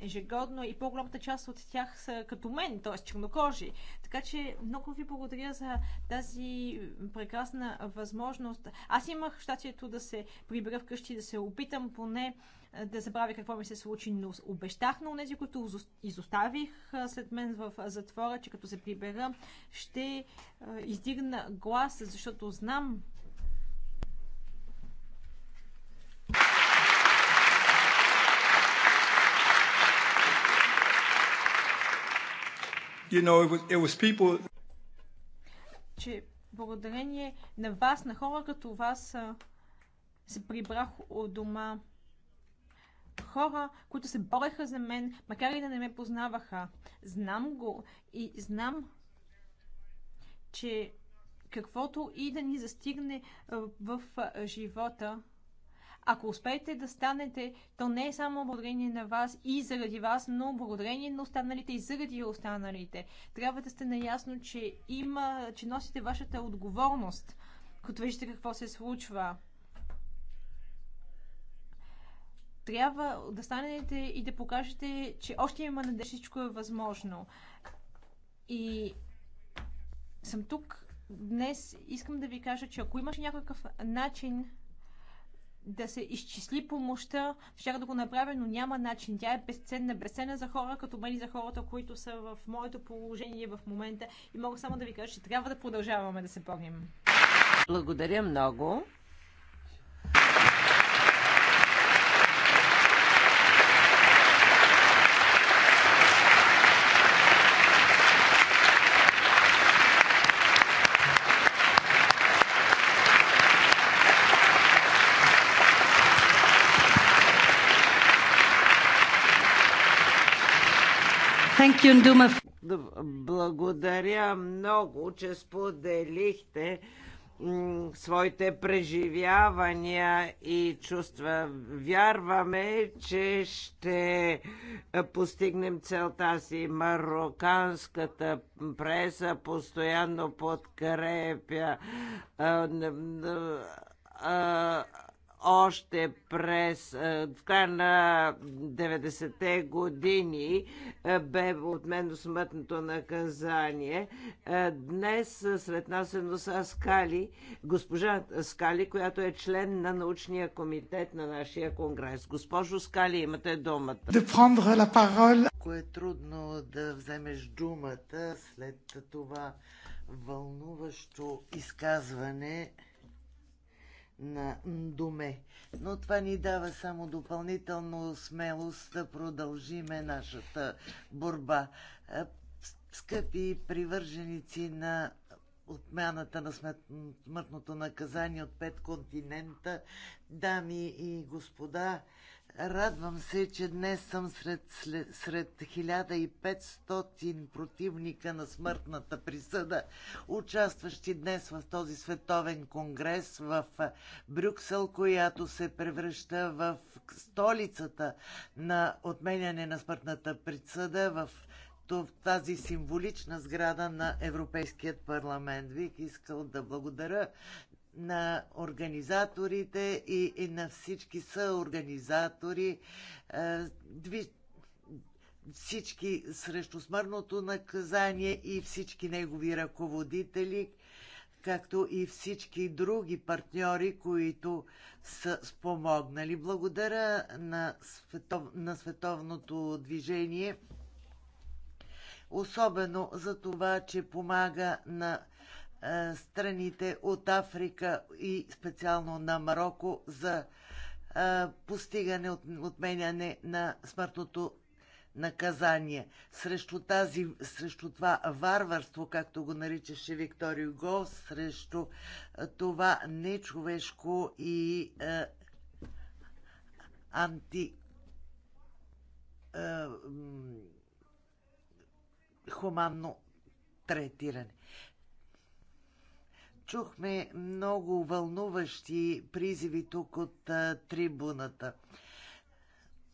ежегодно и по-голямата част от тях са като мен, т.е. чернокожи. Така че много ви благодаря за тази прекрасна възможност. Аз имах щастието да се прибера вкъщи, да се опитам поне да забравя какво ми се случи, но обещах на тези, които изоставих след мен в затвора, че като се прибера ще издигна глас, защото знам, you know, it was, it was people... Че благодарение на вас, на хора като вас, се прибрах от дома. Хора, които се бореха за мен, макар и да не ме познаваха. Знам го и знам, че каквото и да ни застигне в живота, ако успеете да станете, то не е само благодарение на вас и заради вас, но благодарение на останалите и заради останалите. Трябва да сте наясно, че има, че носите вашата отговорност, като виждате какво се случва. Трябва да станете и да покажете, че още има надежда, всичко е възможно. И съм тук днес искам да ви кажа, че ако имаш някакъв начин да се изчисли помощта. Щях да го направя, но няма начин. Тя е безценна. Безценна за хора като мен и за хората, които са в моето положение в момента. И мога само да ви кажа, че трябва да продължаваме да се помним. Благодаря много. Благодаря много, че споделихте своите преживявания и чувства. Вярваме, че ще постигнем целта си. марокканската преса постоянно подкрепя още през е, в края на 90-те години е, бе отменено смъртното наказание. Е, днес сред нас е Носа Скали, госпожа Скали, която е член на научния комитет на нашия конгрес. Госпожо Скали, имате думата. Ако е трудно да вземеш думата след това вълнуващо изказване, на Ндуме. Но това ни дава само допълнително смелост да продължиме нашата борба. Е, скъпи привърженици на отмяната на смъртното наказание от пет континента, дами и господа, Радвам се, че днес съм сред, сред 1500 противника на смъртната присъда, участващи днес в този световен конгрес в Брюксел, която се превръща в столицата на отменяне на смъртната присъда в тази символична сграда на Европейският парламент. Бих искал да благодаря на организаторите и, и на всички съорганизатори. Е, всички срещу смъртното наказание и всички негови ръководители, както и всички други партньори, които са спомогнали. Благодаря на, светов, на световното движение, особено за това, че помага на е, страните от Африка и специално на Марокко за е, постигане, отменяне на смъртното наказание. Срещу, тази, срещу това варварство, както го наричаше Викторио Го, срещу е, това нечовешко и е, анти е, хуманно третиране. Чухме много вълнуващи призиви тук от а, трибуната.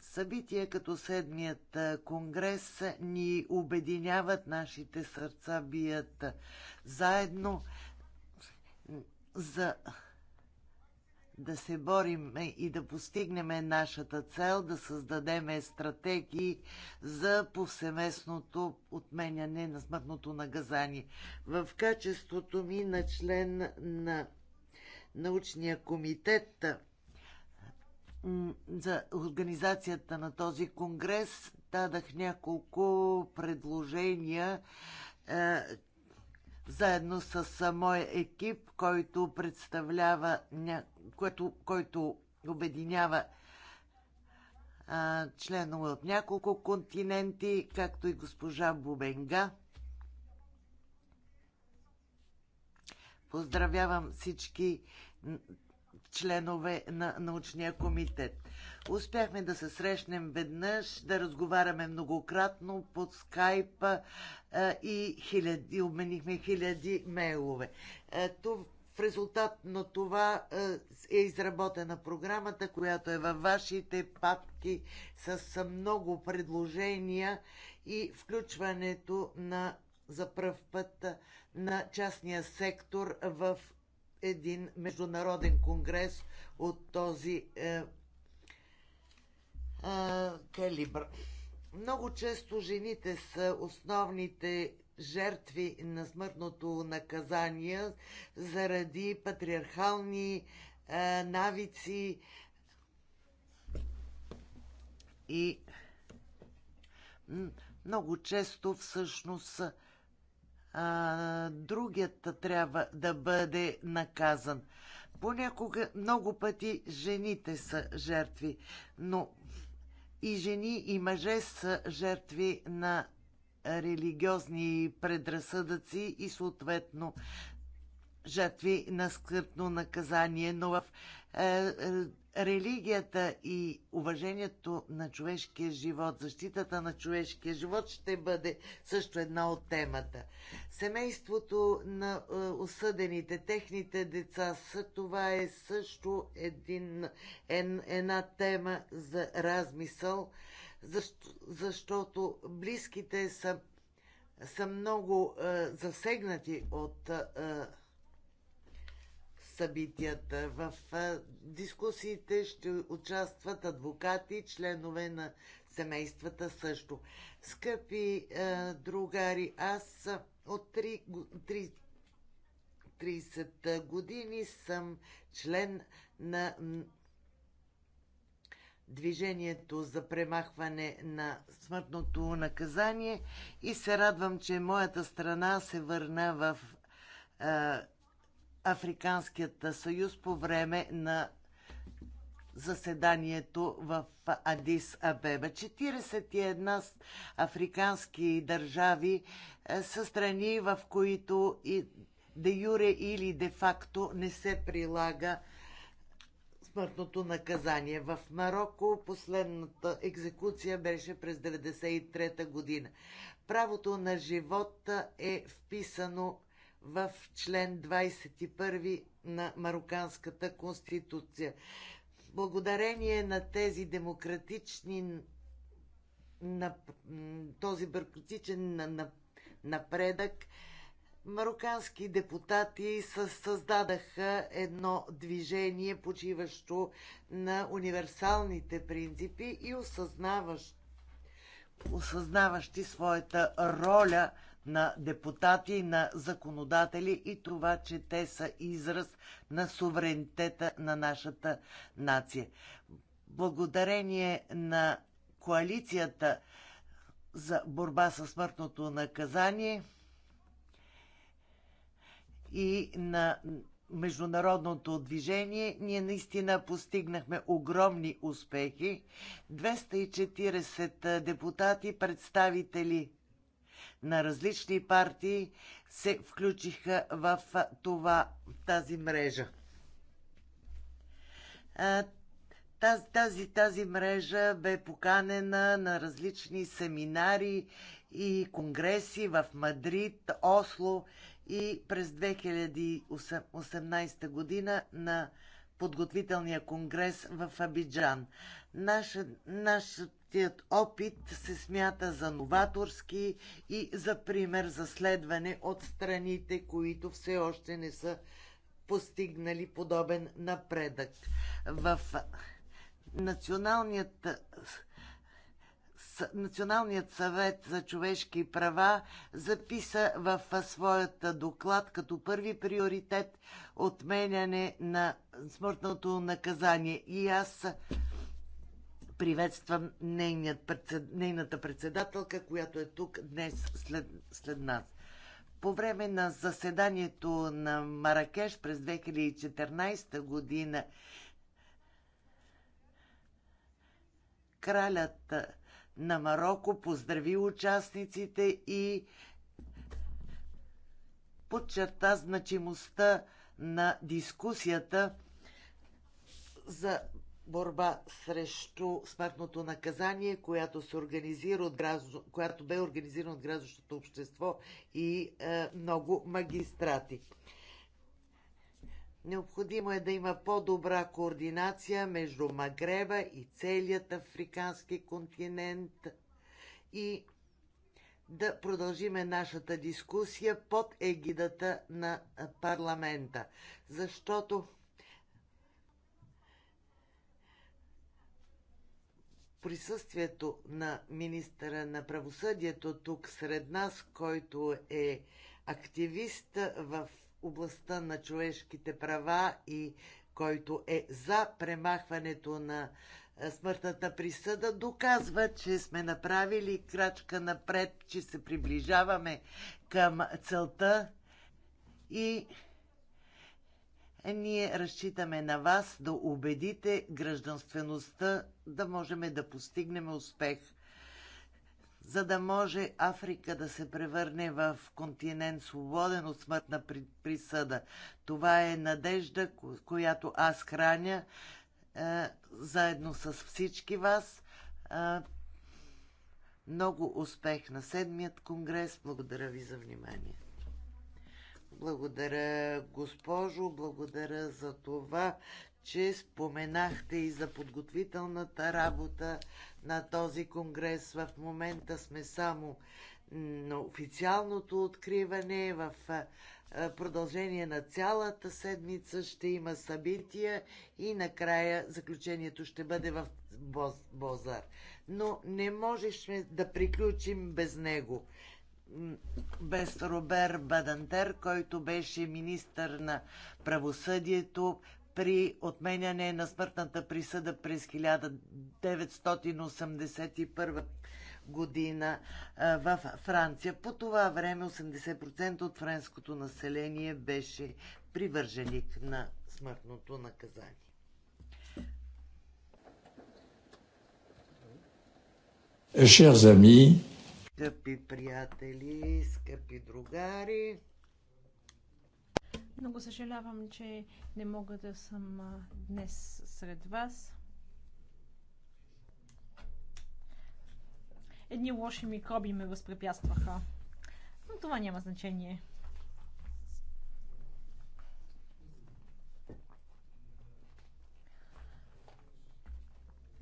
Събития като седмият конгрес ни обединяват, нашите сърца бият заедно за да се борим и да постигнем нашата цел, да създадем стратегии за повсеместното отменяне на смъртното наказание. В качеството ми на член на научния комитет за организацията на този конгрес дадах няколко предложения е, заедно с моя екип, който представлява няколко което, който обединява а, членове от няколко континенти, както и госпожа Бубенга. Поздравявам всички членове на научния комитет. Успяхме да се срещнем веднъж, да разговаряме многократно под скайпа и, хиляди, и обменихме хиляди мейлове. В резултат на това е, е изработена програмата, която е във вашите папки с е, много предложения и включването на за пръв път е, на частния сектор в един международен конгрес от този е, е, калибър. Много често жените са основните жертви на смъртното наказание заради патриархални е, навици и много често всъщност а, е, другият трябва да бъде наказан. Понякога много пъти жените са жертви, но и жени и мъже са жертви на религиозни предразсъдъци и съответно жертви на скъртно наказание, но в е, е, религията и уважението на човешкия живот, защитата на човешкия живот ще бъде също една от темата. Семейството на е, осъдените, техните деца, са, това е също един, една тема за размисъл защо, защото близките са, са много е, засегнати от е, събитията. В е, дискусиите ще участват адвокати, членове на семействата също. Скъпи е, другари, аз от 3, 30 години съм член на движението за премахване на смъртното наказание и се радвам, че моята страна се върна в е, Африканският съюз по време на заседанието в Адис Абеба. 41 африкански държави е, са страни, в които и де юре или де факто не се прилага смъртното наказание. В Марокко последната екзекуция беше през 93-та година. Правото на живота е вписано в член 21 на Мароканската конституция. Благодарение на тези демократични на този бъркотичен напредък марокански депутати създадаха едно движение, почиващо на универсалните принципи и осъзнаващ, осъзнаващи своята роля на депутати, на законодатели и това, че те са израз на суверенитета на нашата нация. Благодарение на коалицията за борба със смъртното наказание – и на международното движение, ние наистина постигнахме огромни успехи. 240 депутати, представители на различни партии се включиха в това, тази мрежа. Тази, тази, тази мрежа бе поканена на различни семинари и конгреси в Мадрид, Осло и през 2018 година на подготвителния конгрес в Абиджан. нашият опит се смята за новаторски и за пример за следване от страните, които все още не са постигнали подобен напредък. В националният Националният съвет за човешки права записа в своята доклад като първи приоритет отменяне на смъртното наказание. И аз приветствам нейната председателка, която е тук днес след, след нас. По време на заседанието на Маракеш през 2014 година кралят на Марокко поздрави участниците и подчерта значимостта на дискусията за борба срещу смъртното наказание, която, се организира от граждан, която бе организирана от гражданското общество и е, много магистрати. Необходимо е да има по-добра координация между Магреба и целият африкански континент и да продължиме нашата дискусия под егидата на парламента, защото присъствието на министъра на правосъдието тук сред нас, който е активист в областта на човешките права и който е за премахването на е, смъртната присъда, доказва, че сме направили крачка напред, че се приближаваме към целта и е, ние разчитаме на вас да убедите гражданствеността да можем да постигнем успех за да може Африка да се превърне в континент свободен от смъртна присъда. Това е надежда, която аз храня е, заедно с всички вас. Е, много успех на седмият конгрес. Благодаря ви за внимание. Благодаря, госпожо. Благодаря за това, че споменахте и за подготвителната работа на този конгрес. В момента сме само на официалното откриване. В продължение на цялата седмица ще има събития и накрая заключението ще бъде в Бозар. Но не можеш да приключим без него без Робер Бадантер, който беше министър на правосъдието при отменяне на смъртната присъда през 1981 година в Франция. По това време 80% от френското население беше привърженик на смъртното наказание. Chers amis, скъпи приятели, скъпи другари, много съжалявам, че не мога да съм днес сред вас. Едни лоши микроби ме възпрепятстваха. Но това няма значение.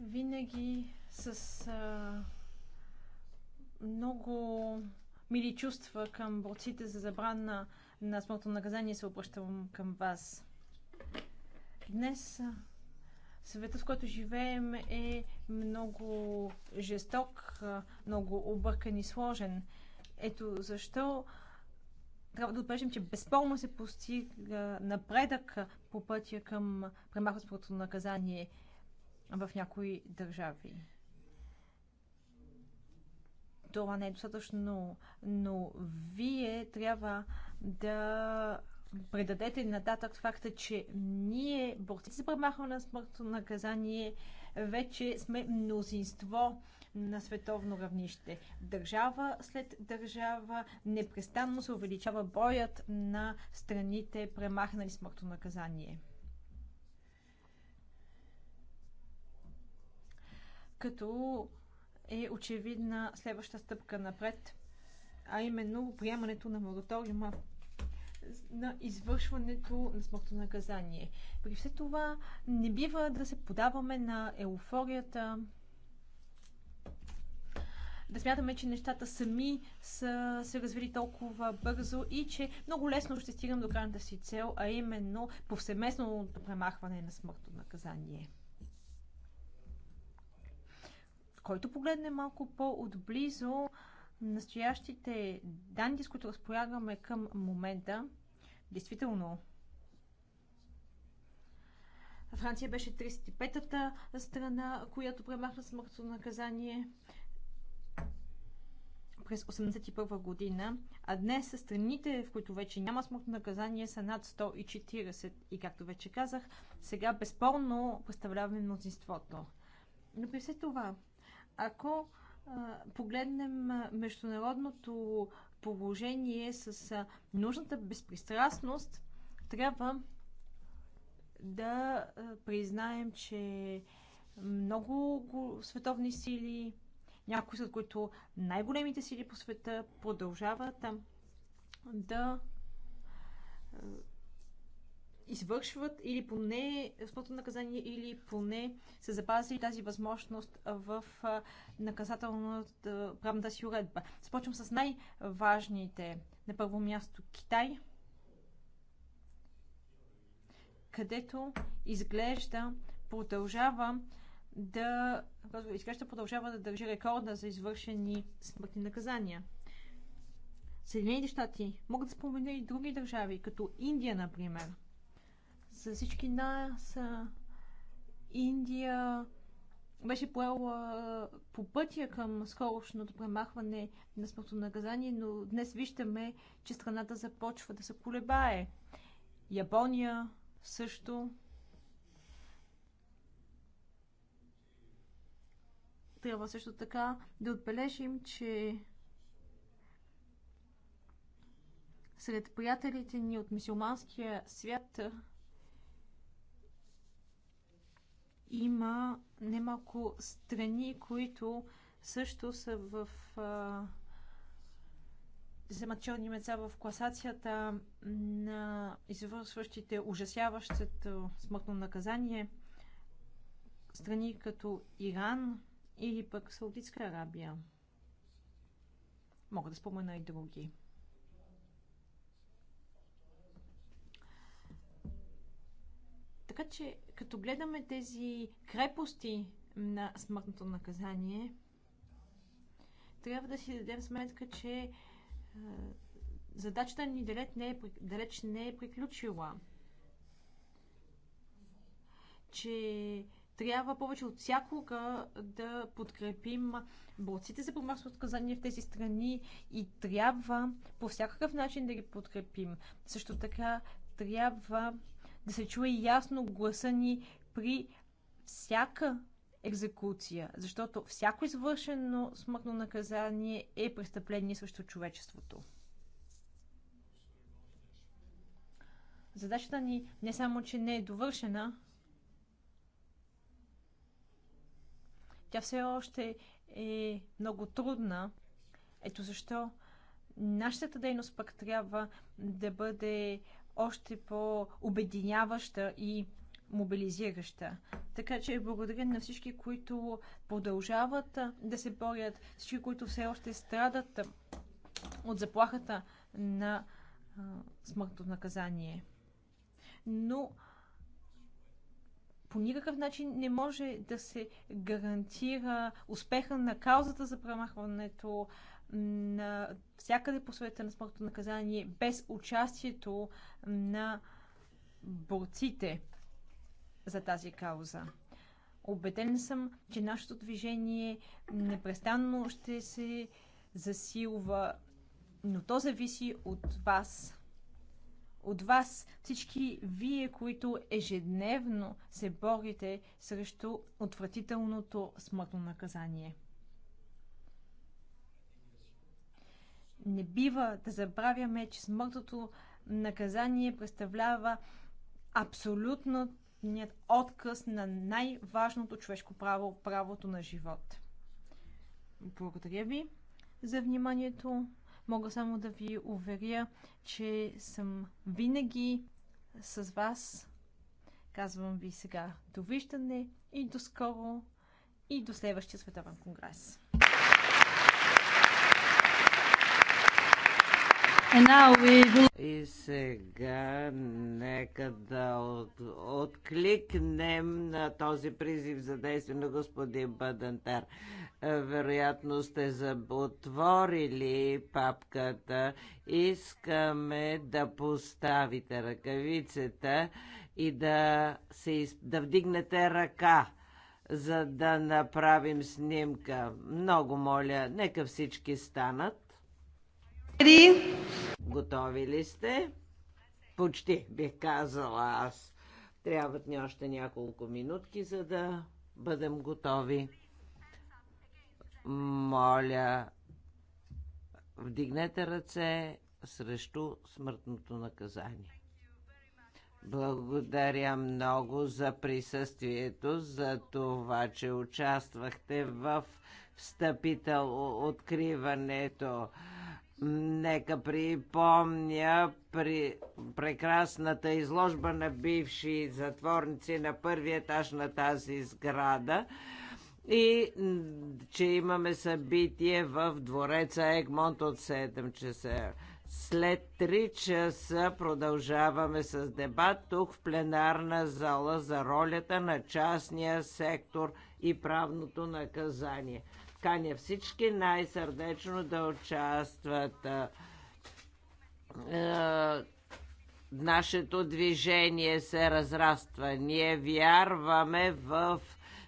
Винаги с а, много мили чувства към борците за забрана на смъртно наказание се обръщам към вас. Днес съветът, в който живеем, е много жесток, много объркан и сложен. Ето защо трябва да отбележим, че безспорно се постига напредък по пътя към премахването наказание в някои държави. Това не е достатъчно, но вие трябва да предадете нататък факта, че ние, борците за премахване на смъртно наказание, вече сме мнозинство на световно равнище. Държава след държава непрестанно се увеличава броят на страните, премахнали смъртно наказание. Като е очевидна следваща стъпка напред, а именно приемането на мораториума на извършването на смъртно наказание. При все това не бива да се подаваме на еуфорията, да смятаме, че нещата сами са се развили толкова бързо и че много лесно ще стигнем до крайната си цел, а именно повсеместно премахване на смъртно наказание. Който погледне малко по-отблизо, настоящите данни, с които разполагаме към момента, действително Франция беше 35-та страна, която премахна смъртно наказание през 81- година, а днес страните, в които вече няма смъртно наказание, са над 140 и както вече казах, сега безспорно представляваме мнозинството. Но при все това, ако погледнем международното положение с нужната безпристрастност, трябва да признаем, че много световни сили, някои от които най-големите сили по света продължават да извършват или поне смъртно наказание, или поне са запазили тази възможност в наказателната правната си уредба. Започвам с най-важните. На първо място Китай, където изглежда продължава да изглежда продължава да държи рекорда за извършени смъртни наказания. Съединените щати могат да спомена и други държави, като Индия, например – за всички нас. Индия беше поела по пътя към скорошното премахване на смъртно наказание, но днес виждаме, че страната започва да се колебае. Япония също. Трябва също така да отбележим, че сред приятелите ни от мисиоманския свят има немалко страни, които също са в а, вземат черни меца в класацията на извършващите ужасяващото смъртно наказание страни като Иран или пък Саудитска Арабия. Мога да спомена и други. Така че, като гледаме тези крепости на смъртното наказание, трябва да си дадем сметка, че е, задачата ни далеч не, е, далеч не е приключила. Че трябва повече от всякога да подкрепим борците за помърско отказание в тези страни и трябва по всякакъв начин да ги подкрепим. Също така трябва да се чуе ясно гласа ни при всяка екзекуция, защото всяко извършено смъртно наказание е престъпление срещу човечеството. Задачата ни не само, че не е довършена, тя все още е много трудна. Ето защо нашата дейност пък трябва да бъде още по-обединяваща и мобилизираща. Така че благодаря на всички, които продължават да се борят, всички, които все още страдат от заплахата на а, смъртно наказание. Но по никакъв начин не може да се гарантира успеха на каузата за премахването на всякъде по света на смъртното наказание без участието на борците за тази кауза. Обеден съм, че нашето движение непрестанно ще се засилва, но то зависи от вас. От вас, всички вие, които ежедневно се борите срещу отвратителното смъртно наказание. Не бива да забравяме, че смъртното наказание представлява абсолютният отказ на най-важното човешко право правото на живот. Благодаря ви за вниманието. Мога само да ви уверя, че съм винаги с вас. Казвам ви сега довиждане и до скоро и до следващия световен конгрес. И сега нека да от, откликнем на този призив за действие на господин Бадантар. Е, вероятно сте отворили папката. Искаме да поставите ръкавицата и да, се, да вдигнете ръка за да направим снимка. Много моля, нека всички станат. Ready? Готови ли сте? Почти, бих казала аз. Трябват ни още няколко минутки, за да бъдем готови. Моля, вдигнете ръце срещу смъртното наказание. Благодаря много за присъствието, за това, че участвахте в встъпител откриването. Нека припомня при прекрасната изложба на бивши затворници на първи етаж на тази сграда и че имаме събитие в двореца Егмонт от 7 часа. След 3 часа продължаваме с дебат тук в пленарна зала за ролята на частния сектор и правното наказание каня всички най-сърдечно да участват. Нашето движение се разраства. Ние вярваме в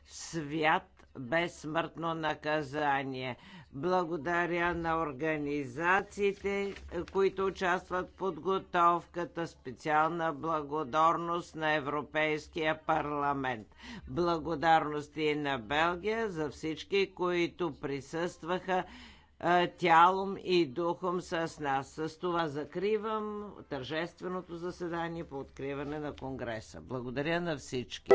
свят безсмъртно наказание. Благодаря на организациите, които участват в подготовката. Специална благодарност на Европейския парламент. Благодарности на Белгия за всички, които присъстваха тялом и духом с нас. С това закривам тържественото заседание по откриване на Конгреса. Благодаря на всички.